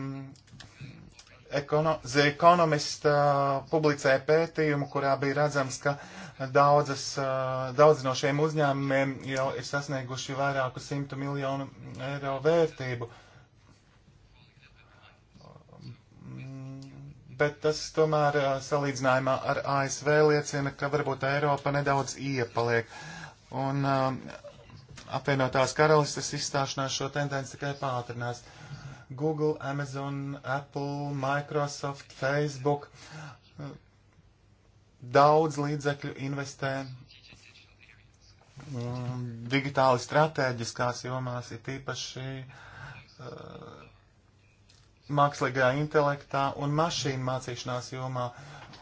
ekono The Economist uh, publicēja pētījumu, kurā bija redzams, ka daudzas, uh, daudz no šiem uzņēmumiem jau ir sasnieguši vairāku simtu miljonu eiro vērtību. Uh, bet tas tomēr salīdzinājumā ar ASV liecina, ka varbūt Eiropa nedaudz iepaliek. Un um, apvienotās karalistes izstāšanās šo tendenci tikai pātrinās. Google, Amazon, Apple, Microsoft, Facebook daudz līdzekļu investē um, digitāli stratēģiskās jomās, ir tīpaši uh, mākslīgajā intelektā un mašīnu mācīšanās jomā.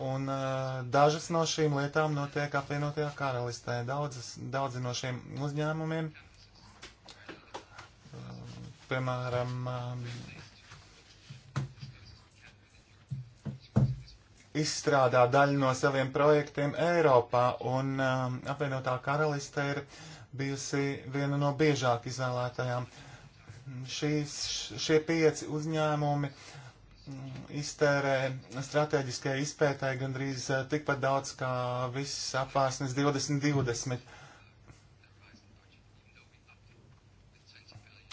Un uh, dažas no šīm lietām notiek apvienotajā karalistē. Daudzas, daudzi no šiem uzņēmumiem, uh, piemēram, um, izstrādā daļu no saviem projektiem Eiropā, un um, apvienotā karalistē ir bijusi viena no biežāk izvēlētajām uh, šīs, šie pieci uzņēmumi mm, iztērē strateģiskajai izpētai gandrīz eh, tikpat daudz kā viss apvārsnes 2020.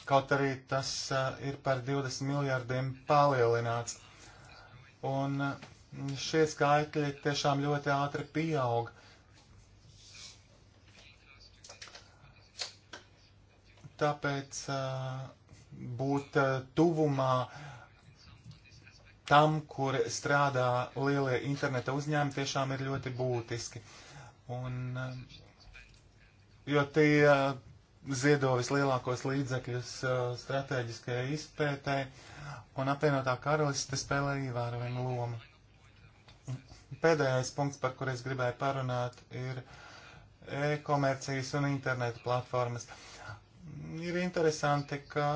Kaut arī tas eh, ir par 20 miljārdiem palielināts. Un mm, šie skaitļi tiešām ļoti ātri pieaug. Tāpēc uh, būt eh, tuvumā tam, kur strādā lielie interneta uzņēmumi, tiešām ir ļoti būtiski. Un, eh, jo tie eh, ziedo vislielākos līdzekļus stratēģiskajai izpētē, un apvienotā karaliste spēlē ievērojumu lomu. Pēdējais punkts, par kur es gribēju parunāt, ir e-komercijas un interneta platformas. Uh, Ir interesanti, ka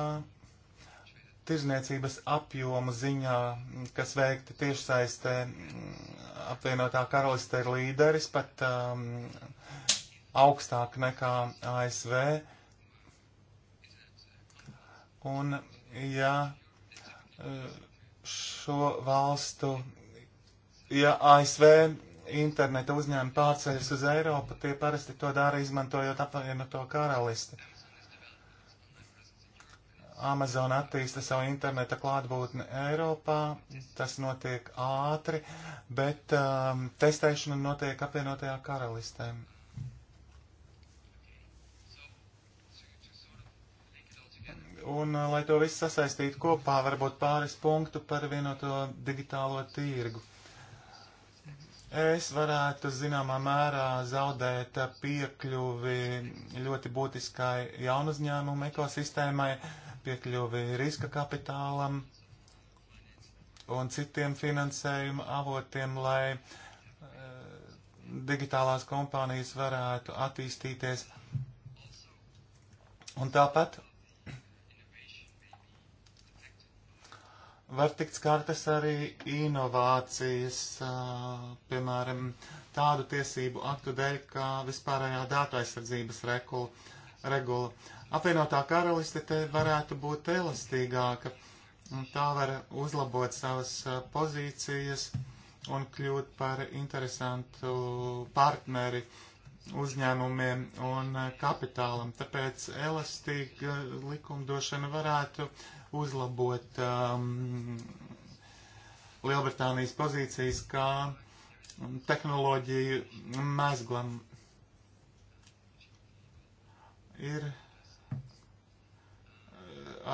tirzniecības apjomu ziņā, kas veikti tiešsaistē, apvienotā karaliste ir līderis, pat um, augstāk nekā ASV. Un, ja šo valstu, ja ASV interneta uzņēmumi pārceļas uz Eiropu, tie parasti to dara izmantojot apvienoto karalisti. Uh, Amazon attīsta savu interneta klātbūtni Eiropā, tas notiek ātri, bet um, testēšana notiek apvienotajā karalistē. Un, uh, lai to visu sasaistītu kopā, varbūt pāris punktu par vienoto digitālo tirgu. Es varētu zināmā mērā zaudēt uh, piekļuvi ļoti būtiskai jaunuzņēmumu ekosistēmai, uh, piekļuvi riska kapitālam un citiem finansējuma avotiem, lai uh, digitālās kompānijas varētu attīstīties. Un tāpat var tikt skartas arī inovācijas, uh, piemēram, tādu tiesību aktu dēļ, kā vispārējā dāta aizsardzības rekula regula. Apvienotā karaliste te varētu būt elastīgāka, un tā var uzlabot savas pozīcijas un kļūt par interesantu partneri uzņēmumiem un kapitālam. Tāpēc elastīga likumdošana varētu uzlabot um, Lielbritānijas pozīcijas kā tehnoloģiju mezglam ir eh,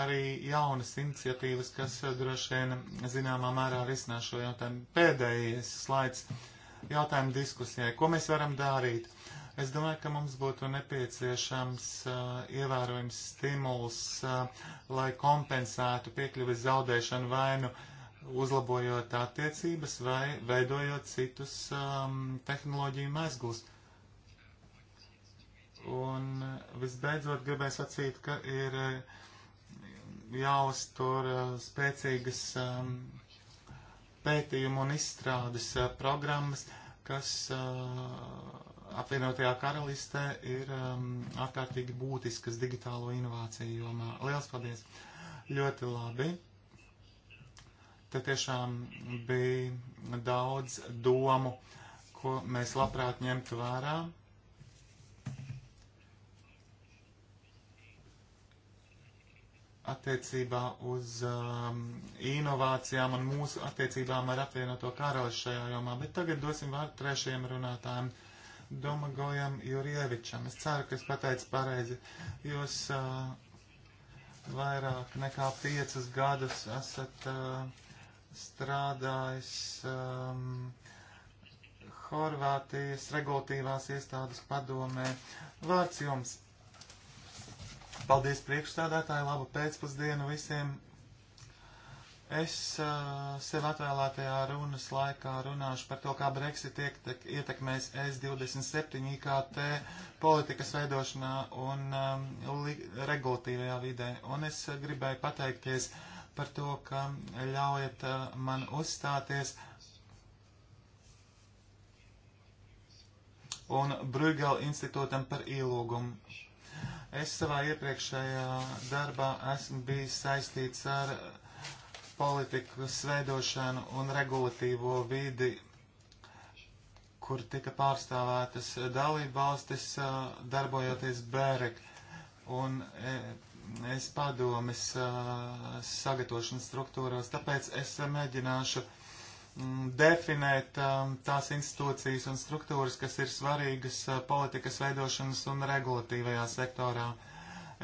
arī jaunas iniciatīvas, kas eh, droši vien zināmā mērā risinās šo jautājumu. Pēdējais slaids jautājumu diskusijai. Ko mēs varam darīt? Es domāju, ka mums būtu nepieciešams uh, ievērojams stimuls, uh, lai kompensētu piekļuvis zaudēšanu vainu uzlabojot attiecības vai veidojot citus um, tehnoloģiju mezglus. Un eh, visbeidzot gribēju sacīt, ka ir eh, jāuztur eh, spēcīgas ehm, pētījumu un izstrādes programmas, kas apvienotajā karalistē ir ehm, ārkārtīgi būtiskas digitālo inovāciju jomā. Liels paldies! Ļoti labi! Te tiešām bija daudz domu, ko mēs labprāt ņemtu vērā. attiecībā uz um, inovācijām un mūsu attiecībām ar apvienoto karali šajā jomā, bet tagad dosim vārdu trešajam runātājam Domagojam Jurievičam. Es ceru, ka es pateicu pareizi. Jūs uh, vairāk nekā piecus gadus esat uh, strādājis um, Horvātijas regulatīvās iestādes padomē. Vārds jums! Paldies priekšstādātāji, labu pēcpusdienu visiem. Es uh, sev atvēlētajā runas laikā runāšu par to, kā Brexit iektek, ietekmēs S27 IKT politikas veidošanā un um, li, regulatīvajā vidē. Un es uh, gribēju pateikties par to, ka ļaujat uh, man uzstāties. Un Brügel institūtam par ielūgumu. Es savā iepriekšējā darbā esmu bijis saistīts ar politikas veidošanu un regulatīvo vidi, kur tika pārstāvētas dalību valstis, darbojoties Bērek un es padomis sagatavošanas struktūros. Tāpēc es mēģināšu Mm, definēt um, tās institūcijas un struktūras, kas ir svarīgas uh, politikas veidošanas un regulatīvajā sektorā.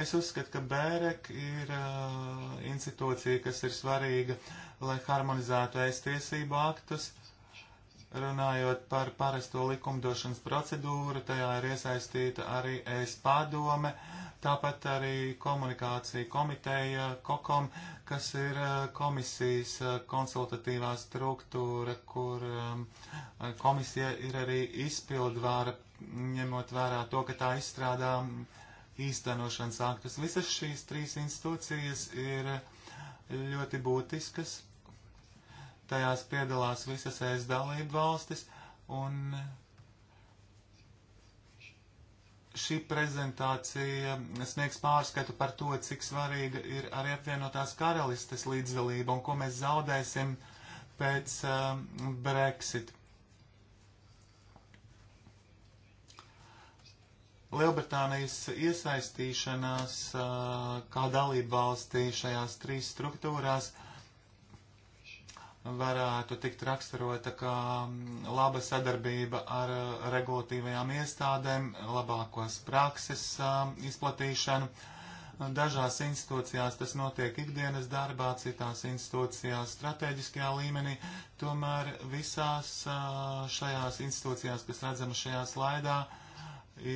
Es uzskatu, ka BEREK ir uh, institūcija, kas ir svarīga, lai harmonizētu ēstiesību aktus. Runājot par parasto likumdošanas procedūru, tajā ir iesaistīta arī ēst padome, tāpat arī komunikācija komiteja, kokom, kas ir komisijas konsultatīvā struktūra, kur komisija ir arī izpildvāra, ņemot vērā to, ka tā izstrādā īstenošanas aktus. Visas šīs trīs institūcijas ir ļoti būtiskas. Tajās piedalās visas ES dalību valstis, un šī prezentācija sniegs pārskatu par to, cik svarīga ir arī apvienotās karalistes līdzdalība un ko mēs zaudēsim pēc uh, Brexit. Lielbritānijas iesaistīšanās uh, kā dalība valstī šajās trīs struktūrās uh, varētu tikt raksturota kā mm, laba sadarbība ar uh, regulatīvajām iestādēm, labākos prakses um, izplatīšanu. Dažās institūcijās tas notiek ikdienas darbā, citās institūcijās strateģiskajā līmenī. Tomēr visās uh, šajās institūcijās, kas redzama šajā slaidā,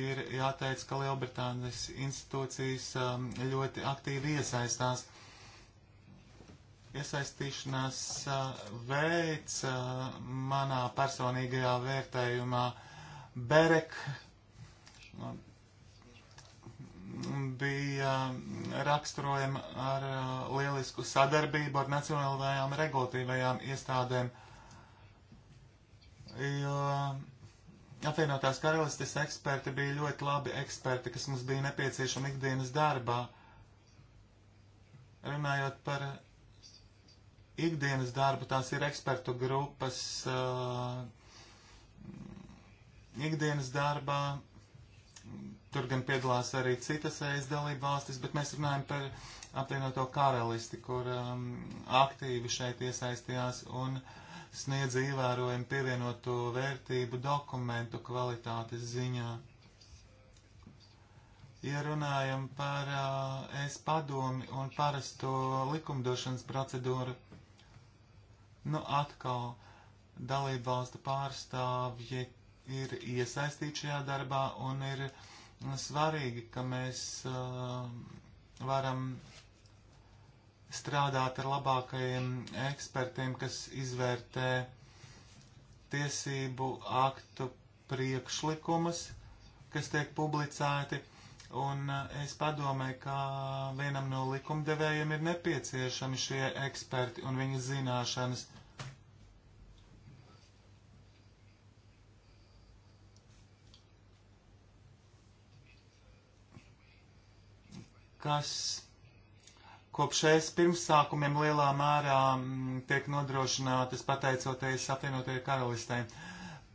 ir jāteic, ka Lielbritānijas institūcijas um, ļoti aktīvi iesaistās iesaistīšanās veids manā personīgajā vērtējumā Berek bija raksturojama ar lielisku sadarbību ar nacionālajām regulatīvajām iestādēm, jo apvienotās karalistes eksperti bija ļoti labi eksperti, kas mums bija nepieciešami ikdienas darbā. Runājot par ikdienas darbu, tās ir ekspertu grupas uh, ikdienas darbā. Tur gan piedalās arī citas ES dalība valstis, bet mēs runājam par apvienoto karalisti, kur um, aktīvi šeit iesaistījās un sniedz ievērojumu pievienoto vērtību dokumentu kvalitātes ziņā. Ja runājam par uh, es padomi un parasto likumdošanas procedūru, Nu, atkal dalību valstu pārstāvji ir iesaistīti šajā darbā un ir svarīgi, ka mēs uh, varam strādāt ar labākajiem ekspertiem, kas izvērtē tiesību aktu priekšlikumus, kas tiek publicēti, un uh, es padomēju, ka vienam no likumdevējiem ir nepieciešami šie eksperti un viņa zināšanas. kas kopš es pirmsākumiem lielā mērā mm, tiek nodrošinātas pateicoties apvienotajai karalistē.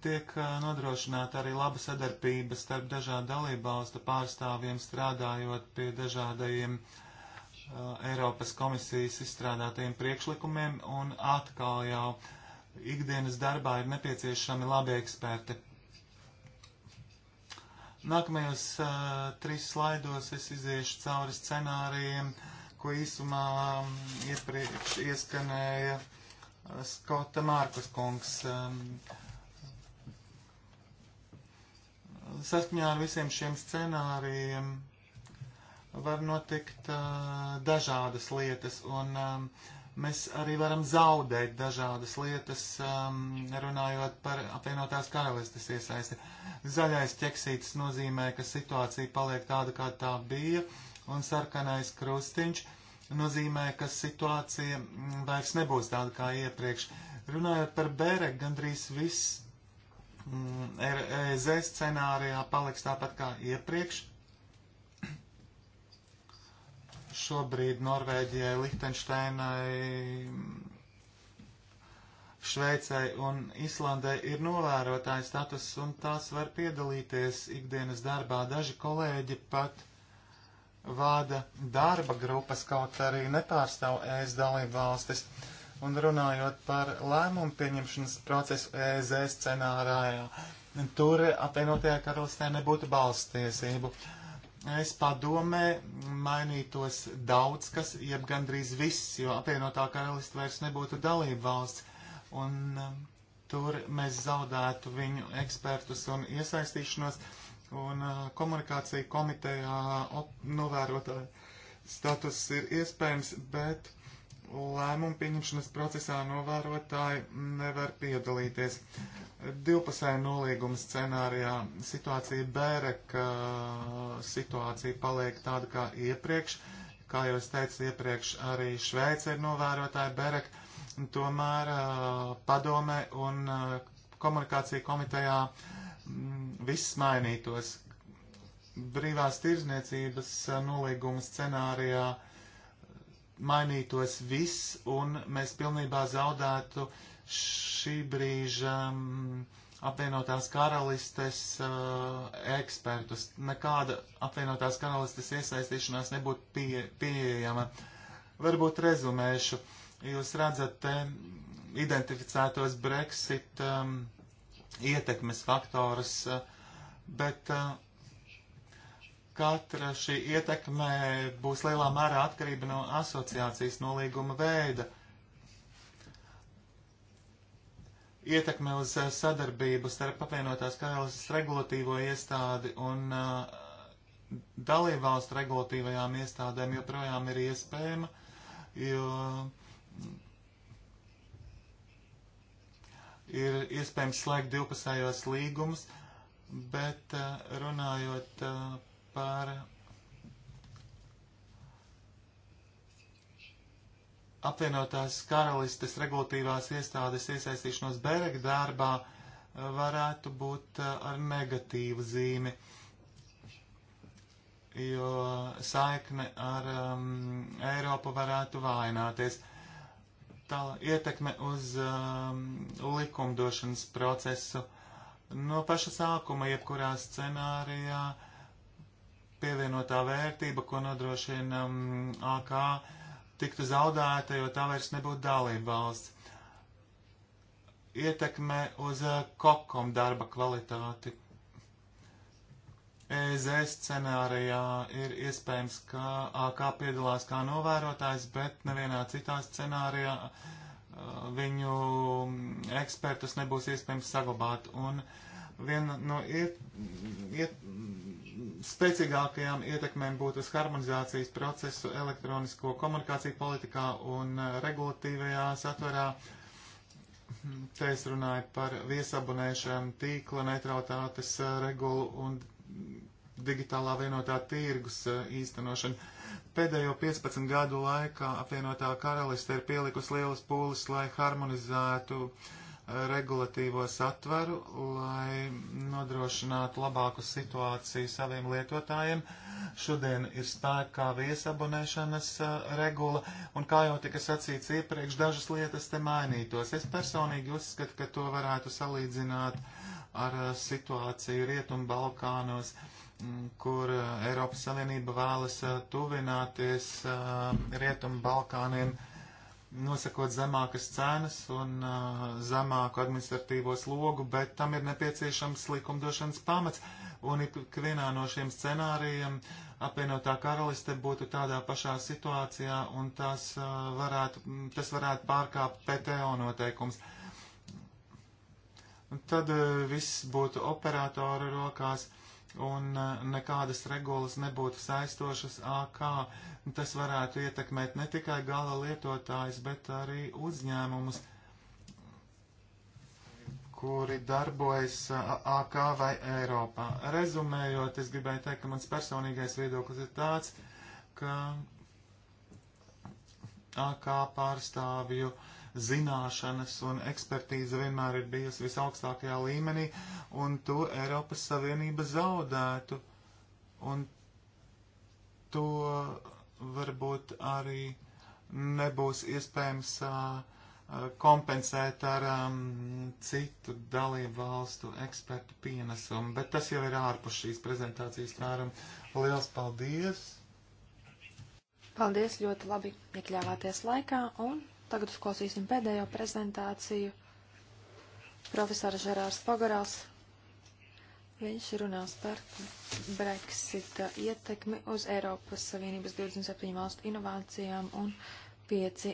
Tiek eh, nodrošināta arī laba sadarbība starp dažādu dalībvalstu pārstāvjiem, strādājot pie dažādajiem uh, Eiropas komisijas izstrādātajiem priekšlikumiem, un atkal jau ikdienas darbā ir nepieciešami labi eksperti. Nākamajos uh, trīs slaidos es iziešu cauri scenārijiem, ko īsumā um, iepriekš ieskanēja uh, Skota Mārkus kungs. Um, saskaņā ar visiem šiem scenārijiem var notikt uh, dažādas lietas, un um, uh, mēs arī varam zaudēt dažādas lietas, um, runājot par apvienotās karalistes iesaisti. Zaļais ķeksītis nozīmē, ka situācija paliek tāda, kā tā bija, un sarkanais krustiņš nozīmē, ka situācija mm, vairs nebūs tāda kā iepriekš. Runājot par Bērek, gandrīz viss mm, RZ e scenārijā paliks tāpat kā iepriekš, Šobrīd Norvēģijai, Lihtenšteinai, Šveicai un Islandai ir novērotāja status, un tās var piedalīties ikdienas darbā. Daži kolēģi pat vāda darba grupas, kaut arī nepārstāv ES dalību valstis. Un runājot par lēmumu pieņemšanas procesu EZ scenārājā, tur apvienotajā karalistē nebūtu balsts tiesību. Uh, es padomē mainītos daudz, kas, jeb gandrīz viss, jo apvienotā karalista vairs nebūtu dalība valsts. Un um, tur mēs zaudētu viņu ekspertus un iesaistīšanos. Un uh, komunikācija komitejā op, novērotāja status ir iespējams, bet lēmumu pieņemšanas procesā novērotāji nevar piedalīties. Divpusēja nolīguma scenārijā situācija bēra, ka situācija paliek tāda kā iepriekš. Kā jau es teicu iepriekš, arī Šveice ir novērotāja Berek, tomēr padomē un komunikācija komitejā mm, viss mainītos. Brīvās tirzniecības nolīguma scenārijā uh, mainītos viss, un mēs pilnībā zaudētu šī brīža um, apvienotās karalistes uh, ekspertus. Nekāda apvienotās karalistes iesaistīšanās nebūtu pie, pieejama. Varbūt rezumēšu. Jūs redzat te identificētos Brexit um, ietekmes faktorus, uh, bet uh, katra šī ietekme būs lielā mērā atkarība no asociācijas nolīguma veida. Ietekme uz eh, sadarbību starp apvienotās karalistas regulatīvo iestādi un uh, dalībvalstu regulatīvajām iestādēm joprojām ir iespējama, jo mm, ir iespējams slēgt divpusējos līgumus, bet eh, runājot par apvienotās karalistes regulatīvās iestādes iesaistīšanos Bereka darbā eh, varētu būt eh, ar negatīvu zīmi, jo saikne ar um, Eiropu varētu vaināties. Tā ietekme uz um, likumdošanas procesu no paša sākuma, jebkurā scenārijā, uh, pievienotā vērtība, ko nodrošina um, AK, tiktu zaudēta, jo tā vairs nebūtu dalība valsts. Ietekme uz uh, kokom darba kvalitāti. EZ scenārijā ir iespējams, ka AK piedalās kā novērotājs, bet nevienā citā scenārijā uh, viņu um, ekspertus nebūs iespējams saglabāt. Un viena no iet, iet, spēcīgākajām ietekmēm būtu uz harmonizācijas procesu elektronisko komunikāciju politikā un eh, regulatīvajā satverā. Te es runāju par viesabunēšanu, tīkla neutralitātes eh, regulu un digitālā vienotā tirgus eh, īstenošanu. Pēdējo 15 gadu laikā apvienotā karaliste ir pielikusi lielas pūles, lai harmonizētu uh, regulatīvo satvaru, lai nodrošinātu labāku situāciju saviem lietotājiem. Šodien ir spēkā viesabonēšanas regula, un kā jau tika sacīts iepriekš, dažas lietas te mainītos. Es personīgi uzskatu, ka to varētu salīdzināt ar situāciju Rietumbalkānos, kur Eiropas Savienība vēlas tuvināties Rietumbalkāniem. Balkāniem nosakot zemākas cenas un uh, zemāku administratīvo slogu, bet tam ir nepieciešams likumdošanas pamats. Un ikvienā no šiem scenārijiem apvienotā karaliste būtu tādā pašā situācijā un tas, uh, varētu, tas varētu pārkāpt PTO noteikums. Un tad uh, viss būtu operātoru rokās. Uh, un e, nekādas regulas nebūtu saistošas AK. Tas varētu ietekmēt ne tikai gala lietotājs, bet arī uzņēmumus, kuri darbojas AK vai Eiropā. Rezumējot, es gribēju teikt, ka mans personīgais viedoklis ir tāds, ka AK pārstāvju uh, zināšanas un ekspertīze vienmēr ir bijusi visaugstākajā līmenī, un to Eiropas Savienība zaudētu. Un to varbūt arī nebūs iespējams kompensēt ar um, citu dalību valstu ekspertu pienesumu, bet tas jau ir ārpus šīs prezentācijas tvēruma. Liels paldies! Paldies, ļoti labi iekļāvāties laikā, un Tagad uzklausīsim pēdējo prezentāciju. Profesors Žerārs Pagarās. Viņš runās par Brexita ietekmi uz Eiropas Savienības 27 valstu inovācijām un 5G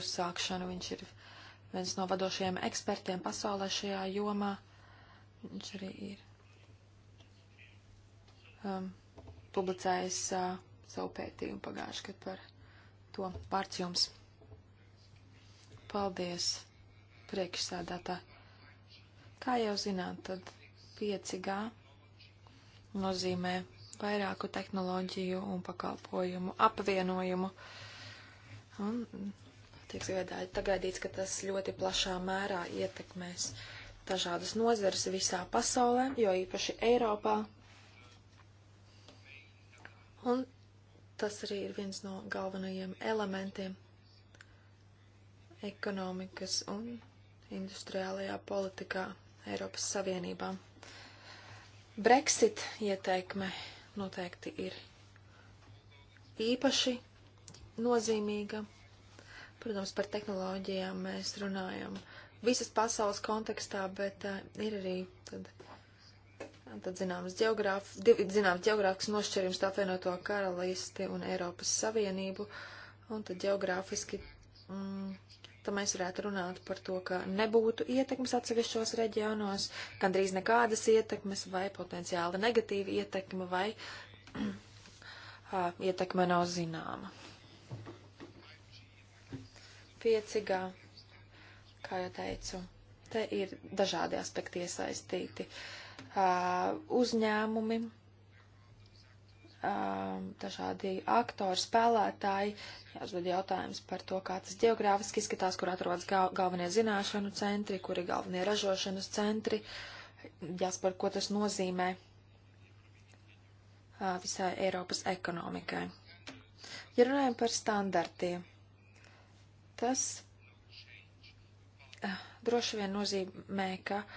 uzsākšanu. Viņš ir viens no vadošajiem ekspertiem pasaulē šajā jomā. Viņš arī ir um, publicējis uh, savu pētījumu pagājuši, kad par to vārds jums. Paldies, priekšsēdētā. Kā jau zināt, tad 5G nozīmē vairāku tehnoloģiju un pakalpojumu apvienojumu. Un tiek sagaidīts, ka tas ļoti plašā mērā ietekmēs dažādas nozeres visā pasaulē, jo īpaši Eiropā. Un Tas arī ir viens no galvenajiem elementiem ekonomikas un industriālajā politikā Eiropas Savienībā. Brexit ieteikme noteikti ir īpaši nozīmīga. Protams, par tehnoloģijām mēs runājam visas pasaules kontekstā, bet uh, ir arī tad, uh, tad zināms geogrāf, zināms geogrāfisks nošķirījums apvienoto karalisti un Eiropas Savienību, un tad geogrāfiski, mm, tad mēs varētu runāt par to, ka nebūtu ietekmes atsevišķos reģionos, gandrīz nekādas ietekmes vai potenciāli negatīva ietekme vai ietekme nav zināma. 5G, kā jau teicu, te ir dažādi aspekti iesaistīti. Uh, uzņēmumi, dažādi aktori, spēlētāji. Jāuzdod jautājums par to, kā tas geogrāfiski izskatās, kur atrodas gal galvenie zināšanu centri, kuri galvenie ražošanas centri. Jāspēr, ko tas nozīmē visai Eiropas ekonomikai. Ja runājam par standartiem, tas droši vien nozīmē, ka uh,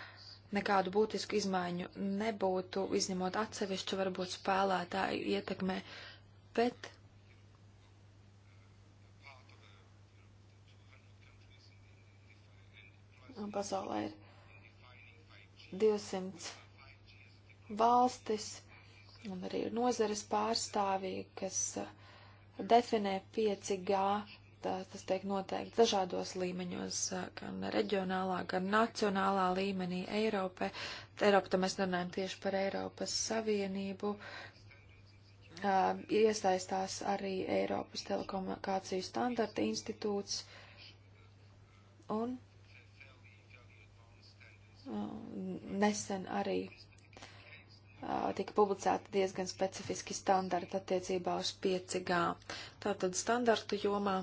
nekādu būtisku izmaiņu nebūtu, izņemot atsevišķu varbūt spēlētāju ietekmē, bet pasaulē ir 200 valstis un arī ir nozares pārstāvī, kas uh, definē 5G tās, tas tiek noteikts dažādos līmeņos, gan reģionālā, gan nacionālā līmenī Eiropē. Eiropa, te mēs runājam tieši par Eiropas Savienību, uh, iesaistās arī Eiropas telekomunikāciju standarta institūts un uh, nesen arī tika publicēti diezgan specifiski standarti attiecībā uz 5G. Tātad standartu jomā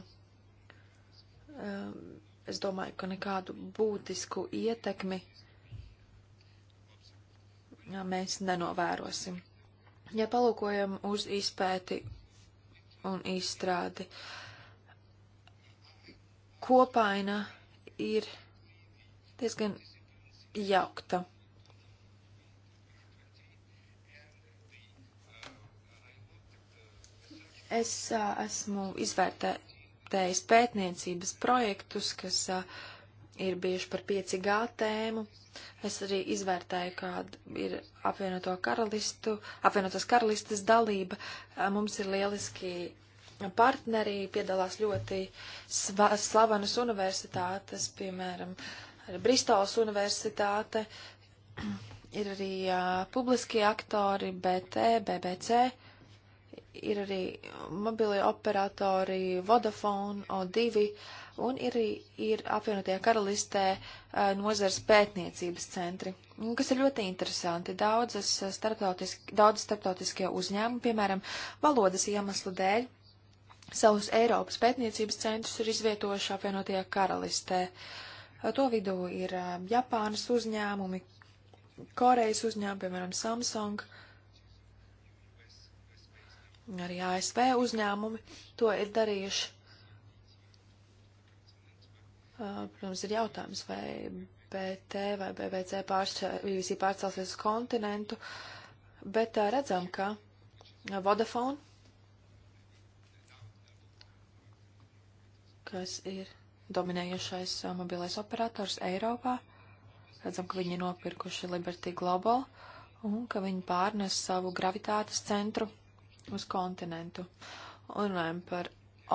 Um, es domāju, ka nekādu būtisku ietekmi uh, mēs nenovērosim. Ja palūkojam uz izpēti un izstrādi, kopaina ir diezgan jaukta. Es a, uh, esmu izvērtē, adaptējis pētniecības projektus, kas uh, ir bijuši par 5G tēmu. Es arī izvērtēju, kāda ir apvienoto karalistu, apvienotās karalistes dalība. Uh, mums ir lieliski partneri, piedalās ļoti sva, slavenas universitātes, piemēram, Bristols universitāte. ir arī uh, publiskie aktori, BT, BBC. Uh, ir arī mobilie operatori Vodafone, O2, un ir, ir apvienotajā karalistē nozars pētniecības centri, kas ir ļoti interesanti. Daudzas starptautiski, daudz starptautiskie uzņēmumi, piemēram, valodas iemesla dēļ, savus Eiropas pētniecības centrus ir izvietojuši apvienotajā karalistē. To vidū ir Japānas uzņēmumi, Korejas uzņēmumi, piemēram, Samsung. Uh, Arī ASV uzņēmumi to ir darījuši. Protams, ir jautājums, vai BT vai BBC pārcel, pārcelsies uz kontinentu, bet redzam, ka Vodafone, kas ir dominējušais mobilais operators Eiropā, redzam, ka viņi ir nopirkuši Liberty Global un ka viņi pārnes savu gravitātes centru uz kontinentu. Un runājam par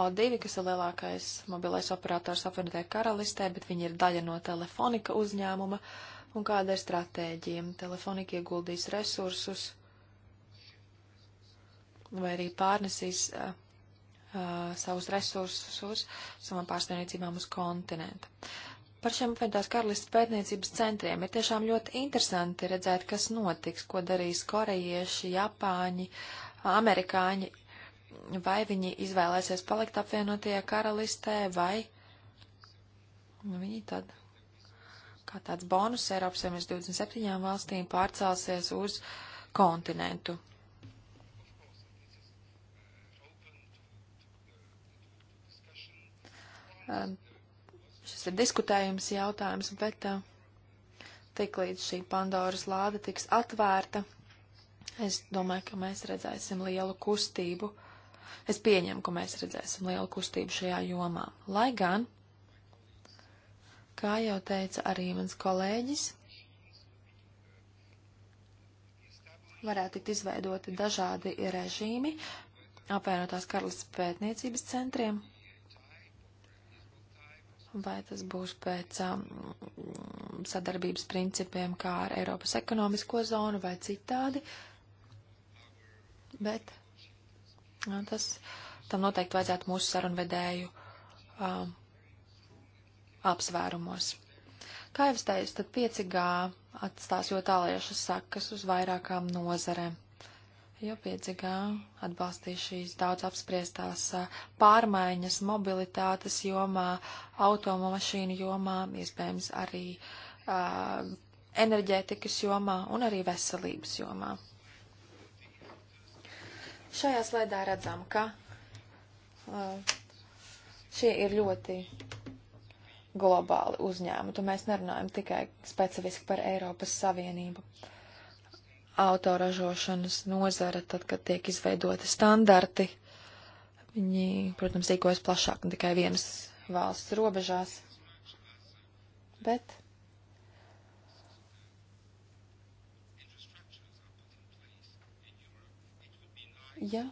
O2, kas ir lielākais mobilais operators apvienotajā karalistē, bet viņi ir daļa no telefonika uzņēmuma. Un kāda ir stratēģija? Telefonika ieguldīs resursus vai arī pārnesīs uh, uh, savus resursus uz savām pārstāvniecībām uz kontinentu. Par šiem apvienotās karalistas pētniecības centriem ir tiešām ļoti interesanti redzēt, kas notiks, ko darīs korejieši, japāņi, uh, amerikāņi, vai viņi izvēlēsies palikt apvienotajā karalistē, vai viņi tad kā tāds bonus Eiropas Savienības 27 valstīm pārcelsies uz kontinentu. Um, šis ir diskutējums jautājums, bet uh, tik līdz šī Pandoras lāde tiks atvērta, Es domāju, ka mēs redzēsim lielu kustību. Es pieņemu, ka mēs redzēsim lielu kustību šajā jomā. Lai gan, kā jau teica arī mans kolēģis, varētu tikt izveidoti dažādi režīmi apvienotās karalistas pētniecības centriem. Vai tas būs pēc um, sadarbības principiem kā ar Eiropas ekonomisko zonu vai citādi? Uh, bet jā, tas, tam noteikti vajadzētu mūsu sarunvedēju um, apsvērumos. Kā jau es teicu, tad 5G atstās jau tāliešas sakas uz vairākām nozarēm, jo 5G atbalstīs šīs daudz apspriestās uh, pārmaiņas mobilitātes jomā, automašīnu jomā, iespējams arī uh, enerģētikas jomā un arī veselības jomā. Šajā slaidā redzam, ka uh, šie ir ļoti globāli uzņēmumi. Tu mēs nerunājam tikai specifiski par Eiropas Savienību. Autoražošanas nozara, tad, kad tiek izveidoti standarti, viņi, protams, rīkojas plašāk ne tikai vienas valsts robežās. Bet ja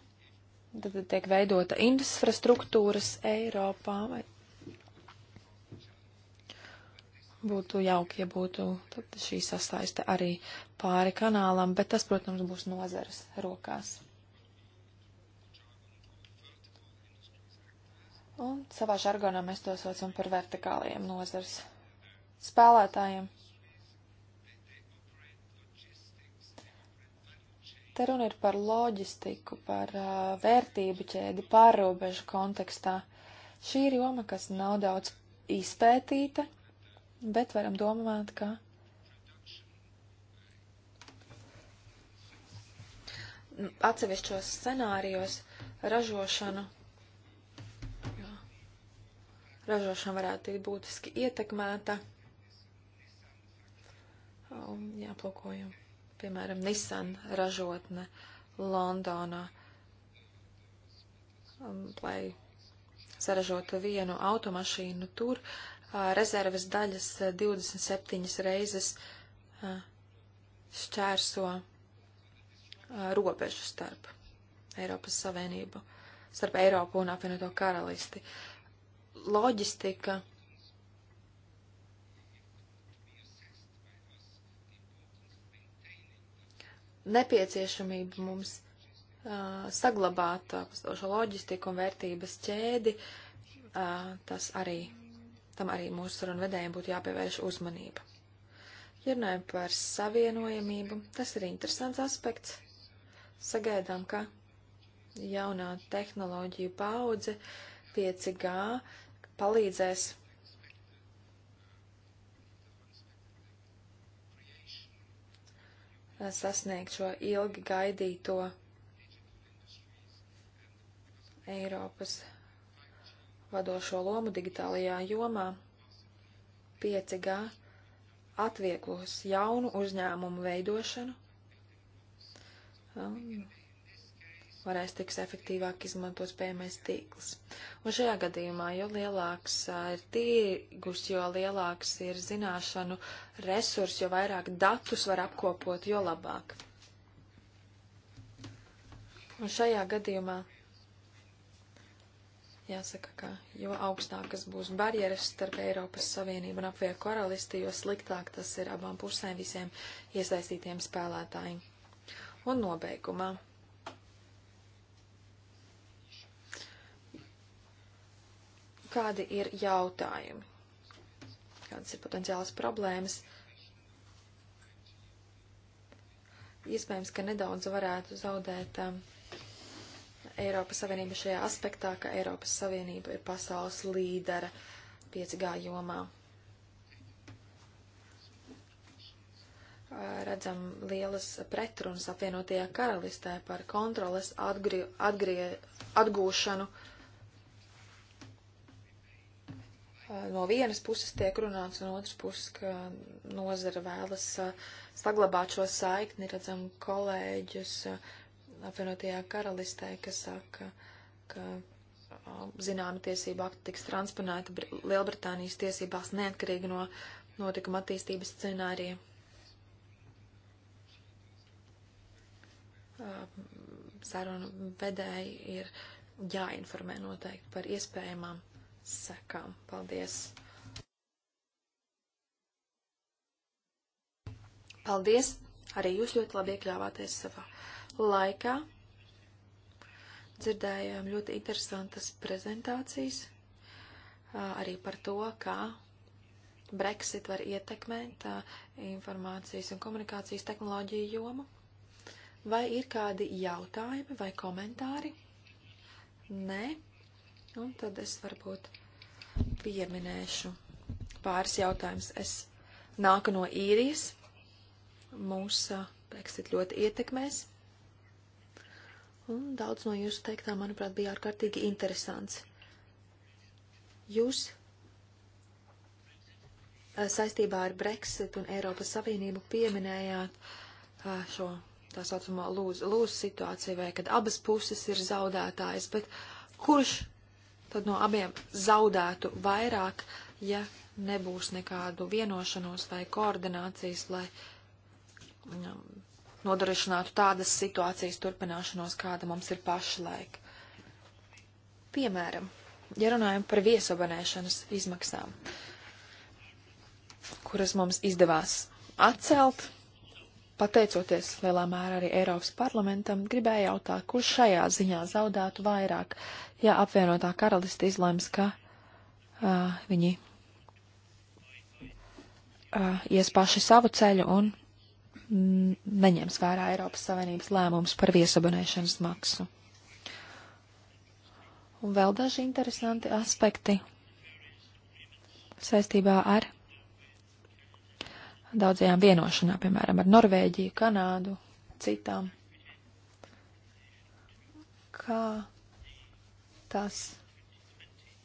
tad tiek veidota infrastruktūras Eiropā, vai būtu jauki, ja būtu šī sasaiste arī pāri kanālam, bet tas, protams, būs nozares rokās. Un savā žargonā mēs to saucam par vertikāliem nozars spēlētājiem. Te runa ir par loģistiku, par uh, vērtību ķēdi pārrobežu kontekstā. Šī ir joma, kas nav daudz izpētīta, bet varam domāt, ka atsevišķos scenārijos ražošanu, jā, ražošana varētu tikt būtiski ietekmēta. Um, jā, plūkojumi piemēram, Nissan ražotne Londonā, um, lai saražotu vienu automašīnu tur, rezerves daļas 27 reizes šķērso robežu starp Eiropas Savienību, starp Eiropu un apvienoto karalisti. Loģistika nepieciešamība mums uh, saglabāt pastāvošo uh, loģistiku un vērtības ķēdi, uh, tas arī, tam arī mūsu sarunvedējiem būtu jāpievērš uzmanība. Ja runājam par savienojamību, tas ir interesants aspekts. Sagaidām, ka jaunā tehnoloģiju paudze 5G palīdzēs sasniegt šo ilgi gaidīto Eiropas vadošo lomu digitālajā jomā. 5G atvieglos jaunu uzņēmumu veidošanu. Um, varēs tiks efektīvāk izmantot spējamais tīkls. Un šajā gadījumā, jo lielāks ir tīrgus, jo lielāks ir zināšanu resurs, jo vairāk datus var apkopot, jo labāk. Un šajā gadījumā, jāsaka, ka jo augstākas būs barjeras starp Eiropas Savienību un apvienu koralisti, jo sliktāk tas ir abām pusēm visiem iesaistītiem spēlētājiem. Un nobeigumā kādi ir jautājumi, kādas ir potenciālas problēmas. Iespējams, ka nedaudz varētu zaudēt um, Eiropas Savienība šajā aspektā, ka Eiropas Savienība ir pasaules līdera 5G jomā. Uh, redzam lielas pretrunas apvienotajā karalistē par kontroles atgrie, atgrie, atgūšanu uh, Eh, no vienas puses tiek runāts, un otras puses, ka nozara vēlas eh, saglabāt šo saikni, redzam kolēģus eh, apvienotajā karalistē, kas saka, ka zināmi tiesību akti tiks transponēti Lielbritānijas tiesībās neatkarīgi no notikuma attīstības scenārija. Sarunu vedēji ir jāinformē noteikti par iespējamām sekām. Paldies! Paldies! Arī jūs ļoti labi iekļāvāties savā laikā. Dzirdējām ļoti interesantas prezentācijas arī par to, kā Brexit var ietekmēt informācijas un komunikācijas tehnoloģiju jomu. Vai ir kādi jautājumi vai komentāri? Nē. Un nu, tad es varbūt pieminēšu pāris jautājumus. Es nāku no īrijas. Mūs Brexit ļoti ietekmēs. Un daudz no jūsu teiktā, manuprāt, bija ārkārtīgi interesants. Jūs eh, saistībā ar Brexit un Eiropas Savienību pieminējāt eh, šo tā saucamo lūzu lūz situāciju, vai kad abas puses ir zaudētājs, bet kurš tad no abiem zaudētu vairāk, ja nebūs nekādu vienošanos vai koordinācijas, lai um, nodrošinātu tādas situācijas turpināšanos, kāda mums ir pašlaik. Piemēram, ja runājam par viesobanēšanas izmaksām, kuras mums izdevās atcelt, pateicoties lielā mērā arī Eiropas parlamentam, gribēju jautāt, kurš šajā ziņā zaudētu vairāk, ja apvienotā karalista izlems, ka uh, viņi uh, ies paši savu ceļu un neņems vērā Eiropas Savienības lēmums par viesabonēšanas maksu. Un vēl daži interesanti aspekti saistībā ar daudzajām vienošanām, piemēram, ar Norvēģiju, Kanādu, citām. Kā tas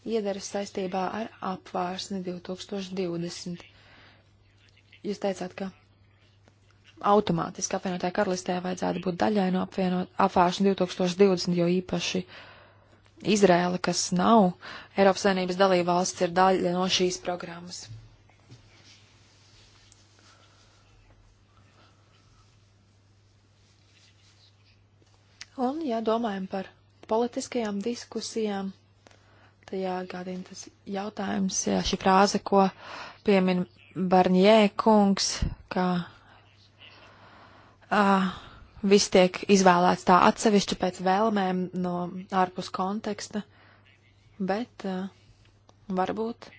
iedaras saistībā ar apvārsni 2020? Jūs teicāt, ka automātiski apvienotāja karalistē vajadzētu būt daļai no apvienot, apvāršana 2020, jo īpaši Izrēla, kas nav Eiropas Savienības dalībvalsts, ir daļa no šīs programmas. Un, ja domājam par politiskajām diskusijām, tad jāatgādina tas jautājums, jā, šī frāze, ko piemin Barņē kungs, ka uh, viss tiek izvēlēts tā atsevišķi pēc vēlmēm no ārpus konteksta, bet uh, varbūt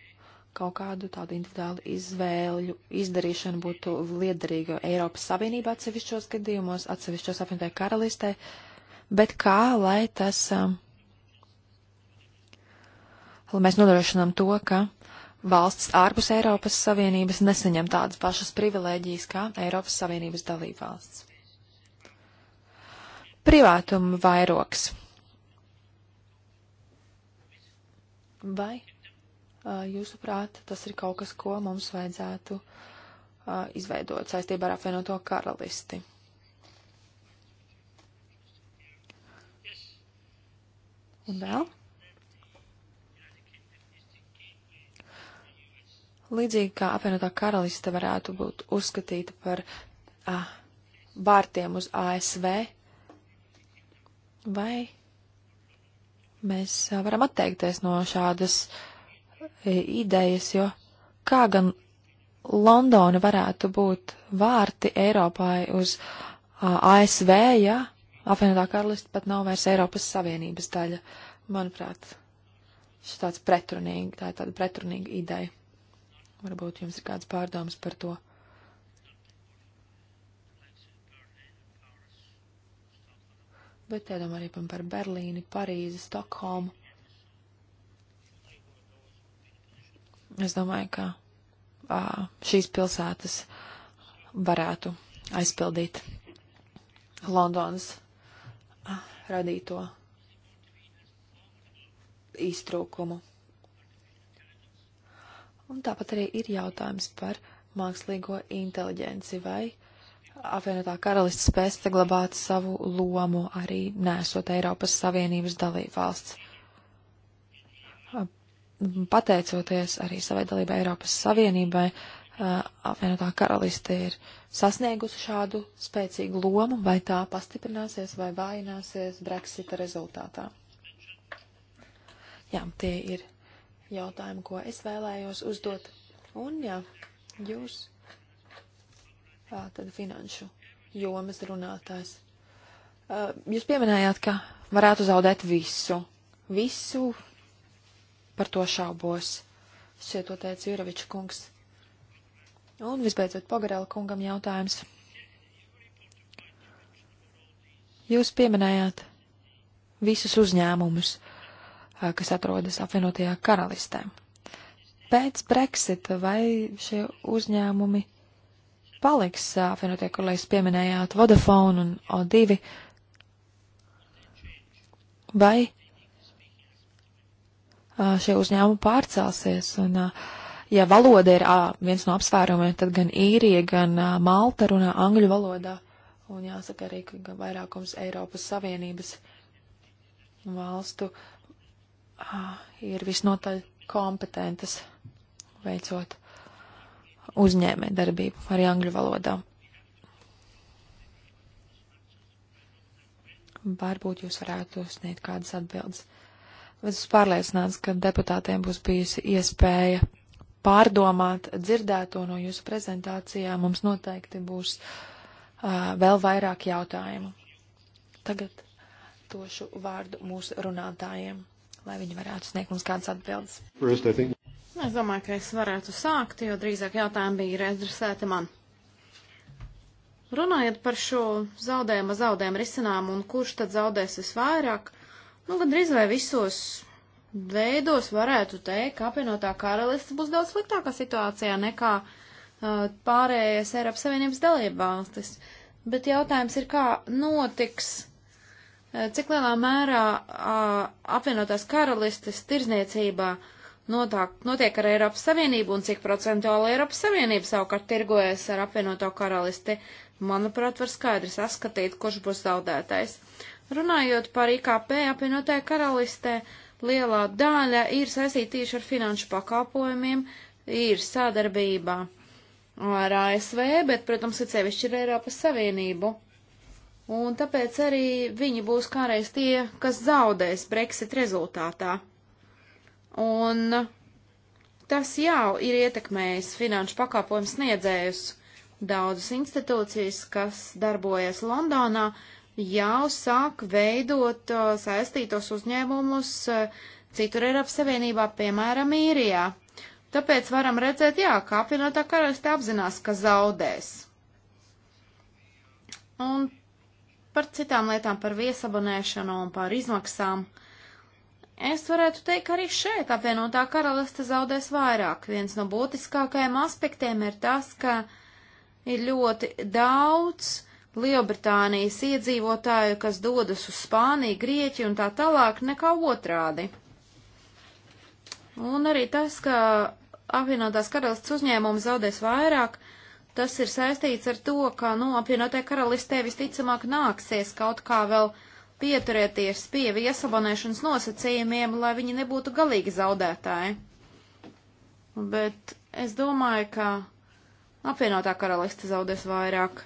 kaut kādu tādu individuālu izvēļu izdarīšanu būtu liederīga Eiropas Savienība atsevišķos gadījumos, atsevišķos apvienotajā karalistē. Uh, bet kā lai tas, um, lai mēs nodrošinām to, ka valsts ārpus Eiropas Savienības nesaņem tādas pašas privilēģijas kā Eiropas Savienības dalībvalsts. Privātuma vairoks. Vai jūsuprāt, tas ir kaut kas, ko mums vajadzētu izveidot saistībā ar apvienoto karalisti? Un vēl? Līdzīgi kā apvienotā karaliste varētu būt uzskatīta par ah, bārtiem uz ASV, vai mēs a, varam atteikties no šādas idejas, jo kā gan Londona varētu būt vārti Eiropai uz a, ASV, ja apvienotā karalista pat nav vairs Eiropas Savienības daļa. Manuprāt, šis tāds pretrunīgi, tā ir tāda pretrunīga ideja. Varbūt jums ir kāds pārdoms par to. Bet iedomā arī par Berlīni, Parīzi, Stokholmu. Es domāju, ka ā, šīs pilsētas varētu aizpildīt Londonas radīto iztrūkumu. Un tāpat arī ir jautājums par mākslīgo inteliģenci, vai apvienotā karalists spēs saglabāt savu lomu arī nesot Eiropas Savienības dalībvalsts. Pateicoties arī savai dalībai Eiropas Savienībai, Uh, apvienotā karaliste ir sasniegusi šādu spēcīgu lomu, vai tā pastiprināsies vai vājināsies Brexita rezultātā. Jā, tie ir jautājumi, ko es vēlējos uzdot. Un jā, jūs jā, tad finanšu jomas runātājs. Jūs pieminējāt, ka varētu zaudēt visu. Visu par to šaubos. Šie to teica Jureviča kungs. Un visbeidzot Pogarela kungam jautājums. Jūs pieminējāt visus uzņēmumus, kas atrodas apvienotajā karalistē. Pēc Brexita vai šie uzņēmumi paliks apvienotie, kur lai jūs pieminējāt Vodafone un O2? Vai šie uzņēmumi pārcelsies un uh, ja valoda ir a, viens no apsvērumiem, tad gan īrija, gan a, malta runā angļu valodā. Un jāsaka arī, ka vairākums Eiropas Savienības valstu a, ir visnotaļ kompetentas veicot uzņēmē darbību arī angļu valodā. Varbūt jūs varētu sniegt kādas atbildes. Es esmu pārliecināts, ka deputātiem būs bijusi iespēja pārdomāt dzirdēto no jūsu prezentācijā. Mums noteikti būs uh, vēl vairāk jautājumu. Tagad došu vārdu mūsu runātājiem, lai viņi varētu sniegt mums kādas atbildes. First, think... Es domāju, ka es varētu sākt, jo drīzāk jautājumi bija redresēti man. Runājot par šo zaudējumu, zaudējumu risinājumu un kurš tad zaudēs visvairāk, nu, gandrīz vai visos veidos varētu teikt, ka apvienotā karalists būs daudz sliktākā situācijā nekā uh, pārējais Eiropas Savienības dalība valstis. Bet jautājums ir, kā notiks, uh, cik lielā mērā uh, apvienotās karalistes tirzniecībā notāk, notiek ar Eiropas Savienību un cik procentuāli Eiropas Savienība savukārt tirgojas ar apvienoto karalisti. Manuprāt, var skaidri saskatīt, kurš būs zaudētais. Runājot par IKP apvienotajā karalistē, uh, lielā daļa ir saistīta tieši ar finanšu pakāpojumiem, ir sadarbībā ar ASV, bet, protams, ir sevišķi ar Eiropas Savienību. Un tāpēc arī viņi būs kāreiz tie, kas zaudēs Brexit rezultātā. Un tas jau ir ietekmējis finanšu pakāpojumu sniedzējus. Daudzas institūcijas, kas darbojas Londonā, uh, jau sāk veidot uh, saistītos uzņēmumus uh, citur Eiropas Savienībā, piemēram, īrijā. Tāpēc varam redzēt, jā, kā apvienotā karaliste apzinās, ka zaudēs. Un par citām lietām, par viesabonēšanu un par izmaksām. Es varētu teikt, ka arī šeit apvienotā karaliste zaudēs vairāk. Viens no būtiskākajiem aspektiem ir tas, ka ir ļoti daudz Lielbritānijas iedzīvotāju, kas dodas uz Spāniju, Grieķiju un tā tālāk, nekā otrādi. Un arī tas, ka apvienotās karalists uzņēmumi zaudēs vairāk, tas ir saistīts ar to, ka, nu, apvienotē karalistē visticamāk nāksies kaut kā vēl pieturēties pie viesabonēšanas nosacījumiem, lai viņi nebūtu galīgi zaudētāji. Bet es domāju, ka apvienotā karaliste zaudēs vairāk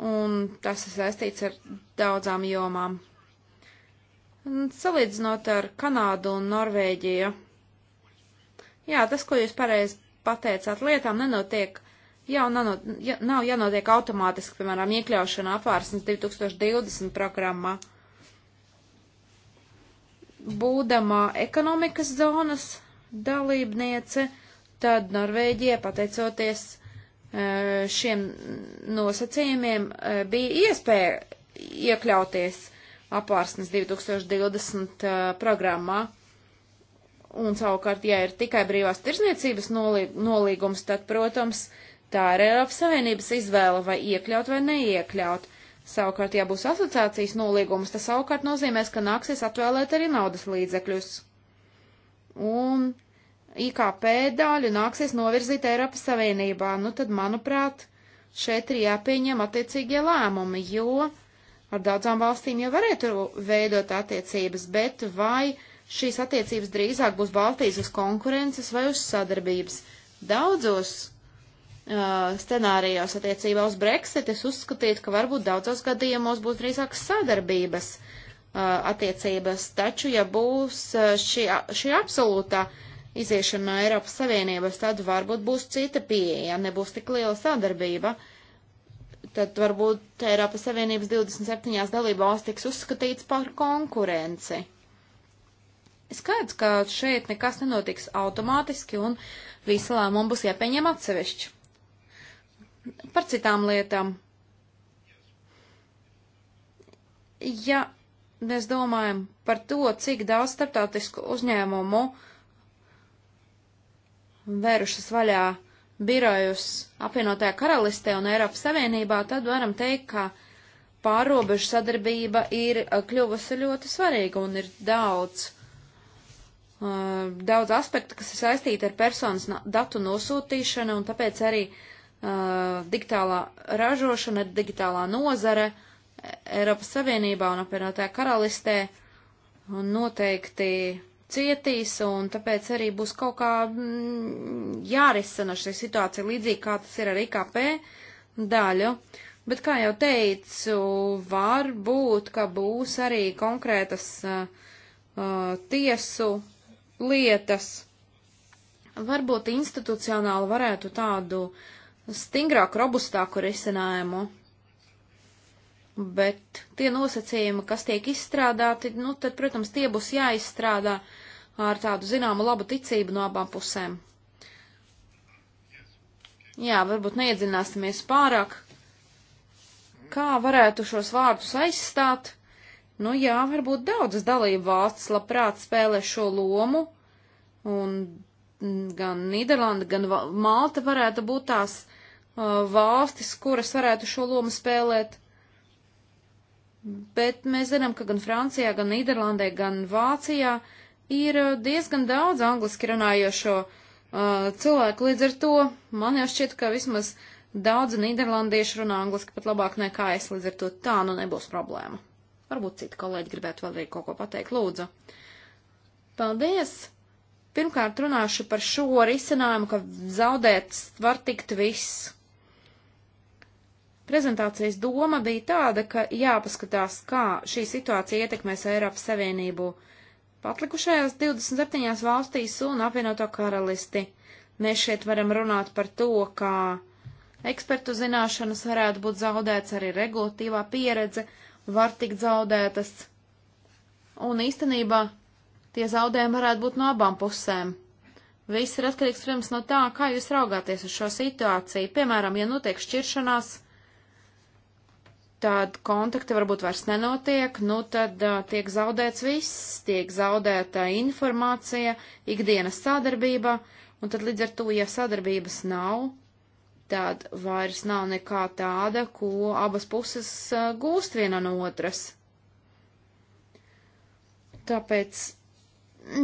un tas ir saistīts ar daudzām jomām. Salīdzinot ar Kanādu un Norvēģiju, jā, tas, ko jūs pareizi pateicāt, lietām nenotiek jau nanot, ja, nav jānotiek automātiski, piemēram, iekļaušana apvārsnes 2020 programmā. Būdama ekonomikas zonas dalībniece, tad Norvēģija, pateicoties šiem nosacījumiem bija iespēja iekļauties apvārsnes 2020 programmā. Un savukārt, ja ir tikai brīvās tirzniecības nolīgums, tad, protams, tā ir Eiropas Savienības izvēle vai iekļaut vai neiekļaut. Savukārt, ja būs asociācijas nolīgums, tas savukārt nozīmēs, ka nāksies atvēlēt arī naudas līdzekļus. Un IKP daļu nāksies novirzīt Eiropas Savienībā, nu tad, manuprāt, šeit ir jāpieņem attiecīgie lēmumi, jo ar daudzām valstīm jau varētu veidot attiecības, bet vai šīs attiecības drīzāk būs balstītas uz konkurences vai uz sadarbības? Daudzos uh, scenārijos attiecībā uz Brexit es uzskatītu, ka varbūt daudzos gadījumos būs drīzāk sadarbības uh, attiecības, taču ja būs uh, šī, šī absolūtā uh, iziešana no Eiropas Savienības, tad varbūt būs cita pieeja, nebūs tik liela sadarbība. Tad varbūt Eiropas Savienības 27. dalībās tiks uzskatīts par konkurenci. Skaidrs, ka šeit nekas nenotiks automātiski un visi lēmumi būs jāpieņem atsevišķi. Par citām lietām. Ja mēs domājam par to, cik daudz starptautisku uzņēmumu uh, vērušas vaļā birojus apvienotajā karalistē un Eiropas Savienībā, tad varam teikt, ka pārobežu sadarbība ir uh, kļuvusi ļoti svarīga un ir daudz, uh, daudz aspektu, kas ir saistīti ar personas datu nosūtīšanu, un tāpēc arī uh, digitālā ražošana, digitālā nozare Eiropas Savienībā un apvienotajā karalistē noteikti cietīs, un tāpēc arī būs kaut kā mm, jārisina šī situācija līdzīgi, kā tas ir ar IKP daļu. Bet, kā jau teicu, var būt, ka būs arī konkrētas uh, uh tiesu lietas. Varbūt institucionāli varētu tādu stingrāku, robustāku risinājumu bet tie nosacījumi, kas tiek izstrādāti, nu, tad, protams, tie būs jāizstrādā ar tādu zināmu labu ticību no abām pusēm. Jā, varbūt neiedzināsimies pārāk. Kā varētu šos vārdus aizstāt? Nu jā, varbūt daudzas dalību valsts labprāt spēlē šo lomu, un gan Nīderlanda, gan Malta varētu būt tās uh, valstis, kuras varētu šo lomu spēlēt bet mēs zinām, ka gan Francijā, gan Nīderlandē, gan Vācijā ir uh, diezgan daudz angliski runājošo uh, cilvēku. Līdz ar to man jau šķiet, ka vismaz daudzi nīderlandieši runā angliski pat labāk nekā es, līdz ar to tā nu nebūs problēma. Varbūt citi kolēģi gribētu vēl arī kaut ko pateikt, lūdzu. Paldies! Pirmkārt runāšu par šo risinājumu, ka zaudēts var tikt viss. Prezentācijas doma bija tāda, ka jāpaskatās, kā šī situācija ietekmēs Eiropas Savienību patlikušajās 27 valstīs un apvienoto karalisti. Mēs šeit varam runāt par to, kā ekspertu zināšanas varētu būt zaudēts, arī regulatīvā pieredze var tikt zaudētas. Un īstenībā tie zaudējumi varētu būt no abām pusēm. Viss ir atkarīgs, protams, no tā, kā jūs raugāties uz šo situāciju. Piemēram, ja notiek šķiršanās, tad kontakti varbūt vairs nenotiek, nu tad uh, tiek zaudēts viss, tiek zaudēta informācija, ikdienas sadarbība, un tad līdz ar to, ja sadarbības nav, tad vairs nav nekā tāda, ko abas puses uh, gūst viena no otras. Tāpēc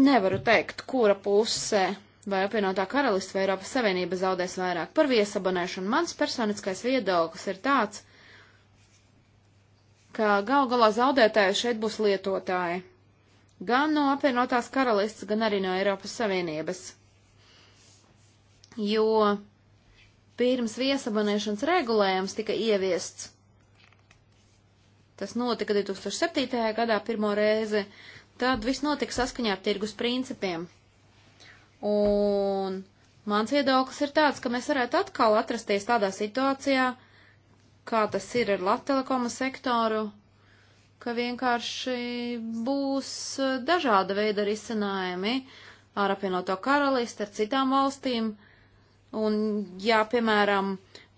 nevaru teikt, kura pusē vai apvienotā karalista vai Eiropas Savienība zaudēs vairāk par viesabonēšanu. Mans personiskais viedoklis ir tāds, ka gal galā zaudētāji šeit būs lietotāji. Gan no apvienotās karalists, gan arī no Eiropas Savienības. Jo pirms viesabonēšanas regulējums tika ieviests. Tas notika 2007. gadā pirmo reizi, tad viss notika saskaņā ar tirgus principiem. Un mans viedoklis ir tāds, ka mēs varētu atkal atrasties tādā situācijā, kā tas ir ar Latvijas sektoru, ka vienkārši būs e, dažāda veida risinājumi ar apvienoto karalisti, ar citām valstīm. Un, ja, piemēram,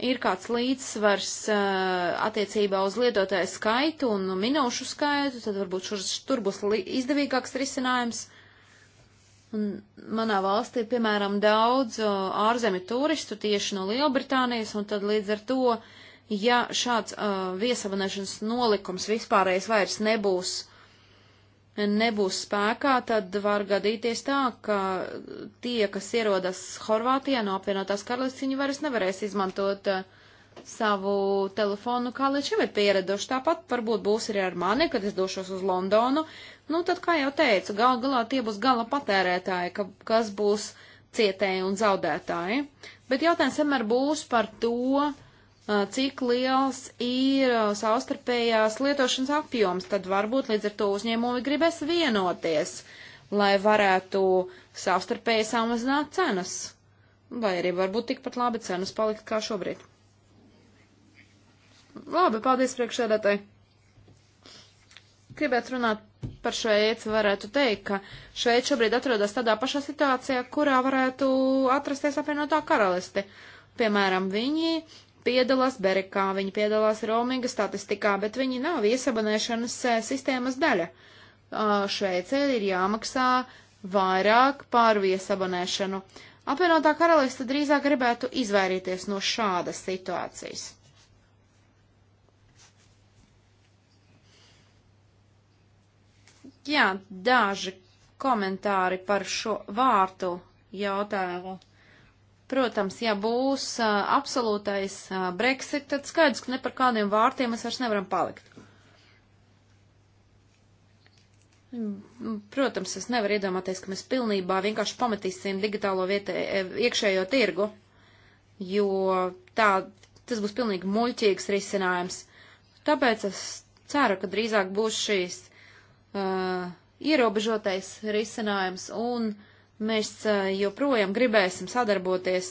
ir kāds līdzsvars e, attiecībā uz lietotāju skaitu un minūšu skaitu, tad varbūt šur, tur būs izdevīgāks risinājums. Un manā valstī ir, piemēram, daudz e, ārzemju turistu tieši no Lielbritānijas, un tad līdz ar to uh, ja šāds uh, viesavanēšanas nolikums vispārējais vairs nebūs, nebūs spēkā, tad var gadīties tā, ka tie, kas ierodas Horvātijā no apvienotās karalists, viņi vairs nevarēs izmantot uh, savu telefonu, kā līdz šim ir pieraduši. Tāpat varbūt būs arī ar mani, kad es došos uz Londonu. Nu, tad, kā jau teicu, gal galā tie būs gala patērētāji, ka, kas būs cietēji un zaudētāji. Bet jautājums vienmēr būs par to, cik liels ir savstarpējās lietošanas apjoms, tad varbūt līdz ar to uzņēmumi gribēs vienoties, lai varētu savstarpēji samazināt cenas. Vai arī varbūt tikpat labi cenas palikt kā šobrīd. Labi, paldies priekšsēdētāji. Gribētu runāt par Šveici, varētu teikt, ka Šveici šobrīd atrodas tādā pašā situācijā, kurā varētu atrasties apvienotā karalisti. Piemēram, viņi piedalās Berekā, viņi piedalās roaminga statistikā, bet viņi nav iesabanēšanas eh, sistēmas daļa. Ah, Šveicē ir jāmaksā vairāk par viesabanēšanu. Apvienotā karalista drīzāk gribētu izvairīties no šādas situācijas. Jā, daži komentāri par šo vārtu jautājumu. Protams, ja būs uh, absolūtais uh, Brexit, tad skaidrs, ka ne par kādiem vārtiem mēs vairs nevaram palikt. Mm, mm, protams, es nevaru iedomāties, ka mēs pilnībā vienkārši pametīsim digitālo vietē, e, iekšējo tirgu, jo tā, tas būs pilnīgi muļķīgs risinājums. Tāpēc es ceru, ka drīzāk būs šīs uh, ierobežotais risinājums un uh, Mēs eh, joprojām gribēsim sadarboties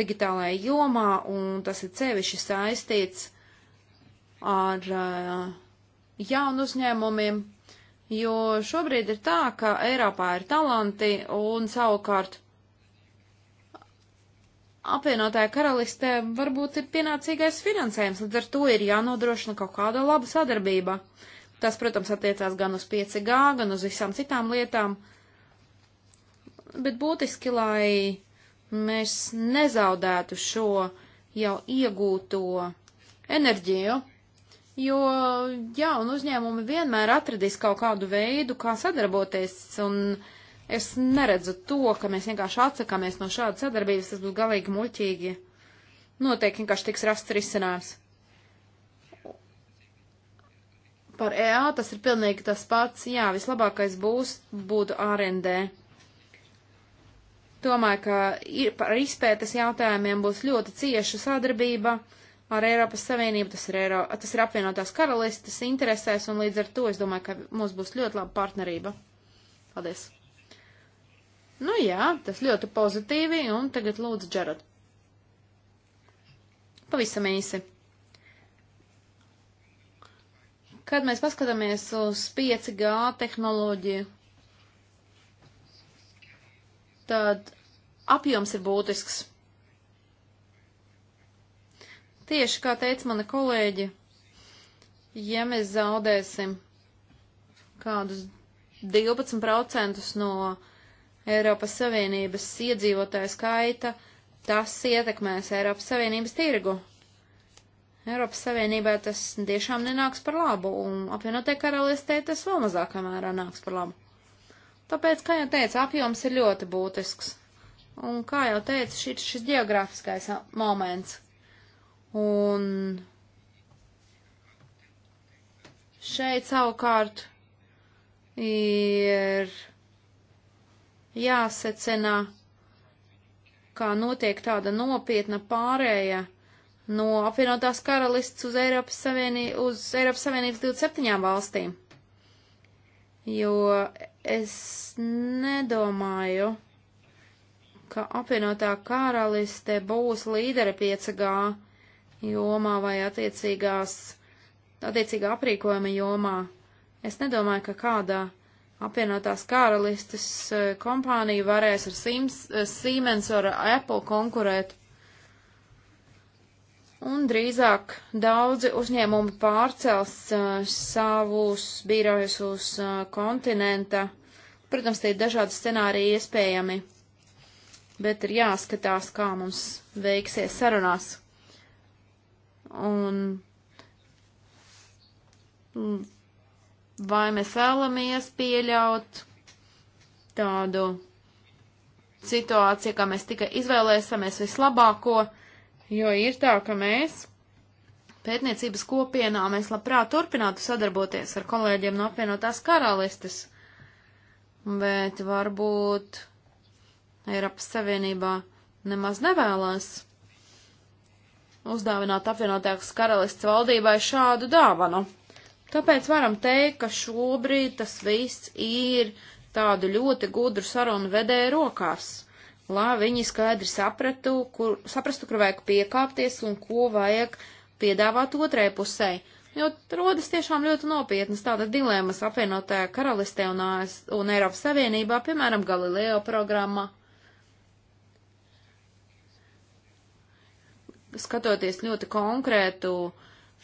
digitālajā jomā, un tas ir sevišķi saistīts ar eh, jaunu uzņēmumiem, jo šobrīd ir tā, ka Eiropā ir talanti un savukārt apvienotāja karalistē varbūt ir pienācīgais finansējums, līdz ar to ir jānodrošina kaut kāda laba sadarbība. Tas, protams, attiecās gan uz 5G, gan uz visām citām lietām. Uh, bet būtiski, lai mēs nezaudētu šo jau iegūto enerģiju, jo jaunu uzņēmumu vienmēr atradīs kaut kādu veidu, kā sadarboties, un es neredzu to, ka mēs vienkārši atsakāmies no šāda sadarbības, tas būs galīgi muļķīgi. Noteikti vienkārši tiks rasts risinājums. Par EA tas ir pilnīgi tas pats, jā, vislabākais būs, būtu RND Domāju, ka ir, par izpētes jautājumiem būs ļoti cieša sadarbība ar Eiropas Savienību. Tas ir, Eiro, tas ir apvienotās karalistas interesēs, un līdz ar to es domāju, ka mums būs ļoti laba partnerība. Paldies! Nu jā, tas ļoti pozitīvi, un tagad lūdzu Džerad. Pavisam īsi. Kad mēs paskatāmies uz 5G tehnoloģiju tad apjoms ir būtisks. Tieši kā teica mana kolēģi, ja mēs zaudēsim kādus 12% no Eiropas Savienības iedzīvotāju skaita, tas ietekmēs Eiropas Savienības tirgu. Eiropas Savienībā tas tiešām nenāks par labu, un apvienotie karalistē tas vēl mazākā mērā nāks par labu. Tāpēc, kā jau teicu, apjoms ir ļoti būtisks. Un, kā jau teicu, šis, šis geogrāfiskais moments. Un šeit savukārt ir jāsecina, kā notiek tāda nopietna pārēja no apvienotās karalists uz Eiropas, Savienī, uz Eiropas Savienības 27 valstīm. Jo Es nedomāju, ka apvienotā karaliste būs līdere 5G jomā vai attiecīgās, attiecīgā aprīkojuma jomā. Es nedomāju, ka kādā apvienotās karalistes eh, kompānija varēs ar Sims, eh, Siemens, ar Apple konkurēt un drīzāk daudzi uzņēmumi pārcels uh, savus birojus uz uh, kontinenta. Protams, tie ir dažādi scenāriji iespējami, bet ir jāskatās, kā mums veiksies sarunās. Un mm, vai mēs vēlamies pieļaut tādu situāciju, kā mēs tikai izvēlēsimies vislabāko, uh, jo ir tā, ka mēs pētniecības kopienā mēs labprāt turpinātu sadarboties ar kolēģiem no apvienotās karalistes, bet varbūt Eiropas Savienībā nemaz nevēlas uzdāvināt apvienotās karalistes valdībai šādu dāvanu. Tāpēc varam teikt, ka šobrīd tas viss ir tādu ļoti gudru sarunu vedēju rokās lai viņi skaidri sapratu, kur, saprastu, kur vajag piekāpties un ko vajag piedāvāt otrai pusē. Jo rodas tiešām ļoti nopietnas tāda dilemmas apvienotajā karalistē un, un Eiropas Savienībā, piemēram, Galileo programmā. Skatoties ļoti konkrētu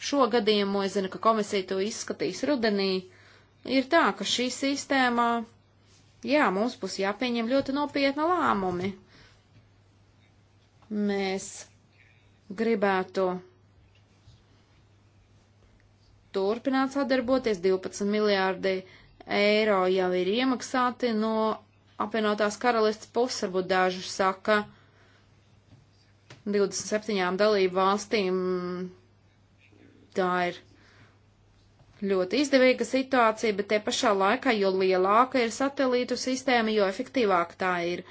šo gadījumu, es zinu, ka komisija to izskatīs rudenī, ir tā, ka šī sistēma Jā, mums būs jāpieņem ļoti nopietna lēmumi. Mēs gribētu turpināt sadarboties. 12 miljārdi eiro jau ir iemaksāti no apvienotās karalistas puses, varbūt daži saka, 27 dalību valstīm tā ir ļoti izdevīga situācija, bet te pašā laikā, jo lielāka ir satelītu sistēma, jo efektīvāk tā ir.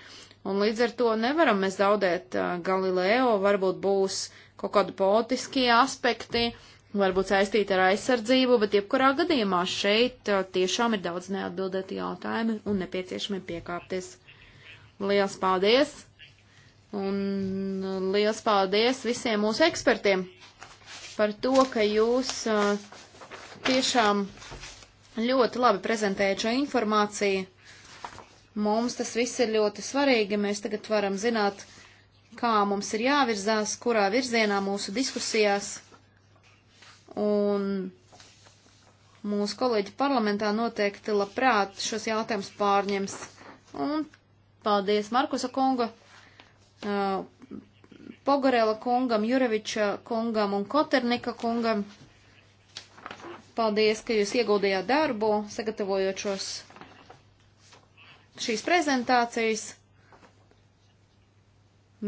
Un līdz ar to nevaram mēs zaudēt uh, Galileo, varbūt būs kaut kādi politiskie aspekti, varbūt saistīti ar aizsardzību, bet jebkurā gadījumā šeit uh, tiešām ir daudz neatbildēti jautājumi un nepieciešami piekāpties. Liels paldies! Un uh, liels paldies visiem mūsu ekspertiem par to, ka jūs uh, tiešām ļoti labi prezentējat šo informāciju. Mums tas viss ir ļoti svarīgi. Mēs tagad varam zināt, kā mums ir jāvirzās, kurā virzienā mūsu diskusijās. Un mūsu kolēģi parlamentā noteikti labprāt šos jautājumus pārņems. Un paldies Markusa kunga, uh, Pogorela kungam, Jureviča kungam un Koternika kungam. Paldies, ka jūs ieguldījāt darbu, sagatavojot šos šīs prezentācijas.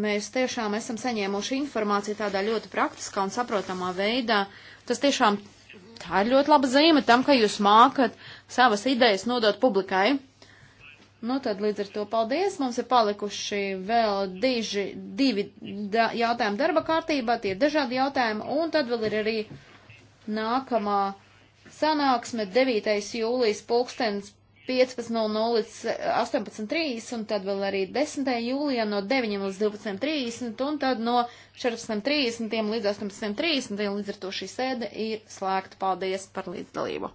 Mēs tiešām esam saņēmuši informāciju tādā ļoti praktiskā un saprotamā veidā. Tas tiešām tā ir ļoti laba zīme tam, ka jūs mākat savas idejas nodot publikai. Nu tad līdz ar to paldies. Mums ir palikuši vēl diži, divi da, jautājumi darba kārtībā, tie ir dažādi jautājumi, un tad vēl ir arī nākamā sanāksme 9. jūlijas pulkstens 15.00 līdz 18.30 eh, un tad vēl arī 10. jūlijā no 9 līdz 12.30 un tad no 14.30 līdz 18.30 līdz ar to šī sēde ir slēgta. Paldies par līdzdalību!